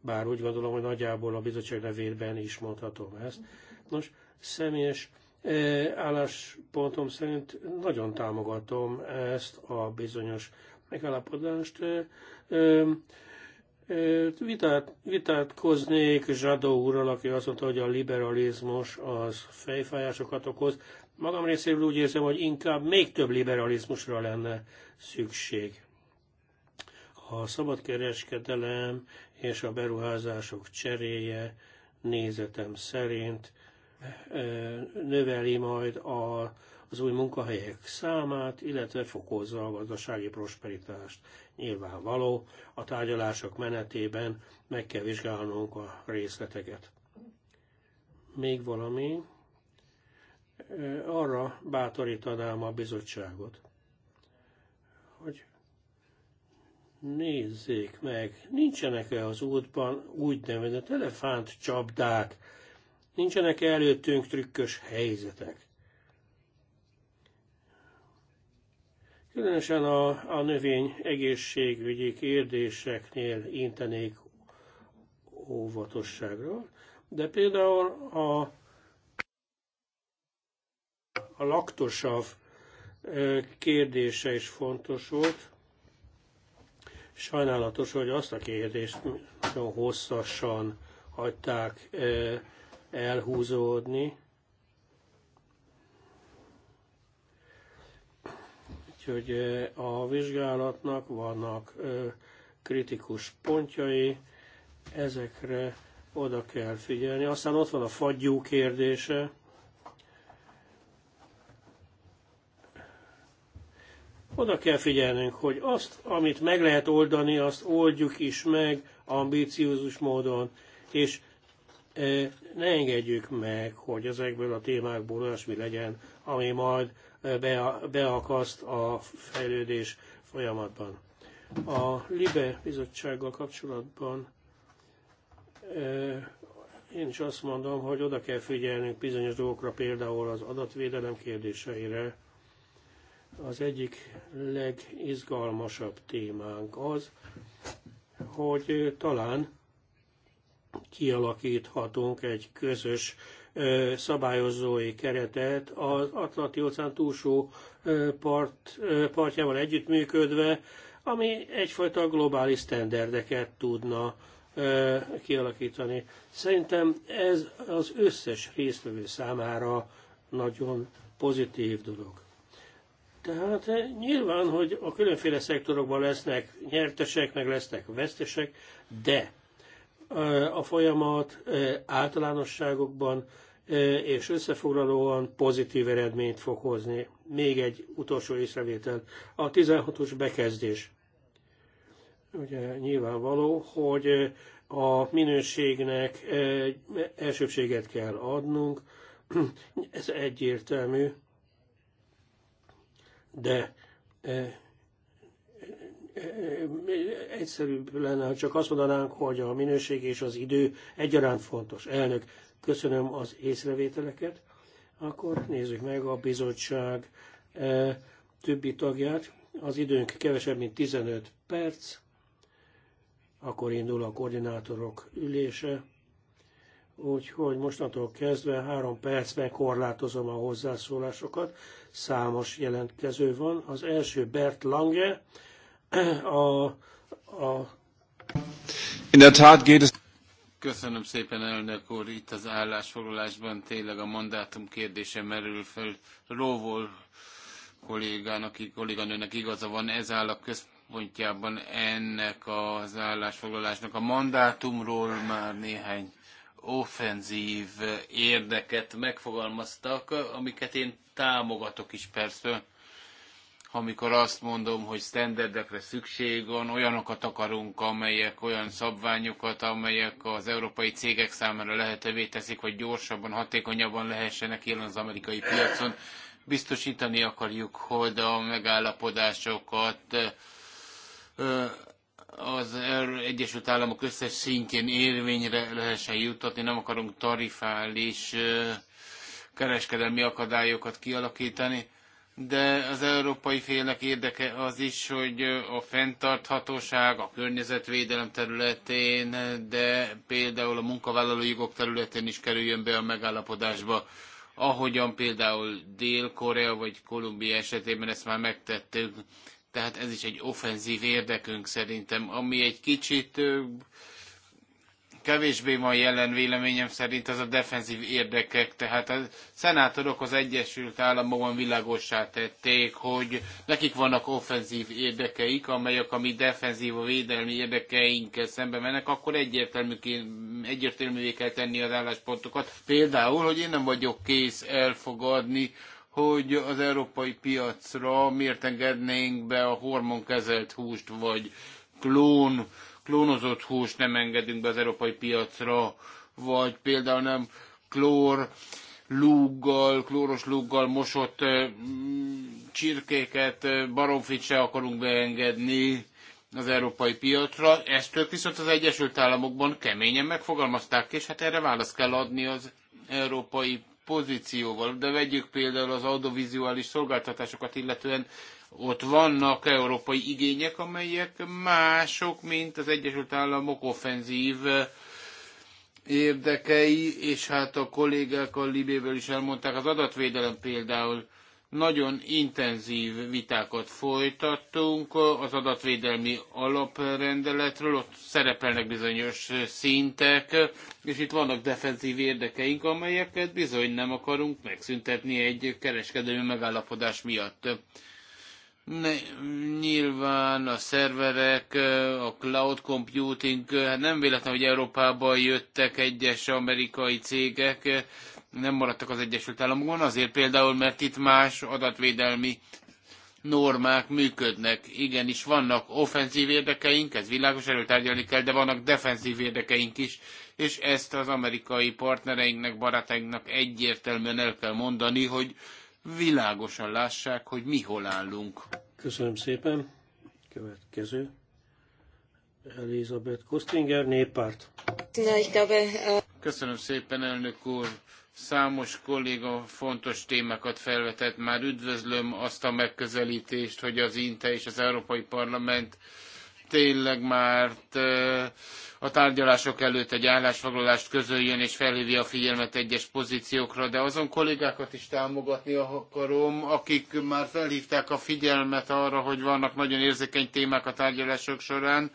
A: bár úgy gondolom, hogy nagyjából a bizottság nevében is mondhatom ezt. Nos, személyes E, álláspontom szerint nagyon támogatom ezt a bizonyos megállapodást. E, e, vitát, vitátkoznék Zsadó úrral, aki azt mondta, hogy a liberalizmus az fejfájásokat okoz. Magam részéről úgy érzem, hogy inkább még több liberalizmusra lenne szükség. A szabadkereskedelem és a beruházások cseréje nézetem szerint növeli majd a, az új munkahelyek számát, illetve fokozza a gazdasági prosperitást. Nyilvánvaló, a tárgyalások menetében meg kell vizsgálnunk a részleteket. Még valami? Arra bátorítanám a bizottságot, hogy nézzék meg, nincsenek-e az útban úgynevezett elefánt csapdák, Nincsenek előttünk trükkös helyzetek. Különösen a, a növény egészségügyi kérdéseknél intenék óvatosságra, de például a, a laktosav kérdése is fontos volt. Sajnálatos, hogy azt a kérdést nagyon hosszasan hagyták elhúzódni. Úgyhogy a vizsgálatnak vannak kritikus pontjai, ezekre oda kell figyelni. Aztán ott van a fagyú kérdése. Oda kell figyelnünk, hogy azt, amit meg lehet oldani, azt oldjuk is meg ambíciózus módon, és ne engedjük meg, hogy ezekből a témákból olyasmi legyen, ami majd be, beakaszt a fejlődés folyamatban. A LIBE bizottsággal kapcsolatban én is azt mondom, hogy oda kell figyelnünk bizonyos dolgokra, például az adatvédelem kérdéseire. Az egyik legizgalmasabb témánk az, hogy talán kialakíthatunk egy közös szabályozói keretet az Atlanti óceán túlsó part, partjával együttműködve, ami egyfajta globális sztenderdeket tudna kialakítani. Szerintem ez az összes résztvevő számára nagyon pozitív dolog. Tehát eh, nyilván, hogy a különféle szektorokban lesznek nyertesek, meg lesznek vesztesek, de a folyamat általánosságokban és összefoglalóan pozitív eredményt fog hozni. Még egy utolsó észrevétel. A 16-os bekezdés. Ugye nyilvánvaló, hogy a minőségnek elsőbséget kell adnunk, ez egyértelmű, de egyszerűbb lenne, ha csak azt mondanánk, hogy a minőség és az idő egyaránt fontos. Elnök, köszönöm az észrevételeket. Akkor nézzük meg a bizottság e, többi tagját. Az időnk kevesebb, mint 15 perc. Akkor indul a koordinátorok ülése. Úgyhogy mostantól kezdve három percben korlátozom a hozzászólásokat. Számos jelentkező van. Az első Bert Lange,
C: a,
A: In der Tat geht es
C: Köszönöm szépen, elnök úr. Itt az állásfoglalásban tényleg a mandátum kérdése merül fel. Róvol kollégának, kolléganőnek igaza van, ez áll a központjában ennek az állásfoglalásnak. A mandátumról már néhány offenzív érdeket megfogalmaztak, amiket én támogatok is persze amikor azt mondom, hogy standardekre szükség van, olyanokat akarunk, amelyek olyan szabványokat, amelyek az európai cégek számára lehetővé teszik, hogy gyorsabban, hatékonyabban lehessenek élni az amerikai piacon. Biztosítani akarjuk, hogy a megállapodásokat az Egyesült Államok összes szintjén érvényre lehessen juttatni, nem akarunk tarifális kereskedelmi akadályokat kialakítani de az európai félnek érdeke az is, hogy a fenntarthatóság a környezetvédelem területén, de például a munkavállalói jogok területén is kerüljön be a megállapodásba, ahogyan például Dél-Korea vagy Kolumbia esetében ezt már megtettük. Tehát ez is egy offenzív érdekünk szerintem, ami egy kicsit kevésbé van jelen véleményem szerint, az a defenzív érdekek. Tehát a szenátorok az Egyesült Államokban világossá tették, hogy nekik vannak offenzív érdekeik, amelyek a mi defenzív, a védelmi érdekeinkkel szembe mennek, akkor egyértelmű, egyértelművé kell tenni az álláspontokat. Például, hogy én nem vagyok kész elfogadni, hogy az európai piacra miért engednénk be a hormonkezelt húst, vagy klón klónozott húst nem engedünk be az európai piacra, vagy például nem klór, lúggal, klóros lúggal mosott csirkéket, baromfit se akarunk beengedni az európai piacra. Ezt viszont az Egyesült Államokban keményen megfogalmazták, és hát erre választ kell adni az európai pozícióval. De vegyük például az audiovizuális szolgáltatásokat illetően ott vannak európai igények, amelyek mások, mint az Egyesült Államok offenzív eh, érdekei, és hát a kollégák a Libéből is elmondták, az adatvédelem például nagyon intenzív vitákat folytattunk az adatvédelmi alaprendeletről, ott szerepelnek bizonyos szintek, és itt vannak defenzív érdekeink, amelyeket bizony nem akarunk megszüntetni egy kereskedelmi megállapodás miatt nyilván a szerverek, a cloud computing, hát nem véletlen, hogy Európában jöttek egyes amerikai cégek, nem maradtak az Egyesült Államokon, azért például, mert itt más adatvédelmi normák működnek. Igenis, vannak offenzív érdekeink, ez világos, erről tárgyalni kell, de vannak defenzív érdekeink is, és ezt az amerikai partnereinknek, barátainknak egyértelműen el kell mondani, hogy világosan lássák, hogy mi hol állunk.
A: Köszönöm szépen.
C: Következő.
A: Elizabeth Kostinger, néppárt.
C: Köszönöm szépen, elnök úr. Számos kolléga fontos témákat felvetett már. Üdvözlöm azt a megközelítést, hogy az INTE és az Európai Parlament tényleg már eh, a tárgyalások előtt egy állásfoglalást közöljön és felhívja a figyelmet egyes pozíciókra, de azon kollégákat is támogatni akarom, akik már felhívták a figyelmet arra, hogy vannak nagyon érzékeny témák a tárgyalások során,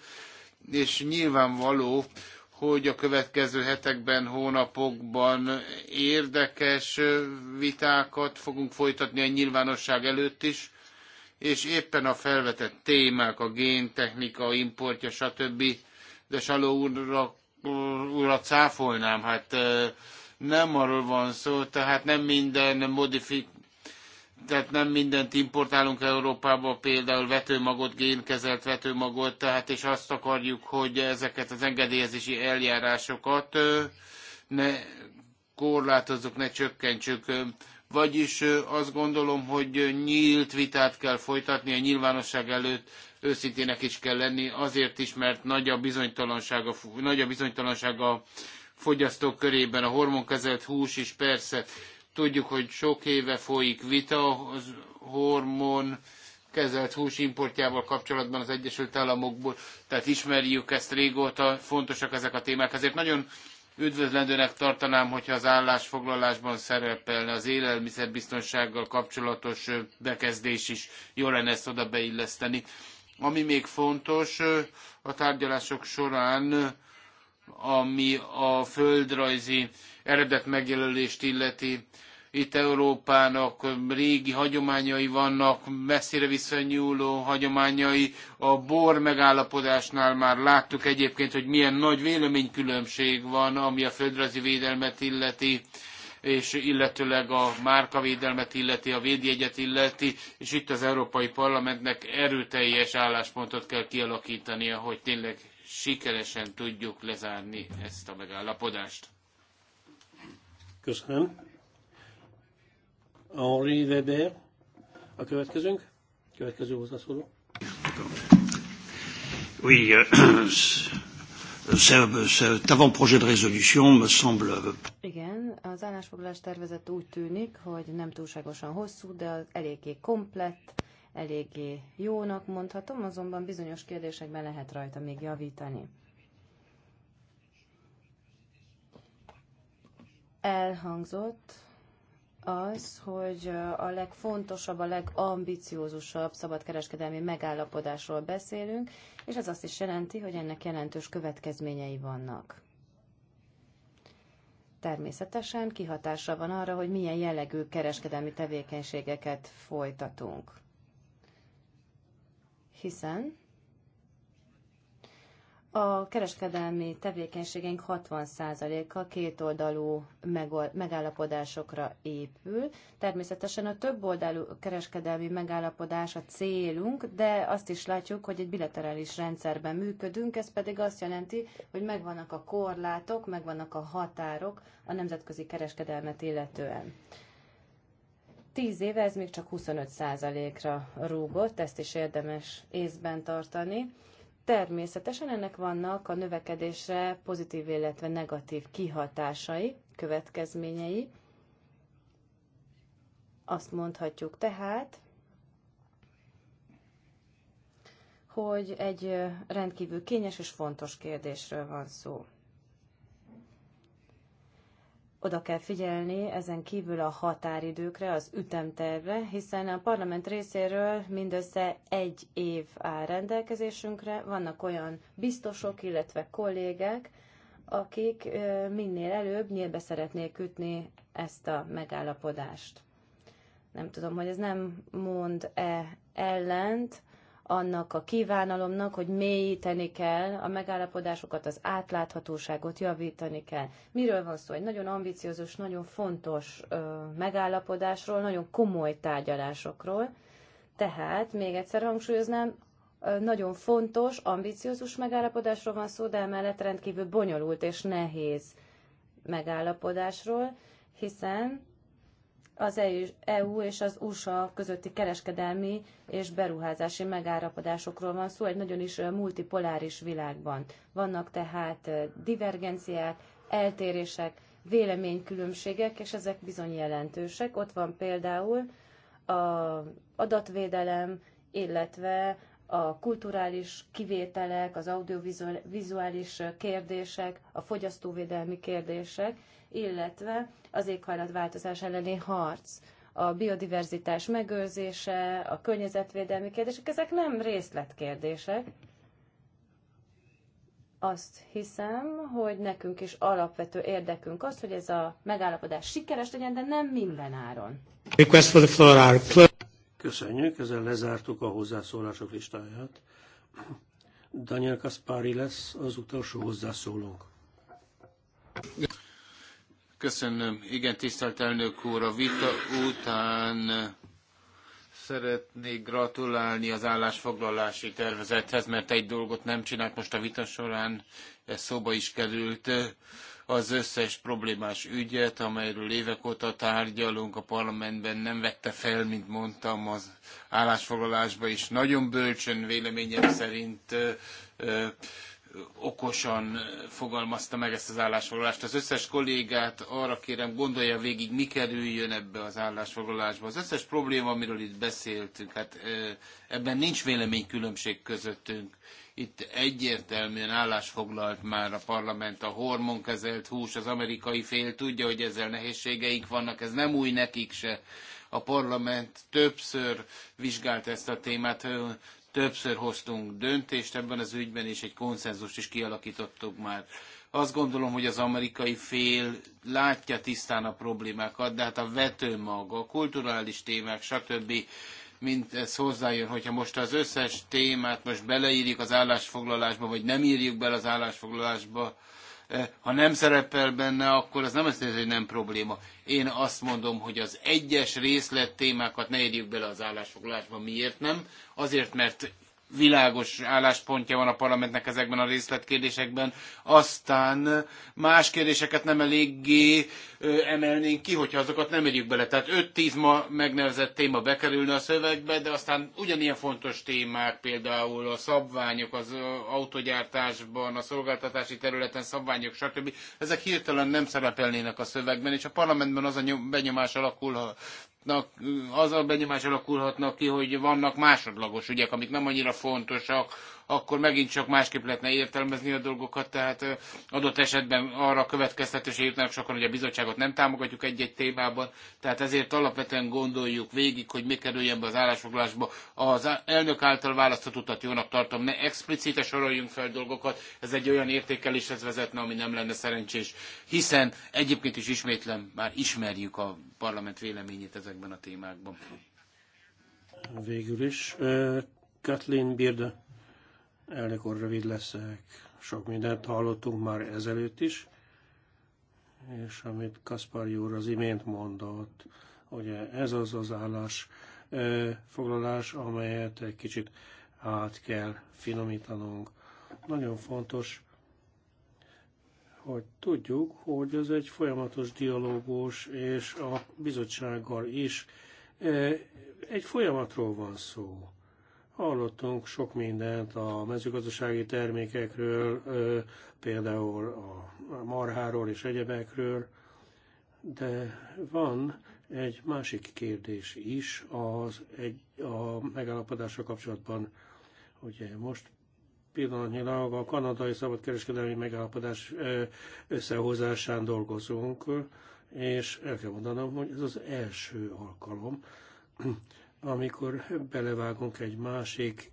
C: és nyilvánvaló, hogy a következő hetekben, hónapokban érdekes vitákat fogunk folytatni a nyilvánosság előtt is, és éppen a felvetett témák, a géntechnika, importja, stb de Saló úrra, úrra cáfolnám, hát nem arról van szó, tehát nem minden modifik, tehát nem mindent importálunk Európába, például vetőmagot, génkezelt vetőmagot, tehát és azt akarjuk, hogy ezeket az engedélyezési eljárásokat ne korlátozzuk, ne csökkentsük. Vagyis azt gondolom, hogy nyílt vitát kell folytatni a nyilvánosság előtt, őszintének is kell lenni, azért is, mert nagy a bizonytalanság a, nagy a, bizonytalanság a fogyasztók körében, a hormonkezelt hús is persze. Tudjuk, hogy sok éve folyik vita a hormon kezelt hús importjával kapcsolatban az Egyesült Államokból, tehát ismerjük ezt régóta, fontosak ezek a témák. Ezért nagyon üdvözlendőnek tartanám, hogyha az állásfoglalásban szerepelne az élelmiszerbiztonsággal kapcsolatos bekezdés is, jó lenne ezt oda beilleszteni. Ami még fontos a tárgyalások során, ami a földrajzi eredet megjelölést illeti, itt Európának régi hagyományai vannak, messzire visszanyúló hagyományai. A bor megállapodásnál már láttuk egyébként, hogy milyen nagy véleménykülönbség van, ami a földrajzi védelmet illeti és illetőleg a márkavédelmet illeti, a védjegyet illeti, és itt az Európai Parlamentnek erőteljes álláspontot kell kialakítania, hogy tényleg sikeresen tudjuk lezárni ezt a megállapodást.
A: Köszönöm. Henri Weber, a következőnk, következő hozzászóló. Oui, euh, avant-projet de résolution me semble... Euh,
B: Igen, az állásfoglalás tervezet úgy tűnik, hogy nem túlságosan hosszú, de eléggé komplett, eléggé jónak mondhatom, azonban bizonyos kérdésekben lehet rajta még javítani. Elhangzott az, hogy a legfontosabb, a legambiciózusabb szabadkereskedelmi megállapodásról beszélünk, és ez azt is jelenti, hogy ennek jelentős következményei vannak. Természetesen kihatása van arra, hogy milyen jellegű kereskedelmi tevékenységeket folytatunk. Hiszen a kereskedelmi tevékenységeink 60%-a kétoldalú megállapodásokra épül. Természetesen a többoldalú kereskedelmi megállapodás a célunk, de azt is látjuk, hogy egy bilaterális rendszerben működünk, ez pedig azt jelenti, hogy megvannak a korlátok, megvannak a határok a nemzetközi kereskedelmet illetően. Tíz éve ez még csak 25%-ra rúgott, ezt is érdemes észben tartani Természetesen ennek vannak a növekedésre pozitív, illetve negatív kihatásai, következményei. Azt mondhatjuk tehát, hogy egy rendkívül kényes és fontos kérdésről van szó oda kell figyelni ezen kívül a határidőkre, az ütemtervre, hiszen a parlament részéről mindössze egy év áll rendelkezésünkre. Vannak olyan biztosok, illetve kollégák, akik minél előbb nyílbe szeretnék ütni ezt a megállapodást. Nem tudom, hogy ez nem mond-e ellent annak a kívánalomnak, hogy mélyíteni kell a megállapodásokat, az átláthatóságot javítani kell. Miről van szó? Egy nagyon ambiciózus, nagyon fontos ö, megállapodásról, nagyon komoly tárgyalásokról. Tehát, még egyszer hangsúlyoznám, ö, nagyon fontos, ambiciózus megállapodásról van szó, de emellett rendkívül bonyolult és nehéz megállapodásról, hiszen az EU e és az USA közötti kereskedelmi és beruházási megállapodásokról van szó, egy nagyon is multipoláris világban. Vannak tehát divergenciák, eltérések, véleménykülönbségek, és ezek bizony jelentősek. Ott van például a adatvédelem, illetve a kulturális kivételek, az audiovizuális kérdések, a fogyasztóvédelmi kérdések, illetve az éghajlatváltozás elleni harc, a biodiverzitás megőrzése, a környezetvédelmi kérdések, ezek nem részletkérdések. Azt hiszem, hogy nekünk is alapvető érdekünk az, hogy ez a megállapodás sikeres legyen, de nem minden áron.
A: Request for the Köszönjük, ezzel lezártuk a hozzászólások listáját. Daniel Kaspari lesz az utolsó hozzászólónk.
C: Köszönöm. Igen, tisztelt elnök úr, a vita után szeretnék gratulálni az állásfoglalási tervezethez, mert egy dolgot nem csinált most a vita során, ez szóba is került, az összes problémás ügyet, amelyről évek óta tárgyalunk a parlamentben, nem vette fel, mint mondtam, az állásfoglalásba is. Nagyon bölcsön véleményem szerint okosan fogalmazta meg ezt az állásfoglalást. Az összes kollégát arra kérem, gondolja végig, mi kerüljön ebbe az állásfoglalásba. Az összes probléma, amiről itt beszéltünk, hát ebben nincs véleménykülönbség közöttünk. Itt egyértelműen állásfoglalt már a parlament a hormonkezelt hús, az amerikai fél tudja, hogy ezzel nehézségeik vannak, ez nem új nekik se a parlament többször vizsgált ezt a témát, Többször hoztunk döntést ebben az ügyben, és egy konszenzust is kialakítottuk már. Azt gondolom, hogy az amerikai fél látja tisztán a problémákat, de hát a vető maga, a kulturális témák, stb mint ez hozzájön, hogyha most az összes témát most beleírjuk az állásfoglalásba, vagy nem írjuk bele az állásfoglalásba, Eh, ha nem szerepel benne, akkor az nem azt jelenti, hogy nem probléma. Én azt mondom, hogy az egyes részlet témákat ne érjük bele az állásfoglalásba. Miért nem? Azért, mert világos álláspontja van a parlamentnek ezekben a részletkérdésekben. Aztán más kérdéseket nem eléggé emelnénk ki, hogyha azokat nem érjük bele. Tehát 5-10 ma megnevezett téma bekerülne a szövegbe, de aztán ugyanilyen fontos témák, például a szabványok az autogyártásban, a szolgáltatási területen szabványok, stb. Ezek hirtelen nem szerepelnének a szövegben, és a parlamentben az a benyomás alakul, ha az a benyomás alakulhatnak ki, hogy vannak másodlagos ügyek, amik nem annyira fontosak, akkor megint csak másképp lehetne értelmezni a dolgokat, tehát adott esetben arra a következtetésre jutnak sokan, hogy a bizottságot nem támogatjuk egy-egy témában, tehát ezért alapvetően gondoljuk végig, hogy mi kerüljön be az állásfoglalásba. Az elnök által választott utat jónak tartom, ne explicite soroljunk fel dolgokat, ez egy olyan értékeléshez vezetne, ami nem lenne szerencsés, hiszen egyébként is ismétlem, már ismerjük a parlament véleményét ezekben a témákban.
A: Végül is Kathleen Bird, elnök úr, rövid leszek. Sok mindent hallottunk már ezelőtt is, és amit Kaspar úr az imént mondott, ugye ez az az állás foglalás, amelyet egy kicsit át kell finomítanunk. Nagyon fontos, hogy tudjuk, hogy ez egy folyamatos dialógus, és a bizottsággal is egy folyamatról van szó. Hallottunk sok mindent a mezőgazdasági termékekről, például a marháról és egyebekről, de van egy másik kérdés is az egy, a megállapodásra kapcsolatban. Ugye most pillanatnyilag a kanadai szabadkereskedelmi megállapodás összehozásán dolgozunk, és el kell mondanom, hogy ez az első alkalom, amikor belevágunk egy másik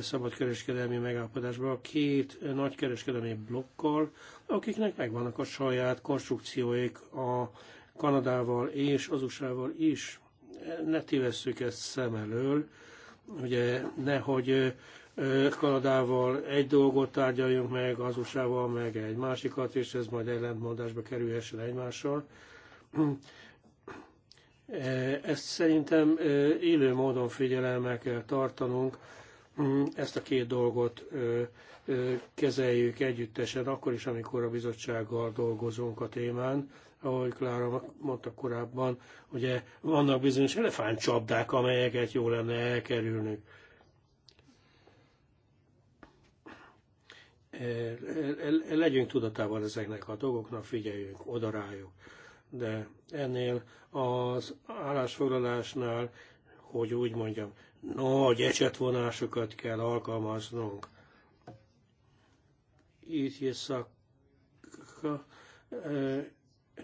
A: szabadkereskedelmi megállapodásba két nagykereskedelmi blokkal, akiknek megvannak a saját konstrukcióik a Kanadával és az USA-val is. Ne tévesszük ezt szem elől, ugye nehogy Kanadával egy dolgot tárgyaljunk meg, az USA-val meg egy másikat, és ez majd ellentmondásba kerülhessen egymással. Eh, ezt szerintem eh, élő módon figyelemmel kell tartanunk, hmm, ezt a két dolgot eh, kezeljük együttesen, akkor is, amikor a bizottsággal dolgozunk a témán, ahogy Klára mondta korábban, ugye vannak bizonyos elefántcsapdák, amelyeket jó lenne elkerülni. Legyünk tudatában ezeknek a dolgoknak, figyeljünk oda rájuk de ennél az állásfoglalásnál, hogy úgy mondjam, nagy ecsetvonásokat kell alkalmaznunk. Itt a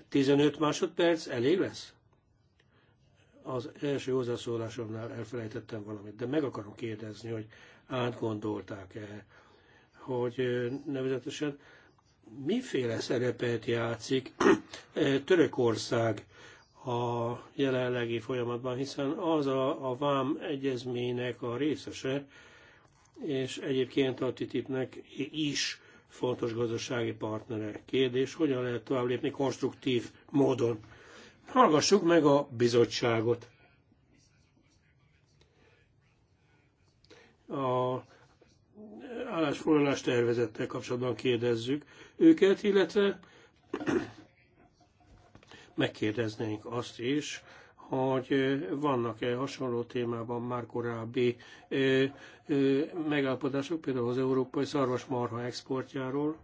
A: 15 másodperc elég lesz? Az első hozzászólásomnál elfelejtettem valamit, de meg akarom kérdezni, hogy átgondolták-e, hogy nevezetesen miféle szerepet játszik eh, Törökország a jelenlegi folyamatban, hiszen az a, a vám egyezménynek a részese, és egyébként a TTIP-nek is fontos gazdasági partnere. Kérdés, hogyan lehet tovább lépni konstruktív módon. Hallgassuk meg a bizottságot. A állásfoglalás tervezettel kapcsolatban kérdezzük őket, illetve megkérdeznénk azt is, hogy vannak-e hasonló témában már korábbi megállapodások, például az európai szarvasmarha exportjáról.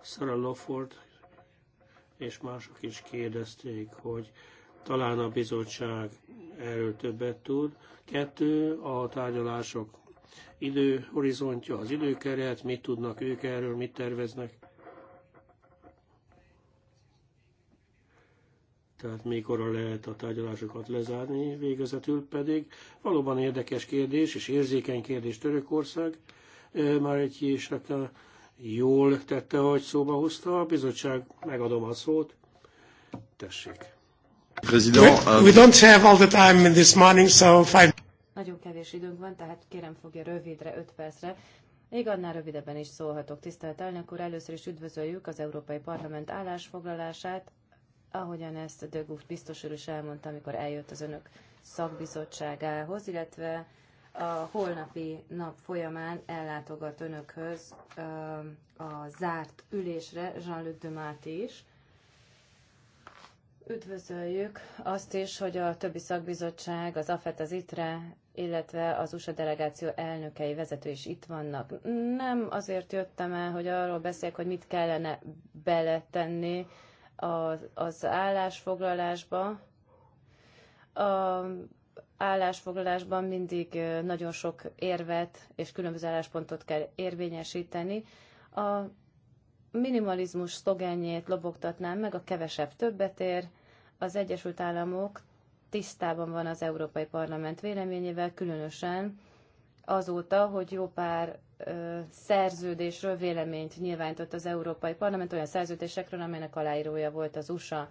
A: Sarah Lawford és mások is kérdezték, hogy talán a bizottság erről többet tud. Kettő, a tárgyalások időhorizontja, az időkeret, mit tudnak ők erről, mit terveznek. tehát mikor lehet a tárgyalásokat lezárni, végezetül pedig valóban érdekes kérdés és érzékeny kérdés Törökország. Már egy is hát, jól tette, hogy szóba hozta a bizottság, megadom a szót. Tessék.
B: We, we don't
A: have all the time this morning, so five...
B: Nagyon kevés időnk van, tehát kérem fogja rövidre, 5 percre. Még annál rövidebben is szólhatok. Tisztelt elnök úr, először is üdvözöljük az Európai Parlament állásfoglalását, ahogyan ezt a Gucht biztos úr is elmondta, amikor eljött az önök szakbizottságához, illetve a holnapi nap folyamán ellátogat önökhöz a zárt ülésre Jean-Luc Demáti is, Üdvözöljük azt is, hogy a többi szakbizottság, az AFET, az ITRE, illetve az USA delegáció elnökei, vezető is itt vannak. Nem azért jöttem el, hogy arról beszéljek, hogy mit kellene beletenni az, az állásfoglalásba. A állásfoglalásban mindig nagyon sok érvet és különböző álláspontot kell érvényesíteni. A minimalizmus szlogenjét lobogtatnám meg, a kevesebb többet ér, az Egyesült Államok tisztában van az Európai Parlament véleményével, különösen azóta, hogy jó pár ö, szerződésről véleményt nyilvánított az Európai Parlament, olyan szerződésekről, amelynek aláírója volt az USA.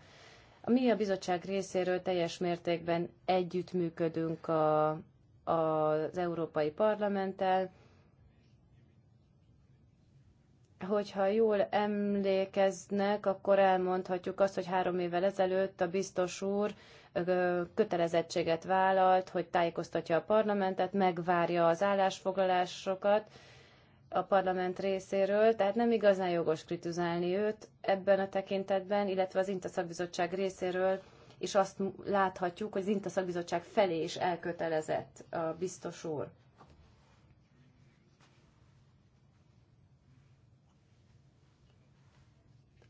B: Mi a bizottság részéről teljes mértékben együttműködünk a, a, az Európai Parlamenttel, hogyha jól emlékeznek, akkor elmondhatjuk azt, hogy három évvel ezelőtt a biztos úr kötelezettséget vállalt, hogy tájékoztatja a parlamentet, megvárja az állásfoglalásokat a parlament részéről, tehát nem igazán jogos kritizálni őt ebben a tekintetben, illetve az INTA szakbizottság részéről és azt láthatjuk, hogy az INTA szakbizottság felé is elkötelezett a biztos úr.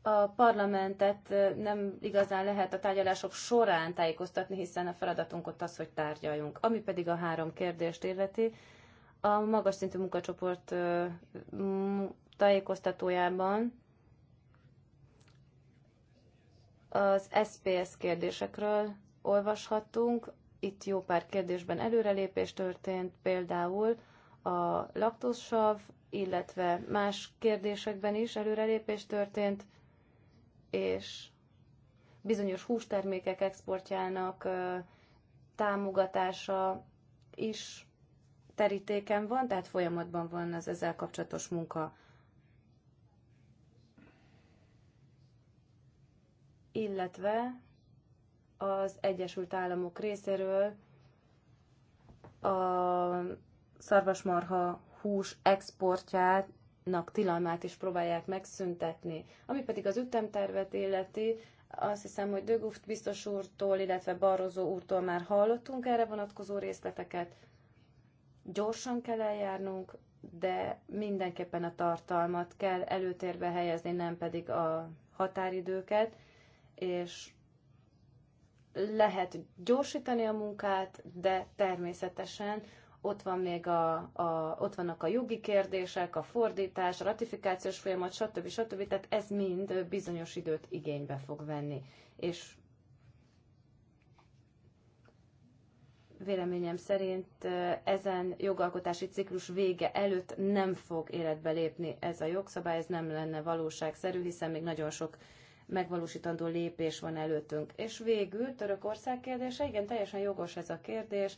B: a parlamentet nem igazán lehet a tárgyalások során tájékoztatni, hiszen a feladatunk ott az, hogy tárgyaljunk. Ami pedig a három kérdést illeti, a magas szintű munkacsoport tájékoztatójában az SPS kérdésekről olvashattunk. Itt jó pár kérdésben előrelépés történt, például a laktózsav, illetve más kérdésekben is előrelépés történt és bizonyos hústermékek exportjának támogatása is terítéken van, tehát folyamatban van az ezzel kapcsolatos munka. Illetve az Egyesült Államok részéről a szarvasmarha hús exportját nak tilalmát is próbálják megszüntetni. Ami pedig az ütemtervet illeti, azt hiszem, hogy Döguft biztos úrtól, illetve Barrozó úrtól már hallottunk erre vonatkozó részleteket. Gyorsan kell eljárnunk, de mindenképpen a tartalmat kell előtérbe helyezni, nem pedig a határidőket, és lehet gyorsítani a munkát, de természetesen ott, van még a, a, ott vannak a jogi kérdések, a fordítás, a ratifikációs folyamat, stb. stb. Tehát ez mind bizonyos időt igénybe fog venni. És véleményem szerint ezen jogalkotási ciklus vége előtt nem fog életbe lépni ez a jogszabály, ez nem lenne valóságszerű, hiszen még nagyon sok megvalósítandó lépés van előttünk. És végül Törökország kérdése, igen, teljesen jogos ez a kérdés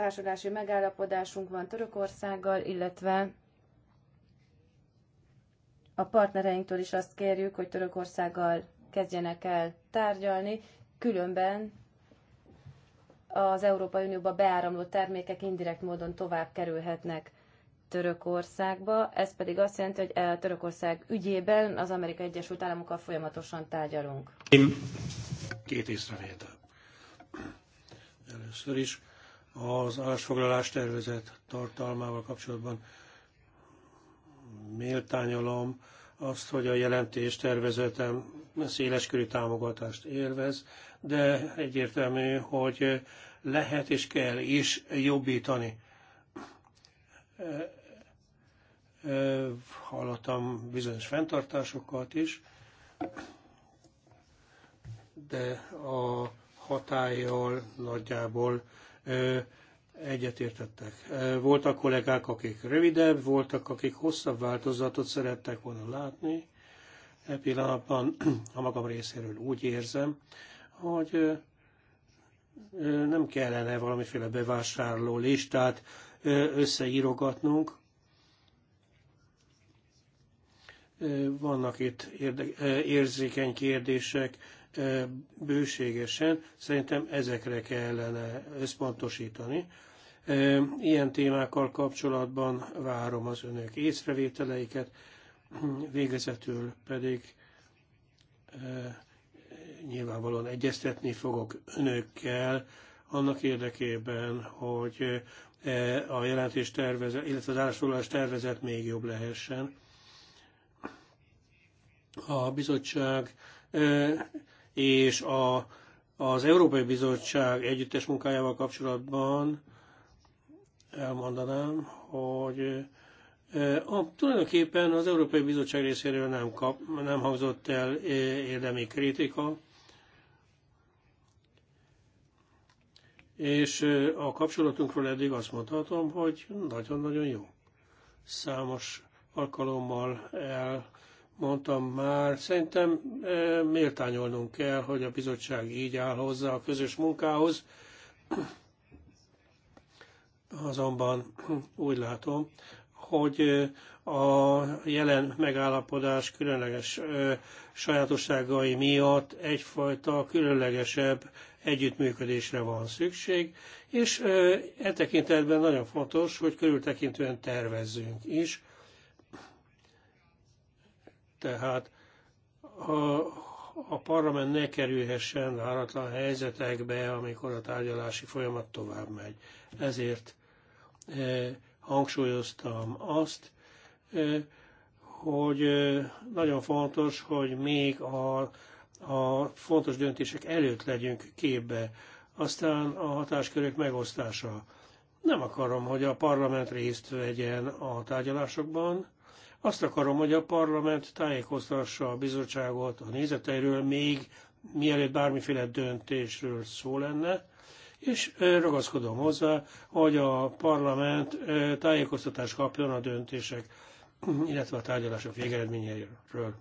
B: társadalmi megállapodásunk van Törökországgal, illetve a partnereinktől is azt kérjük, hogy Törökországgal kezdjenek el tárgyalni, különben az Európai Unióba beáramló termékek indirekt módon tovább kerülhetnek Törökországba. Ez pedig azt jelenti, hogy a e Törökország ügyében az Amerikai Egyesült Államokkal folyamatosan tárgyalunk.
A: Én két észrevétel. Először is az állásfoglalás tervezet tartalmával kapcsolatban méltányolom azt, hogy a jelentés tervezetem széleskörű támogatást élvez, de egyértelmű, hogy lehet és kell is jobbítani. Hallottam bizonyos fenntartásokat is, de a hatállyal nagyjából egyetértettek. Voltak kollégák, akik rövidebb, voltak, akik hosszabb változatot szerettek volna látni. E pillanatban a magam részéről úgy érzem, hogy nem kellene valamiféle bevásárló listát összeírogatnunk. Vannak itt érde- érzékeny kérdések, bőségesen, szerintem ezekre kellene összpontosítani. Ilyen témákkal kapcsolatban várom az önök észrevételeiket, végezetül pedig nyilvánvalóan egyeztetni fogok önökkel annak érdekében, hogy a jelentés tervezet, illetve az állásfoglalás tervezet még jobb lehessen. A bizottság és a, az Európai Bizottság együttes munkájával kapcsolatban elmondanám, hogy a, tulajdonképpen az Európai Bizottság részéről nem, kap, nem hangzott el érdemi kritika, és a kapcsolatunkról eddig azt mondhatom, hogy nagyon-nagyon jó. Számos alkalommal el mondtam már, szerintem eh, méltányolnunk kell, hogy a bizottság így áll hozzá a közös munkához. Azonban úgy látom, hogy eh, a jelen megállapodás különleges eh, sajátosságai miatt egyfajta különlegesebb együttműködésre van szükség, és e tekintetben nagyon fontos, hogy körültekintően tervezzünk is. Tehát a, a parlament ne kerülhessen váratlan helyzetekbe, amikor a tárgyalási folyamat tovább megy. Ezért e, hangsúlyoztam azt, e, hogy e, nagyon fontos, hogy még a, a fontos döntések előtt legyünk képbe. Aztán a hatáskörök megosztása. Nem akarom, hogy a parlament részt vegyen a tárgyalásokban, azt akarom, hogy a parlament tájékoztassa a bizottságot a nézeteiről, még mielőtt bármiféle döntésről szó lenne, és ragaszkodom hozzá, hogy a parlament tájékoztatást kapjon a döntések, illetve a tárgyalások végeredményeiről.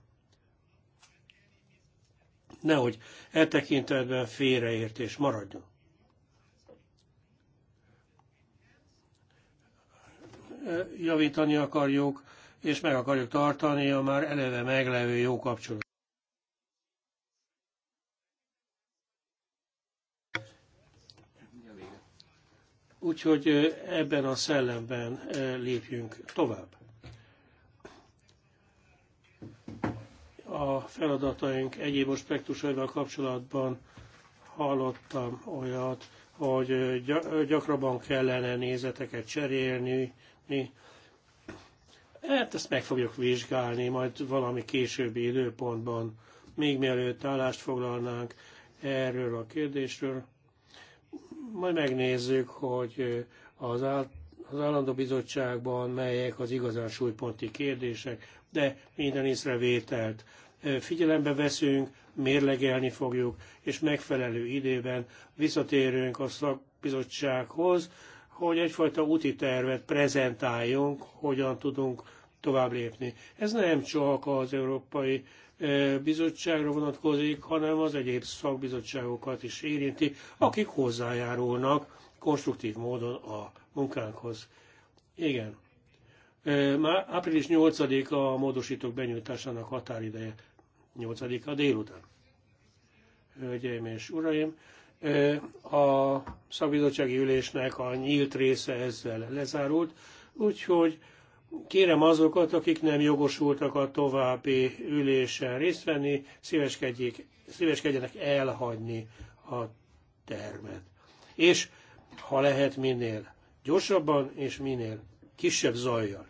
A: Nehogy e tekintetben félreértés maradjon. javítani akarjuk és meg akarjuk tartani a már eleve meglevő jó kapcsolatot. Úgyhogy ebben a szellemben lépjünk tovább. A feladataink egyéb aspektusaival kapcsolatban hallottam olyat, hogy gyakrabban kellene nézeteket cserélni, Hát ezt meg fogjuk vizsgálni, majd valami későbbi időpontban, még mielőtt állást foglalnánk erről a kérdésről. Majd megnézzük, hogy az, áll, az állandó bizottságban melyek az igazán súlyponti kérdések, de minden észrevételt figyelembe veszünk, mérlegelni fogjuk, és megfelelő időben visszatérünk a szakbizottsághoz, hogy egyfajta úti tervet prezentáljunk, hogyan tudunk tovább lépni. Ez nem csak az Európai e, Bizottságra vonatkozik, hanem az egyéb szakbizottságokat is érinti, akik hozzájárulnak konstruktív módon a munkánkhoz. Igen. E, Már április 8-a a módosítók benyújtásának határideje, 8-a délután. Hölgyeim és uraim, a szakbizottsági ülésnek a nyílt része ezzel lezárult, úgyhogy kérem azokat, akik nem jogosultak a további ülésen részt venni, szíveskedjék, szíveskedjenek elhagyni a termet. És ha lehet minél gyorsabban és minél kisebb zajjal.